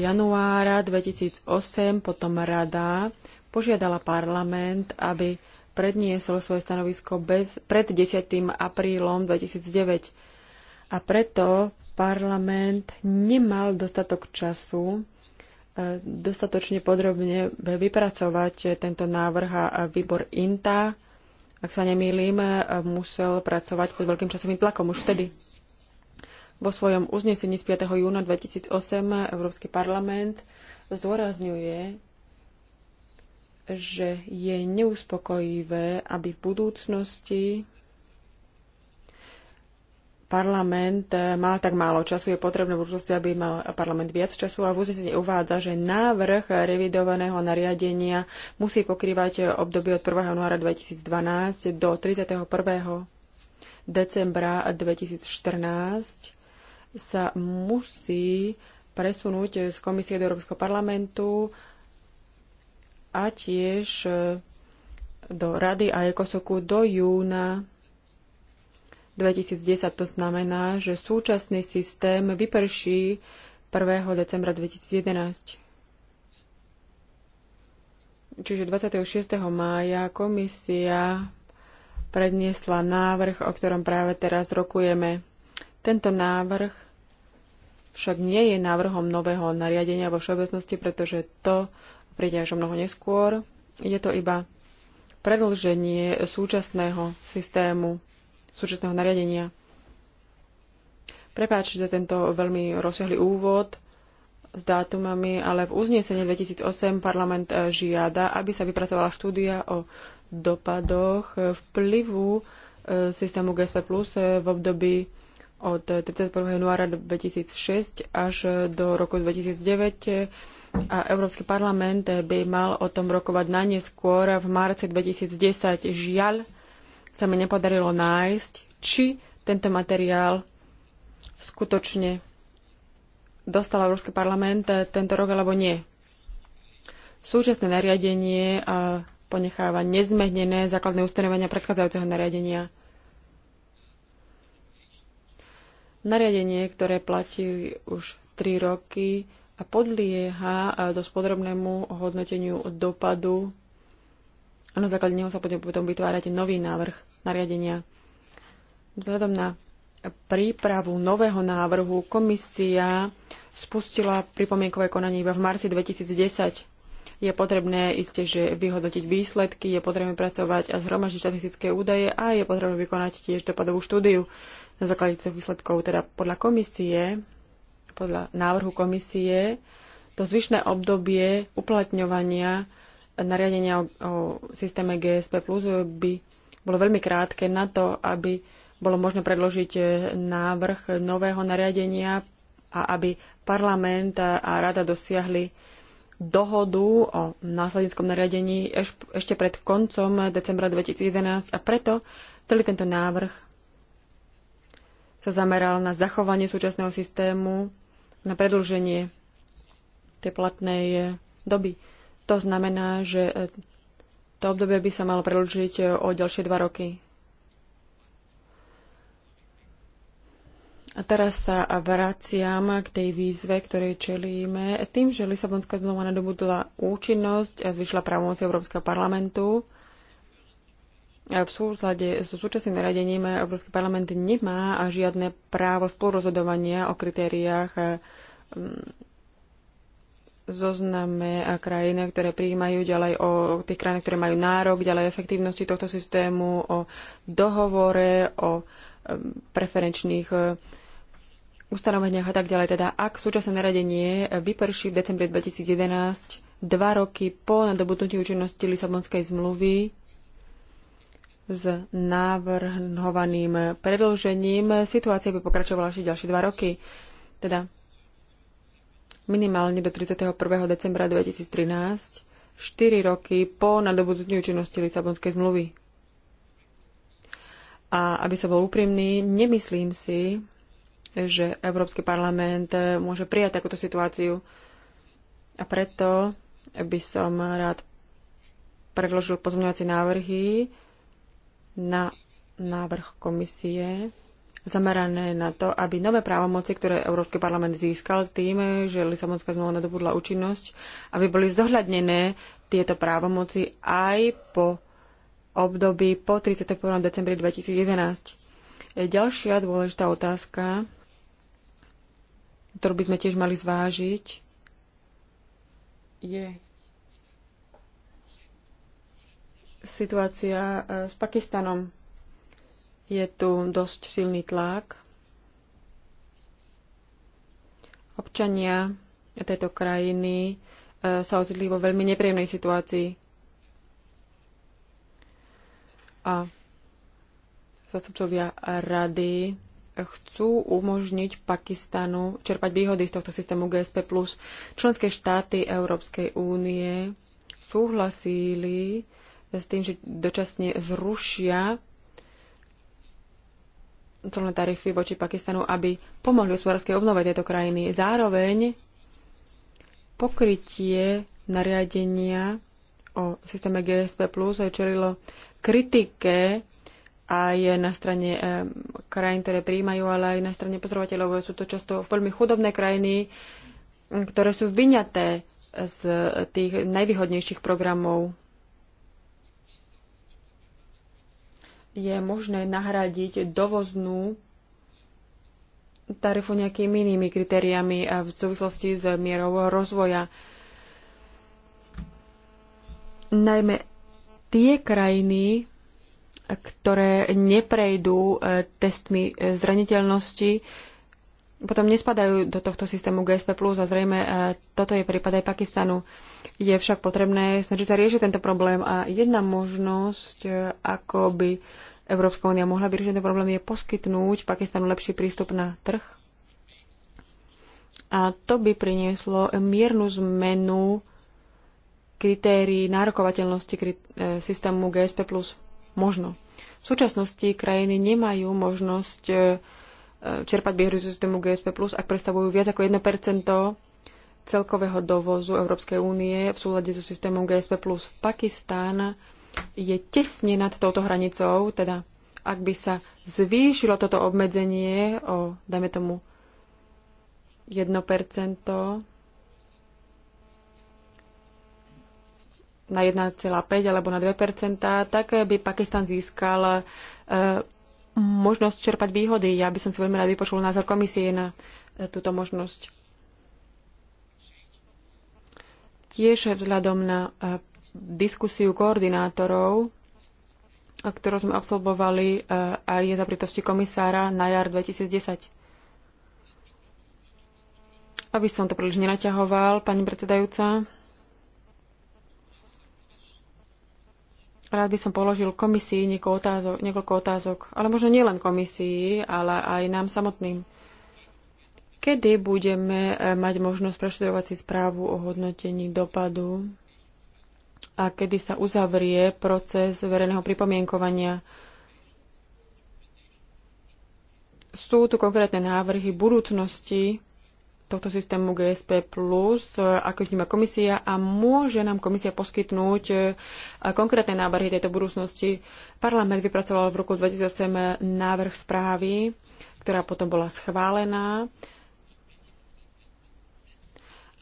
[SPEAKER 3] januára 2008 potom Rada požiadala parlament, aby predniesol svoje stanovisko bez, pred 10. aprílom 2009. A preto parlament nemal dostatok času e, dostatočne podrobne vypracovať tento návrh a výbor INTA, ak sa nemýlim, e, musel pracovať pod veľkým časovým tlakom už vtedy. Vo svojom uznesení z 5. júna 2008 Európsky parlament zdôrazňuje, že je neuspokojivé, aby v budúcnosti parlament eh, mal tak málo času, je potrebné v budúcnosti, aby mal parlament viac času a v uznesení uvádza, že návrh revidovaného nariadenia musí pokrývať obdobie od 1. januára 2012 do 31. decembra 2014 sa musí presunúť z Komisie do Európskeho parlamentu a tiež eh, do Rady a Ekosoku do júna 2010. To znamená, že súčasný systém vyprší 1. decembra 2011. Čiže 26. mája komisia predniesla návrh, o ktorom práve teraz rokujeme. Tento návrh však nie je návrhom nového nariadenia vo všeobecnosti, pretože to príde až o mnoho neskôr. Je to iba predlženie súčasného systému súčasného nariadenia. Prepáčte za tento veľmi rozsiahly úvod s dátumami, ale v uznesení 2008 parlament e, žiada, aby sa vypracovala štúdia o dopadoch vplyvu e, systému GSP Plus e, v období od 31. januára 2006 až do roku 2009 a Európsky parlament by mal o tom rokovať najneskôr v marci 2010. Žiaľ, sa mi nepodarilo nájsť, či tento materiál skutočne dostal Európsky parlament eh, tento rok alebo nie. Súčasné nariadenie eh, ponecháva nezmenené základné ustanovenia predchádzajúceho nariadenia. Nariadenie, ktoré platí už 3 roky a podlieha eh, dosť podrobnému hodnoteniu dopadu a na základe neho sa bude potom vytvárať nový návrh nariadenia. Vzhľadom na prípravu nového návrhu komisia spustila pripomienkové konanie iba v marci 2010. Je potrebné isté, že vyhodnotiť výsledky, je potrebné pracovať a zhromaždiť štatistické údaje a je potrebné vykonať tiež dopadovú štúdiu na základe tých výsledkov. Teda podľa komisie, podľa návrhu komisie, to zvyšné obdobie uplatňovania nariadenia o, o systéme GSP Plus by bolo veľmi krátke na to, aby bolo možné predložiť e, návrh nového nariadenia a aby parlament a rada dosiahli dohodu o následníckom nariadení ešte pred koncom decembra 2011 a preto celý tento návrh sa zameral na zachovanie súčasného systému, na predlženie tej platnej e, doby. To znamená, že e, to obdobie by sa malo predlžiť e, o ďalšie dva roky. A teraz sa vraciam k tej výzve, ktorej čelíme. Tým, že Lisabonská zmluva nadobudla účinnosť a zvyšla právomoc Európskeho parlamentu, A v súzade so súčasným radením Európsky parlament nemá žiadne právo spolurozhodovania o kritériách e, zozname a krajiny, ktoré prijímajú, ďalej o tých krajinách, ktoré majú nárok, ďalej efektívnosti tohto systému, o dohovore, o preferenčných e, ustanoveniach a tak ďalej. Teda ak súčasné naradenie vyprší v decembri 2011, dva roky po nadobudnutí účinnosti Lisabonskej zmluvy s návrhovaným predlžením, situácia by pokračovala ešte ďalšie dva roky. Teda minimálne do 31. decembra 2013, 4 roky po nadobudnutí účinnosti Lisabonskej zmluvy. A aby sa bol úprimný, nemyslím si, že Európsky parlament môže prijať takúto situáciu. A preto by som rád predložil pozmeňovacie návrhy na návrh komisie zamerané na to, aby nové právomoci, ktoré Európsky parlament získal tým, že Lisabonská zmluva nadobudla účinnosť, aby boli zohľadnené tieto právomoci aj po období po 31. decembri 2011. Ďalšia dôležitá otázka, ktorú by sme tiež mali zvážiť, je situácia e, s Pakistanom. Je tu dosť silný tlak. Občania tejto krajiny e, sa ozidli vo veľmi nepríjemnej situácii. A zastupcovia rady chcú umožniť Pakistanu čerpať výhody z tohto systému GSP+. Členské štáty Európskej únie súhlasili s tým, že dočasne zrušia colné tarify voči Pakistanu, aby pomohli hospodárskej obnove tejto krajiny. Zároveň pokrytie nariadenia o systéme GSP Plus čelilo kritike aj na strane krajín, ktoré príjmajú, ale aj na strane pozorovateľov. Sú to často veľmi chudobné krajiny, ktoré sú vyňaté z tých najvýhodnejších programov. je možné nahradiť dovoznú tarifu nejakými inými kritériami v súvislosti s mierou rozvoja. Najmä tie krajiny, ktoré neprejdú eh, testmi eh, zraniteľnosti, potom nespadajú do tohto systému GSP+, a zrejme e, toto je prípad aj Pakistanu. Je však potrebné snažiť sa riešiť tento problém a jedna možnosť, e, ako by Európska únia mohla vyriešiť tento problém, je poskytnúť Pakistanu lepší prístup na trh. A to by prinieslo miernu zmenu kritérií nárokovateľnosti e, systému GSP+. Možno. V súčasnosti krajiny nemajú možnosť čerpať výhry zo systému GSP+, ak predstavujú viac ako 1% celkového dovozu Európskej únie v súlade so systémom GSP+. Pakistán je tesne nad touto hranicou, teda ak by sa zvýšilo toto obmedzenie o, dajme tomu, 1%, na 1,5 alebo na 2 tak by Pakistan získal eh, možnosť čerpať výhody. Ja by som si veľmi rád vypočul názor komisie na e, túto možnosť. Tiež vzhľadom na e, diskusiu koordinátorov, ktorú sme absolvovali e, aj za prítosti komisára na jar 2010. Aby som to príliš nenaťahoval, pani predsedajúca, rád by som položil komisii niekoľko otázok, niekoľko otázok ale možno nielen komisii, ale aj nám samotným. Kedy budeme eh, mať možnosť preštudovať si správu o hodnotení dopadu a kedy sa uzavrie proces verejného pripomienkovania? Sú tu konkrétne návrhy budúcnosti, tohto systému GSP+, e, ako vníma komisia a môže nám komisia poskytnúť e, konkrétne návrhy tejto budúcnosti. Parlament vypracoval v roku 2008 návrh správy, ktorá potom bola schválená.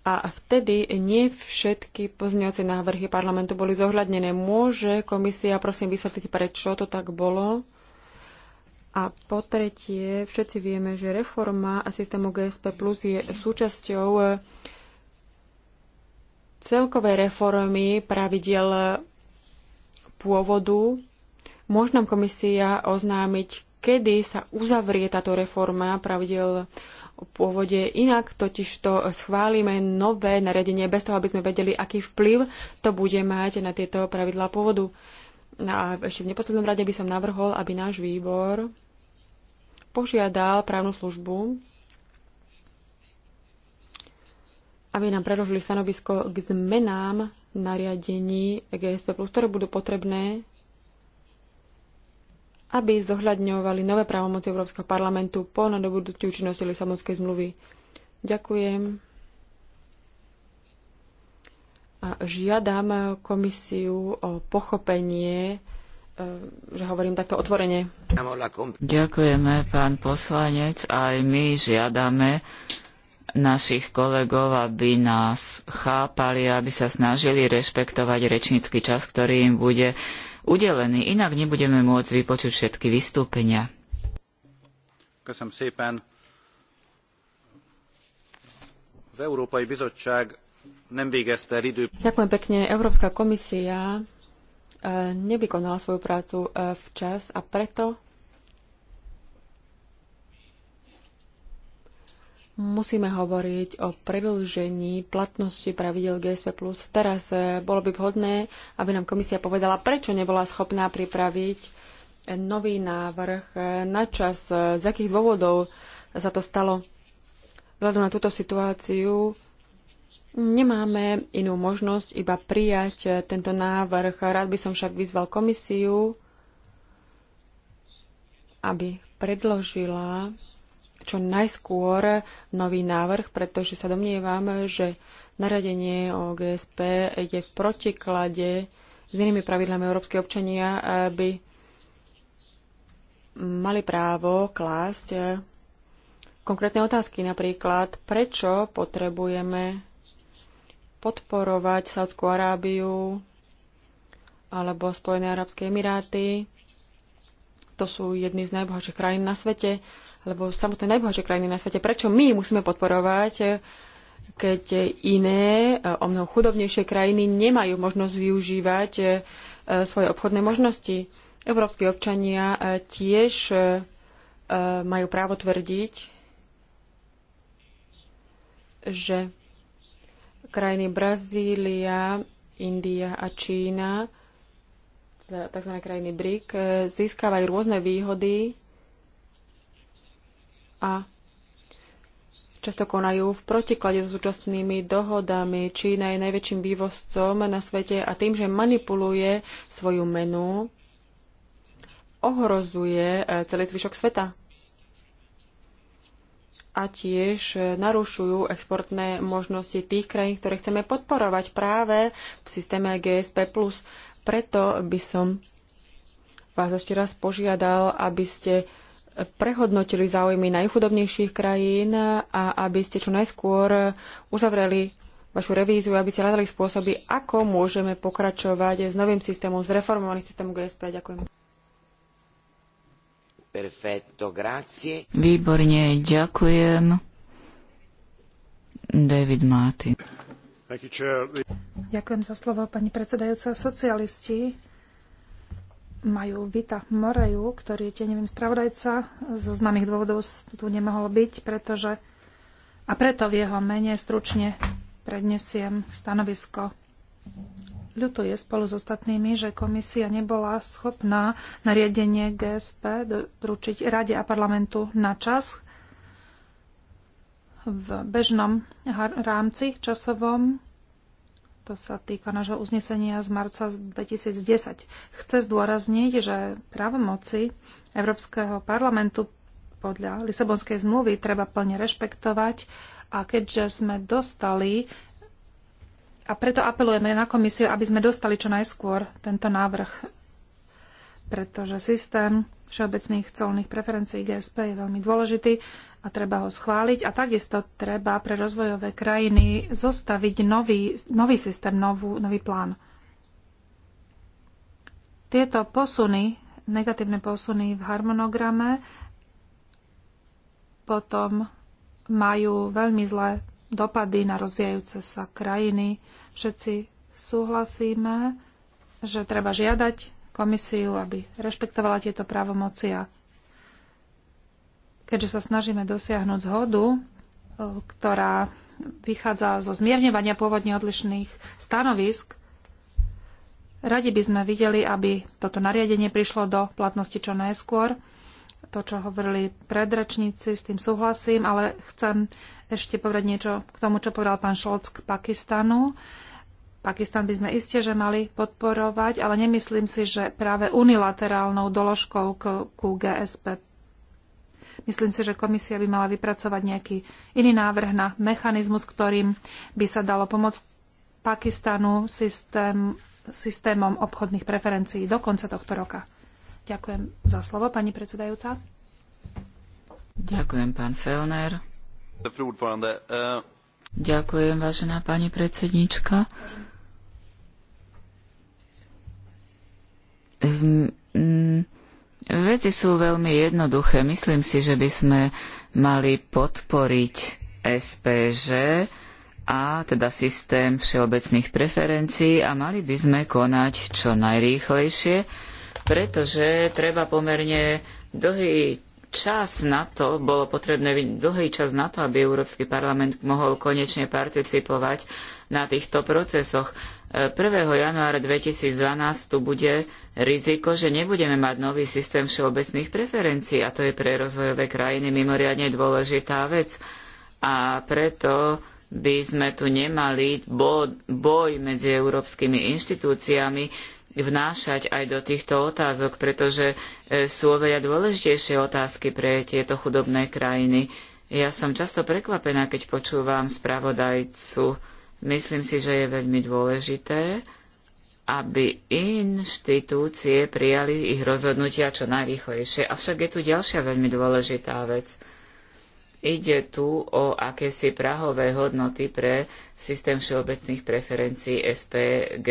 [SPEAKER 3] A vtedy nie všetky pozňovacie návrhy parlamentu boli zohľadnené. Môže komisia prosím vysvetliť, prečo to tak bolo? A po tretie, všetci vieme, že reforma a systému GSP Plus je súčasťou e, celkovej reformy pravidel pôvodu. Môže nám komisia oznámiť, kedy sa uzavrie táto reforma pravidel o pôvode. Inak totiž to schválime nové nariadenie bez toho, aby sme vedeli, aký vplyv to bude mať na tieto pravidlá pôvodu. No a ešte v neposlednom rade by som navrhol, aby náš výbor požiadal právnu službu, aby nám predložili stanovisko k zmenám nariadení GSP+, ktoré budú potrebné, aby zohľadňovali nové právomoci Európskeho parlamentu po nadobudnutí účinnosti Lisabonskej zmluvy. Ďakujem. A žiadam komisiu o pochopenie E, že hovorím takto otvorene.
[SPEAKER 2] Ďakujeme, pán poslanec. Aj my žiadame našich kolegov, aby nás chápali, aby sa snažili rešpektovať rečnícky čas, ktorý im bude udelený. Inak nebudeme môcť vypočuť všetky vystúpenia.
[SPEAKER 3] Ďakujem pekne. Európska komisia nevykonala svoju prácu e, včas a preto musíme hovoriť o predlžení platnosti pravidel GSP+. Teraz e, bolo by vhodné, aby nám komisia povedala, prečo nebola schopná pripraviť e, nový návrh na čas, z akých dôvodov sa to stalo. Vzhľadom na túto situáciu Nemáme inú možnosť iba prijať eh, tento návrh. Rád by som však vyzval komisiu, aby predložila čo najskôr nový návrh, pretože sa domnievam, že naradenie o GSP je v protiklade s inými pravidlami európskej občania, aby eh, mali právo klásť eh, konkrétne otázky, napríklad prečo potrebujeme podporovať Saudskú Arábiu alebo Spojené Arabské Emiráty. To sú jedny z najbohatších krajín na svete, alebo samotné najbohatšie krajiny na svete. Prečo my musíme podporovať, keď iné, e, o mnoho chudobnejšie krajiny nemajú možnosť využívať e, svoje obchodné možnosti? Európsky občania e, tiež majú právo tvrdiť, že krajiny Brazília, India a Čína, tzv. Teda krajiny BRIC, e, získavajú rôzne výhody a často konajú v protiklade s súčasnými dohodami. Čína je najväčším vývozcom na svete a tým, že manipuluje svoju menu, ohrozuje e, celý zvyšok sveta a tiež e, narušujú exportné možnosti tých krajín, ktoré chceme podporovať práve v systéme GSP+. Preto by som vás ešte raz požiadal, aby ste prehodnotili záujmy najchudobnejších krajín a aby ste čo najskôr uzavreli vašu revíziu, aby ste hľadali spôsoby, ako môžeme pokračovať s novým systémom, s reformovaným systémom GSP. Ďakujem.
[SPEAKER 1] Perfetto, grazie.
[SPEAKER 2] Výborne, ďakujem. David Martin.
[SPEAKER 1] You, ďakujem za slovo, pani predsedajúca. Socialisti majú Vita Moreju, ktorý je tieňovým spravodajca. Zo známych dôvodov tu nemohol byť, pretože a preto v jeho mene stručne prednesiem stanovisko ľutuje spolu s ostatnými, že komisia nebola schopná nariadenie GSP doručiť Rade a parlamentu na čas v bežnom rámci časovom. To sa týka nášho uznesenia z marca 2010. Chce zdôrazniť, že právomoci Európskeho parlamentu podľa Lisabonskej zmluvy treba plne rešpektovať a keďže sme dostali a preto apelujeme na komisiu, aby sme dostali čo najskôr tento návrh, pretože systém všeobecných colných preferencií GSP je veľmi dôležitý a treba ho schváliť. A takisto treba pre rozvojové krajiny zostaviť nový, nový systém, novú, nový plán. Tieto posuny, negatívne posuny v harmonograme potom majú veľmi zlé dopady na rozvíjajúce sa krajiny. Všetci súhlasíme, že treba žiadať komisiu, aby rešpektovala tieto právomoci a keďže sa snažíme dosiahnuť zhodu, ktorá vychádza zo zmierňovania pôvodne odlišných stanovisk, radi by sme videli, aby toto nariadenie prišlo do platnosti čo najskôr to, čo hovorili predračníci, s tým súhlasím, ale chcem ešte povedať niečo k tomu, čo povedal pán Šolc k Pakistanu. Pakistan by sme iste, že mali podporovať, ale nemyslím si, že práve unilaterálnou doložkou k, ku GSP. Myslím si, že komisia by mala vypracovať nejaký iný návrh na mechanizmus, ktorým by sa dalo pomôcť Pakistanu systém, systémom obchodných preferencií do konca tohto roka. Ďakujem za slovo, pani predsedajúca.
[SPEAKER 2] Ďakujem, pán Felner. Eh, Ďakujem, vážená pani predsednička. Hm, hm, veci sú veľmi jednoduché. Myslím si, že by sme mali podporiť SPŽ a teda systém všeobecných preferencií a mali by sme konať čo najrýchlejšie pretože treba pomerne dlhý čas na to, bolo potrebné dlhý čas na to, aby Európsky parlament mohol konečne participovať na týchto procesoch. 1. E, januára 2012 tu bude riziko, že nebudeme mať nový systém všeobecných preferencií a to je pre rozvojové krajiny mimoriadne dôležitá vec. A preto by sme tu nemali boj medzi európskymi inštitúciami, vnášať aj do týchto otázok, pretože e, sú oveľa dôležitejšie otázky pre tieto chudobné krajiny. Ja som často prekvapená, keď počúvam spravodajcu. Myslím si, že je veľmi dôležité, aby inštitúcie prijali ich rozhodnutia čo najrýchlejšie. Avšak je tu ďalšia veľmi dôležitá vec. Ide tu o akési prahové hodnoty pre systém všeobecných preferencií SPG+.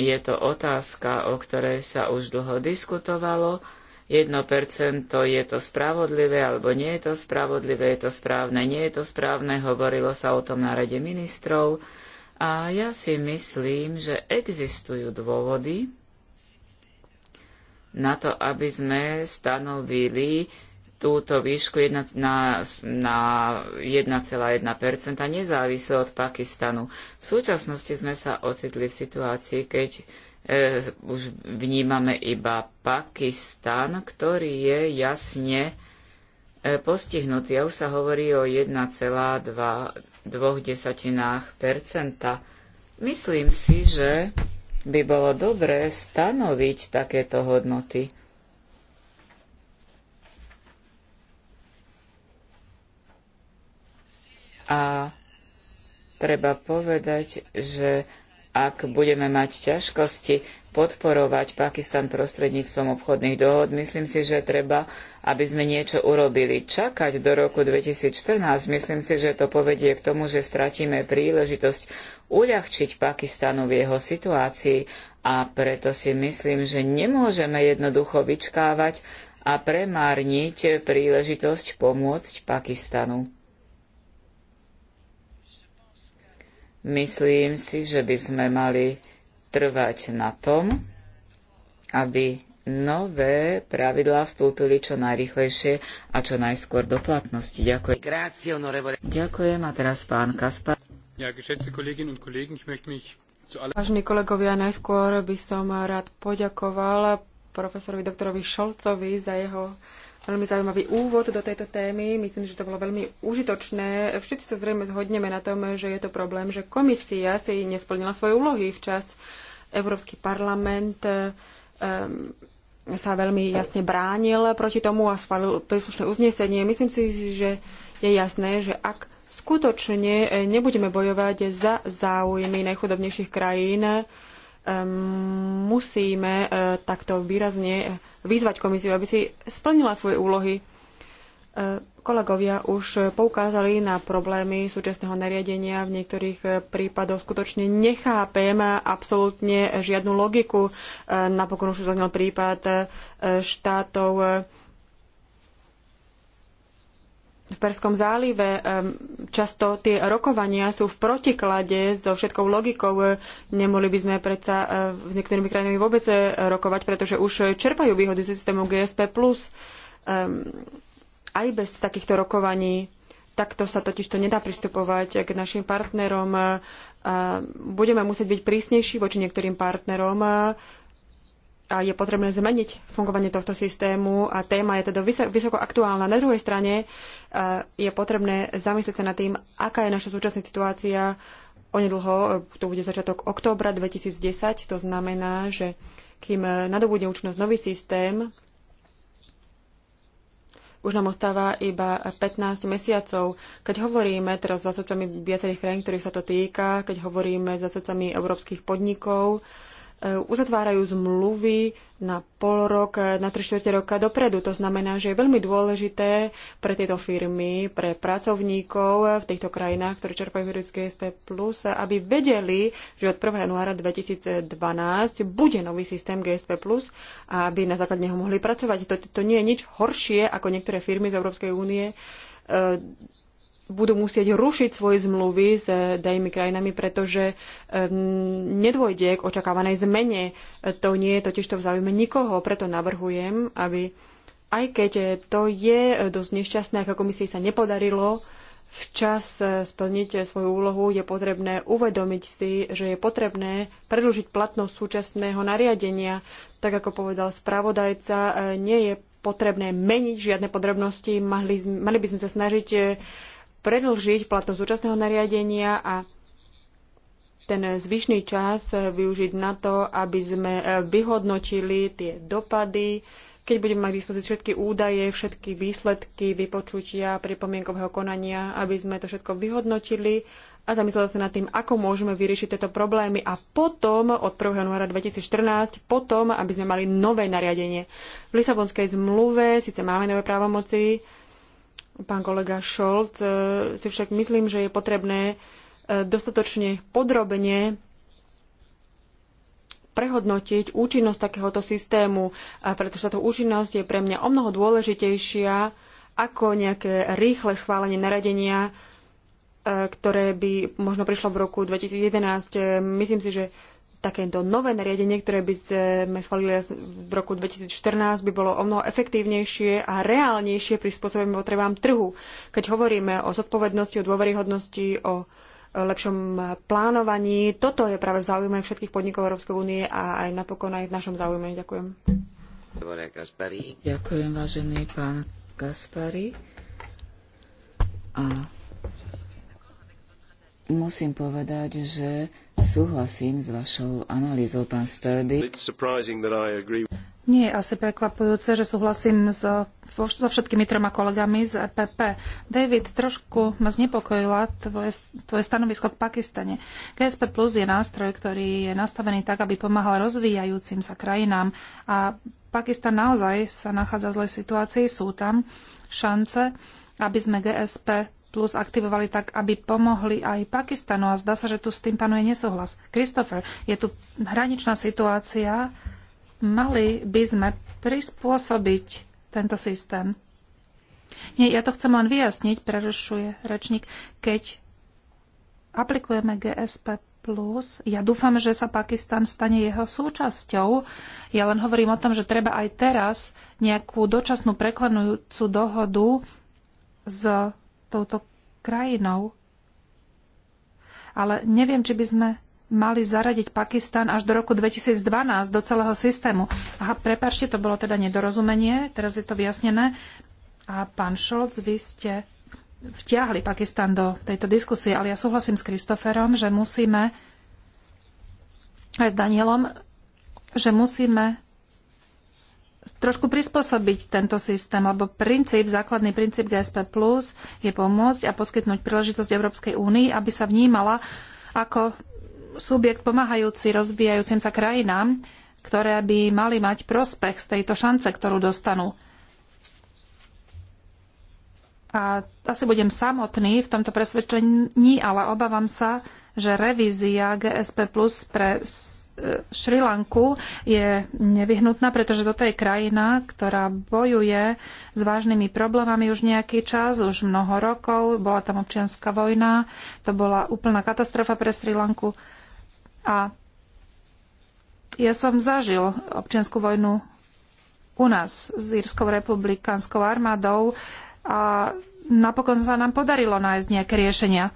[SPEAKER 2] Je to otázka, o ktorej sa už dlho diskutovalo. 1% je to spravodlivé alebo nie je to spravodlivé, je to správne, nie je to správne. Hovorilo sa o tom na Rade ministrov. A ja si myslím, že existujú dôvody na to, aby sme stanovili túto výšku jedna, na, na 1,1 nezávisle od Pakistanu. V súčasnosti sme sa ocitli v situácii, keď e, už vnímame iba Pakistan, ktorý je jasne e, postihnutý. A už sa hovorí o 1,2 percenta. Myslím si, že by bolo dobré stanoviť takéto hodnoty A treba povedať, že ak budeme mať ťažkosti podporovať Pakistan prostredníctvom obchodných dohod, myslím si, že treba, aby sme niečo urobili. Čakať do roku 2014, myslím si, že to povedie k tomu, že stratíme príležitosť uľahčiť Pakistanu v jeho situácii a preto si myslím, že nemôžeme jednoducho vyčkávať a premárniť príležitosť pomôcť Pakistanu. Myslím si, že by sme mali trvať na tom, aby nové pravidlá vstúpili čo najrychlejšie a čo najskôr do platnosti. Ďakujem.
[SPEAKER 3] Ďakujem a teraz pán Kaspar. Vážení kolegovia, najskôr by som rád poďakoval profesorovi doktorovi Šolcovi za jeho veľmi zaujímavý úvod do tejto témy. Myslím, že to bolo veľmi užitočné. Všetci sa zrejme zhodneme na tom, že je to problém, že komisia si nesplnila svoje úlohy včas. Európsky parlament um, sa veľmi jasne bránil proti tomu a schválil príslušné uznesenie. Myslím si, že je jasné, že ak skutočne nebudeme bojovať za záujmy najchudobnejších krajín, um, musíme uh, takto výrazne vyzvať komisiu, aby si splnila svoje úlohy. E, kolegovia už poukázali na problémy súčasného nariadenia. V niektorých prípadoch skutočne nechápem absolútne žiadnu logiku. E, napokon už zaznel prípad e, štátov v Perskom zálive. Často tie rokovania sú v protiklade so všetkou logikou. Nemohli by sme predsa s niektorými krajinami vôbec eh, rokovať, pretože už čerpajú výhody zo systému GSP+. Aj bez takýchto rokovaní takto sa totiž to nedá pristupovať k našim partnerom. Budeme musieť byť prísnejší voči niektorým partnerom, a je potrebné zmeniť fungovanie tohto systému a téma je teda vysoko aktuálna. Na druhej strane e, je potrebné zamyslieť sa nad tým, aká je naša súčasná situácia. Onedlho, e, to bude začiatok októbra 2010, to znamená, že kým e, nadobudne účinnosť nový systém, už nám ostáva iba 15 mesiacov. Keď hovoríme teraz s zástupcami viacerých krajín, ktorých sa to týka, keď hovoríme s zástupcami európskych podnikov, uh, uzatvárajú zmluvy na pol rok, na tri štvrte roka dopredu. To znamená, že je veľmi dôležité pre tieto firmy, pre pracovníkov v týchto krajinách, ktorí čerpajú horické ST+, aby vedeli, že od 1. januára 2012 bude nový systém GSP+, a aby na základe neho mohli pracovať. To, to nie je nič horšie, ako niektoré firmy z Európskej únie budú musieť rušiť svoje zmluvy s eh, dajmi krajinami, pretože ehm, nedôjde k očakávanej zmene. To nie je totiž to v záujme nikoho, preto navrhujem, aby aj keď eh, to je eh, dosť nešťastné, ako komisii sa nepodarilo včas splniť svoju úlohu, je potrebné uvedomiť si, že je potrebné predlžiť platnosť súčasného nariadenia. Tak ako povedal spravodajca, nie je potrebné meniť žiadne podrobnosti, mali, mali by sme sa snažiť predlžiť platnosť súčasného nariadenia a ten zvyšný čas využiť na to, aby sme eh, vyhodnotili tie dopady, keď budeme mať k dispozícii všetky údaje, všetky výsledky vypočutia pripomienkového konania, aby sme to všetko vyhodnotili a zamysleli sa nad tým, ako môžeme vyriešiť tieto problémy a potom od 1. januára 2014, potom, aby sme mali nové nariadenie. V Lisabonskej zmluve síce máme nové právomoci, Pán kolega Scholz, e, si však myslím, že je potrebné e, dostatočne podrobne prehodnotiť účinnosť takéhoto systému, pretože táto účinnosť je pre mňa o mnoho dôležitejšia ako nejaké rýchle schválenie naradenia, e, ktoré by možno prišlo v roku 2011. Myslím si, že takéto nové nariadenie, ktoré by sme schválili v roku 2014, by bolo o mnoho efektívnejšie a reálnejšie prispôsobené potrebám trhu. Keď hovoríme o zodpovednosti, o dôveryhodnosti, o lepšom plánovaní, toto je práve v záujme všetkých podnikov Európskej únie a aj napokon aj v našom záujme. Ďakujem.
[SPEAKER 2] Ďakujem, vážený pán Gaspari. A Musím povedať, že súhlasím s vašou analýzou, pán Sturdy.
[SPEAKER 1] Nie je asi prekvapujúce, že súhlasím so, so všetkými troma kolegami z EPP. David, trošku ma znepokojila tvoje, tvoje stanovisko k Pakistane. GSP Plus je nástroj, ktorý je nastavený tak, aby pomáhal rozvíjajúcim sa krajinám a Pakistan naozaj sa nachádza v zlej situácii, sú tam šance, aby sme GSP plus aktivovali tak, aby pomohli aj Pakistanu a zdá sa, že tu s tým panuje nesúhlas. Christopher, je tu hraničná situácia. Mali by sme prispôsobiť tento systém. Nie, ja to chcem len vyjasniť, prerušuje rečník. Keď aplikujeme GSP+, plus, ja dúfam, že sa Pakistan stane jeho súčasťou. Ja len hovorím o tom, že treba aj teraz nejakú dočasnú preklenujúcu dohodu s touto krajinou. Ale neviem, či by sme mali zaradiť Pakistan až do roku 2012 do celého systému. Aha, prepačte, to bolo teda nedorozumenie, teraz je to vyjasnené. A pán Šolc, vy ste vtiahli Pakistan do tejto diskusie, ale ja súhlasím s Kristoferom, že musíme aj s Danielom, že musíme trošku prispôsobiť tento systém, lebo princíp, základný princíp GSP Plus je pomôcť a poskytnúť príležitosť Európskej únii, aby sa vnímala ako subjekt pomáhajúci rozvíjajúcim sa krajinám, ktoré by mali mať prospech z tejto šance, ktorú dostanú. A asi budem samotný v tomto presvedčení, ale obávam sa, že revízia GSP Plus pre E, Šri Lanku je nevyhnutná, pretože toto je krajina, ktorá bojuje s vážnymi problémami už nejaký čas, už mnoho rokov. Bola tam občianská vojna, to bola úplná katastrofa pre Šri Lanku. A ja som zažil občianskú vojnu u nás s Írskou republikánskou armádou a napokon sa nám podarilo nájsť nejaké riešenia.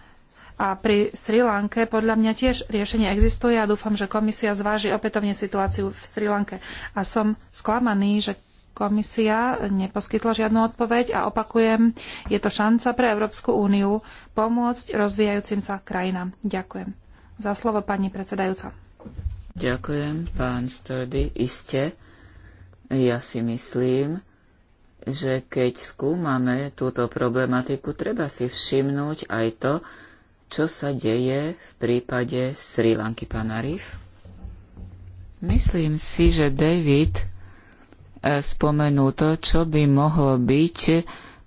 [SPEAKER 1] A pri Sri Lanke podľa mňa tiež riešenie existuje a dúfam, že komisia zváži opätovne situáciu v Sri Lanke. A som sklamaný, že komisia neposkytla žiadnu odpoveď a opakujem, je to šanca pre Európsku úniu pomôcť rozvíjajúcim sa krajinám. Ďakujem. Za slovo pani predsedajúca.
[SPEAKER 2] Ďakujem, pán Stordy. Iste, ja si myslím, že keď skúmame túto problematiku, treba si všimnúť aj to, čo sa deje v prípade Sri Lanky, Panarif? Myslím si, že David eh, spomenul to, čo by mohlo byť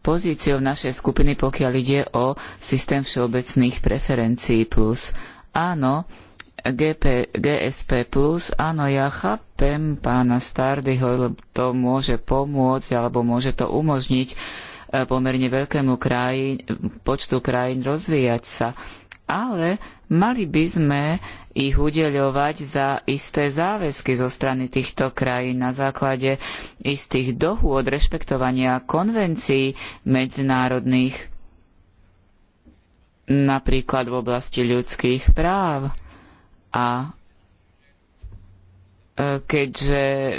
[SPEAKER 2] pozíciou našej skupiny, pokiaľ ide o systém všeobecných preferencií plus. Áno, GP, GSP plus, áno, ja chápem pána Stardyho, lebo to môže pomôcť alebo môže to umožniť E, pomerne veľkému krajín, počtu krajín rozvíjať sa. Ale mali by sme ich udeľovať za isté záväzky zo strany týchto krajín na základe istých dohôd rešpektovania konvencií medzinárodných, napríklad v oblasti ľudských práv. A e, keďže e,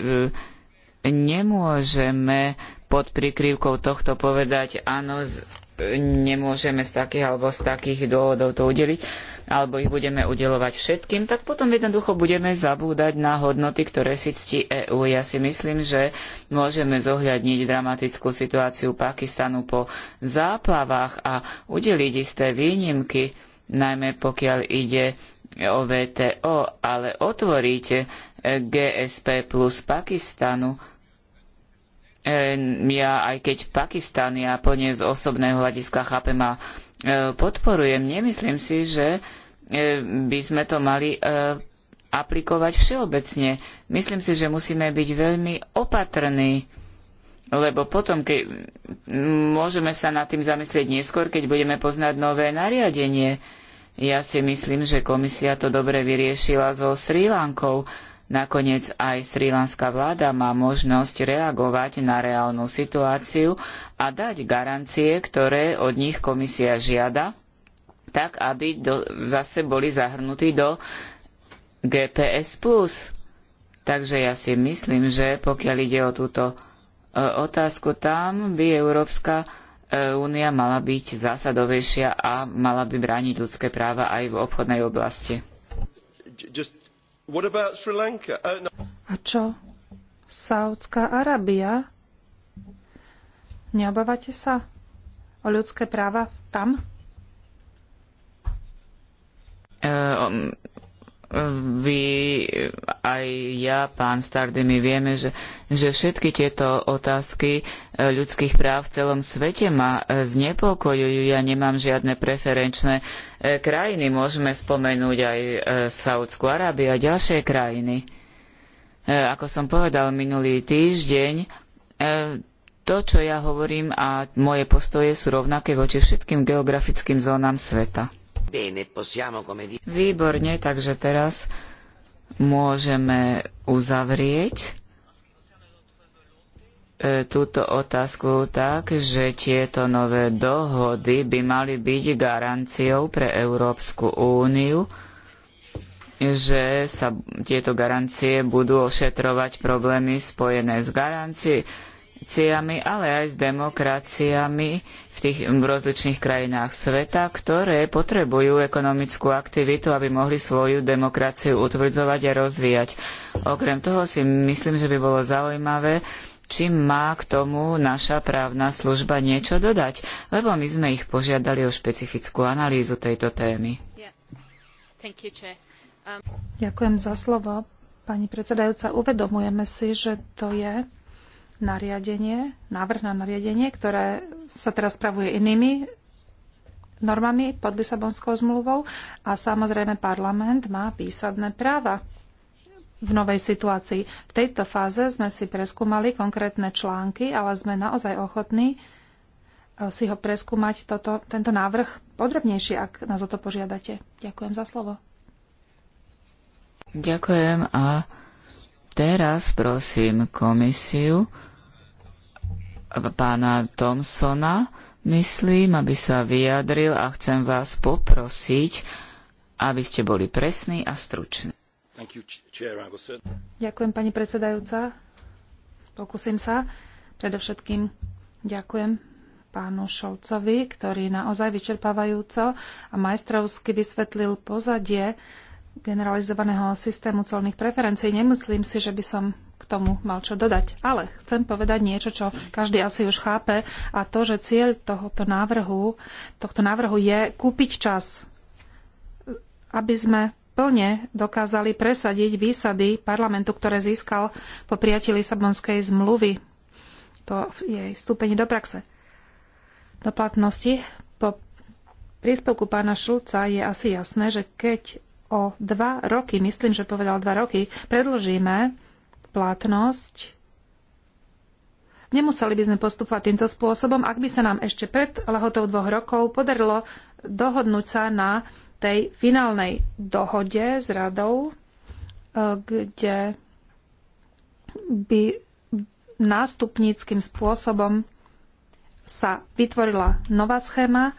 [SPEAKER 2] nemôžeme pod prikryvkou tohto povedať áno, nemôžeme z takých alebo z takých dôvodov to udeliť, alebo ich budeme udelovať všetkým, tak potom jednoducho budeme zabúdať na hodnoty, ktoré si ctí EÚ. Ja si myslím, že môžeme zohľadniť dramatickú situáciu Pakistanu po záplavách a udeliť isté výnimky, najmä pokiaľ ide o VTO, ale otvoríte GSP plus Pakistanu ja aj keď Pakistan ja plne z osobného hľadiska chápem a e, podporujem, nemyslím si, že e, by sme to mali e, aplikovať všeobecne. Myslím si, že musíme byť veľmi opatrní, lebo potom, keď môžeme sa nad tým zamyslieť neskôr, keď budeme poznať nové nariadenie. Ja si myslím, že komisia to dobre vyriešila so Sri Lankou. Nakoniec aj srilanská vláda má možnosť reagovať na reálnu situáciu a dať garancie, ktoré od nich komisia žiada, tak aby do, zase boli zahrnutí do GPS+. Takže ja si myslím, že pokiaľ ide o túto e, otázku, tam by Európska e, únia mala byť zásadovejšia a mala by brániť ľudské práva aj v obchodnej oblasti. Just Uh, no.
[SPEAKER 1] A čo? Saudská Arábia? Neobávate sa o ľudské práva tam?
[SPEAKER 2] Uh, um, vy, aj ja, pán Stardy, my vieme, že, že všetky tieto otázky e, ľudských práv v celom svete ma e, znepokojujú. Ja nemám žiadne preferenčné e, krajiny. Môžeme spomenúť aj Saudskú Arábiu a ďalšie krajiny. Ako som povedal minulý týždeň, to, čo ja hovorím a moje postoje sú rovnaké voči všetkým geografickým zónam sveta. Výborne, takže teraz môžeme uzavrieť e, túto otázku tak, že tieto nové dohody by mali byť garanciou pre Európsku úniu, že sa tieto garancie budú ošetrovať problémy spojené s garancií tradíciami, ale aj s demokraciami v tých rozličných krajinách sveta, ktoré potrebujú ekonomickú aktivitu, aby mohli svoju demokraciu utvrdzovať a rozvíjať. Okrem toho si myslím, že by bolo zaujímavé, či má k tomu naša právna služba niečo dodať, lebo my sme ich požiadali o špecifickú analýzu tejto témy.
[SPEAKER 1] Um, Ďakujem za slovo, pani predsedajúca. Uvedomujeme si, že to je nariadenie, návrh na nariadenie, ktoré sa teraz spravuje inými normami pod Lisabonskou zmluvou a samozrejme parlament má písadné práva v novej situácii. V tejto fáze sme si preskúmali konkrétne články, ale sme naozaj ochotní e, si ho preskúmať toto, tento návrh podrobnejšie, ak nás o to požiadate. Ďakujem za slovo.
[SPEAKER 2] Ďakujem a teraz prosím komisiu, pána Thomsona, myslím, aby sa vyjadril a chcem vás poprosiť, aby ste boli presní a struční.
[SPEAKER 1] Ďakujem, pani predsedajúca. Pokúsim sa. Predovšetkým ďakujem pánu Šolcovi, ktorý naozaj vyčerpávajúco a majstrovsky vysvetlil pozadie generalizovaného systému colných preferencií. Nemyslím si, že by som tomu mal čo dodať. Ale chcem povedať niečo, čo každý asi už chápe a to, že cieľ tohoto návrhu, tohto návrhu je kúpiť čas, aby sme plne dokázali presadiť výsady parlamentu, ktoré získal po prijatí Lisabonskej zmluvy po jej vstúpení do praxe. Do platnosti po príspevku pána Šulca je asi jasné, že keď o dva roky, myslím, že povedal dva roky, predlžíme platnosť. Nemuseli by sme postupovať týmto spôsobom, ak by sa nám ešte pred lehotou dvoch rokov podarilo dohodnúť sa na tej finálnej dohode s radou, e, kde by nástupníckým spôsobom sa vytvorila nová schéma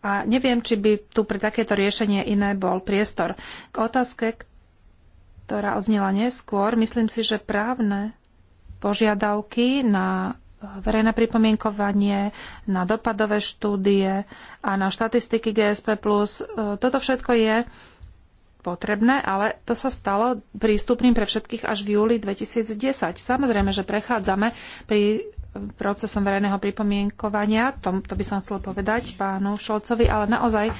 [SPEAKER 1] a neviem, či by tu pre takéto riešenie iné bol priestor. K otázke, ktorá odznela neskôr, myslím si, že právne požiadavky na verejné pripomienkovanie, na dopadové štúdie a na štatistiky GSP+. E, toto všetko je potrebné, ale to sa stalo prístupným pre všetkých až v júli 2010. Samozrejme, že prechádzame pri procesom verejného pripomienkovania, to, to by som chcel povedať pánu Šolcovi, ale naozaj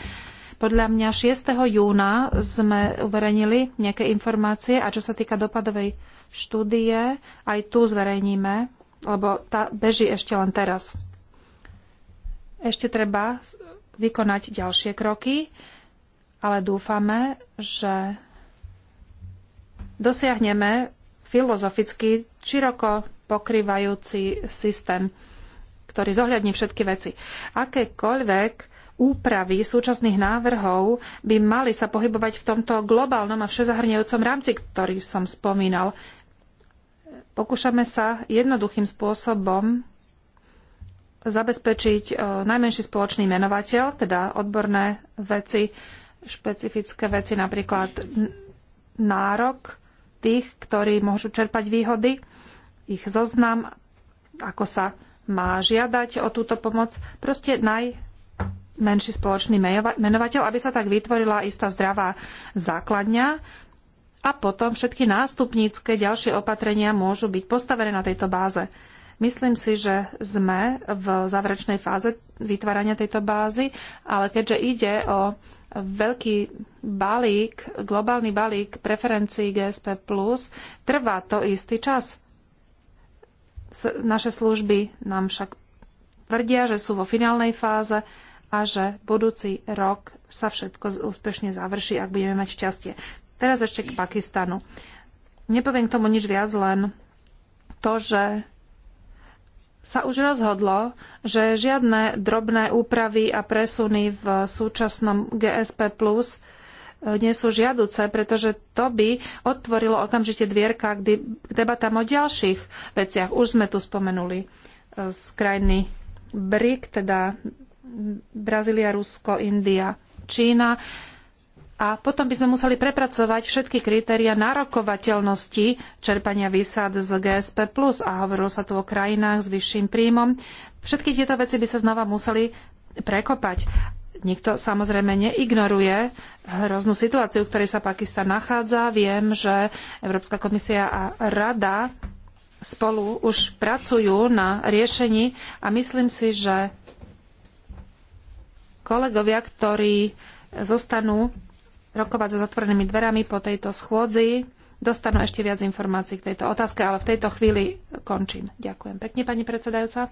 [SPEAKER 1] podľa mňa 6. júna sme uverejnili nejaké informácie a čo sa týka dopadovej štúdie, aj tu zverejníme, lebo tá beží ešte len teraz. Ešte treba vykonať ďalšie kroky, ale dúfame, že dosiahneme filozoficky široko pokrývajúci systém, ktorý zohľadní všetky veci. Akékoľvek úpravy súčasných návrhov by mali sa pohybovať v tomto globálnom a všezahrňujúcom rámci, ktorý som spomínal. Pokúšame sa jednoduchým spôsobom zabezpečiť e, najmenší spoločný menovateľ, teda odborné veci, špecifické veci, napríklad nárok tých, ktorí môžu čerpať výhody, ich zoznam, ako sa má žiadať o túto pomoc, proste naj menší spoločný menovateľ, aby sa tak vytvorila istá zdravá základňa a potom všetky nástupnícke ďalšie opatrenia môžu byť postavené na tejto báze. Myslím si, že sme v záverečnej fáze vytvárania tejto bázy, ale keďže ide o veľký balík, globálny balík preferencií GSP+, trvá to istý čas. Naše služby nám však tvrdia, že sú vo finálnej fáze a že budúci rok sa všetko úspešne završí, ak budeme mať šťastie. Teraz ešte k Pakistanu. Nepoviem k tomu nič viac, len to, že sa už rozhodlo, že žiadne drobné úpravy a presuny v súčasnom GSP Plus e, nie sú žiaduce, pretože to by otvorilo okamžite dvierka k debatám o ďalších veciach. Už sme tu spomenuli e, z krajiny BRIC, teda Brazília, Rusko, India, Čína. A potom by sme museli prepracovať všetky kritéria nárokovateľnosti čerpania výsad z GSP+, a hovorilo sa tu o krajinách s vyšším príjmom. Všetky tieto veci by sa znova museli prekopať. Nikto samozrejme neignoruje hroznú situáciu, v ktorej sa Pakistan nachádza. Viem, že Európska komisia a Rada spolu už pracujú na riešení a myslím si, že kolegovia, ktorí zostanú rokovať za zatvorenými dverami po tejto schôdzi, dostanú ešte viac informácií k tejto otázke, ale v tejto chvíli končím. Ďakujem pekne, pani predsedajúca.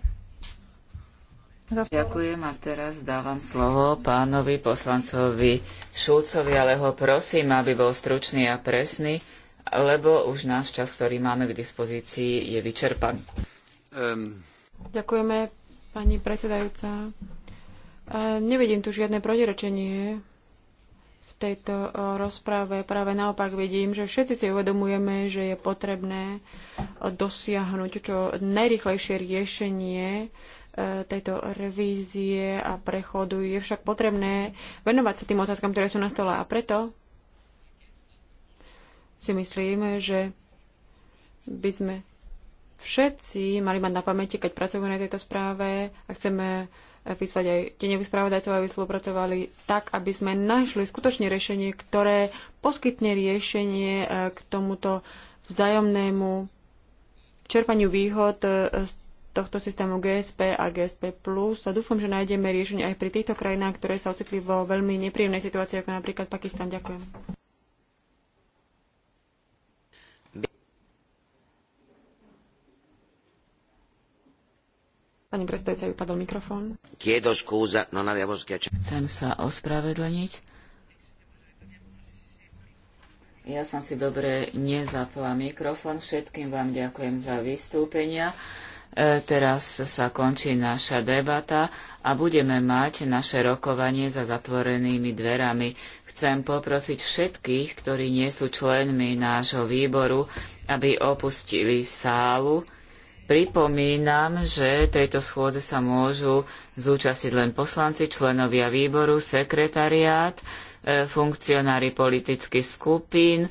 [SPEAKER 2] Ďakujem a teraz dávam slovo pánovi poslancovi Šulcovi, ale ho prosím, aby bol stručný a presný, lebo už náš čas, ktorý máme k dispozícii, je vyčerpaný. Um.
[SPEAKER 3] Ďakujeme, pani predsedajúca. Nevidím tu žiadne protirečenie v tejto e, rozprave. Práve naopak vidím, že všetci si uvedomujeme, že je potrebné e, dosiahnuť čo najrychlejšie riešenie e, tejto revízie a prechodu. Je však potrebné venovať sa tým otázkam, ktoré sú na stole. A preto si myslím, že by sme všetci mali mať na pamäti, keď pracujeme na tejto správe a chceme vyzvať aj tenevých spravodajcov, aby spolupracovali tak, aby sme našli skutočne riešenie, ktoré poskytne riešenie e, k tomuto vzájomnému čerpaniu výhod e, z tohto systému GSP a GSP+. A dúfam, že nájdeme riešenie aj pri týchto krajinách, ktoré sa ocitli vo veľmi nepríjemnej situácii, ako napríklad Pakistan. Ďakujem. Pani predsedajúca, vypadol mikrofón.
[SPEAKER 2] Chiedo scusa, non avevo schiacciato.
[SPEAKER 3] Chcem sa ospravedlniť.
[SPEAKER 2] Ja som si dobre nezapla mikrofón. Všetkým vám ďakujem za vystúpenia. E, teraz sa končí naša debata a budeme mať naše rokovanie za zatvorenými dverami. Chcem poprosiť všetkých, ktorí nie sú členmi nášho výboru, aby opustili sálu Pripomínam, že tejto schôdze sa môžu zúčastniť len poslanci, členovia výboru, sekretariát, e, funkcionári politických skupín, e,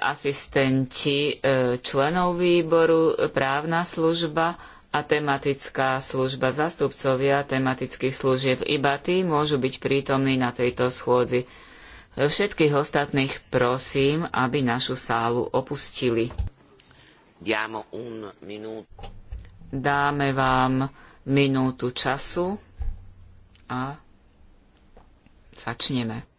[SPEAKER 2] asistenti e, členov výboru, právna služba a tematická služba zastupcovia tematických služieb. Iba tí môžu byť prítomní na tejto schôdzi. Všetkých ostatných prosím, aby našu sálu opustili. Dáme vám minútu času a začneme.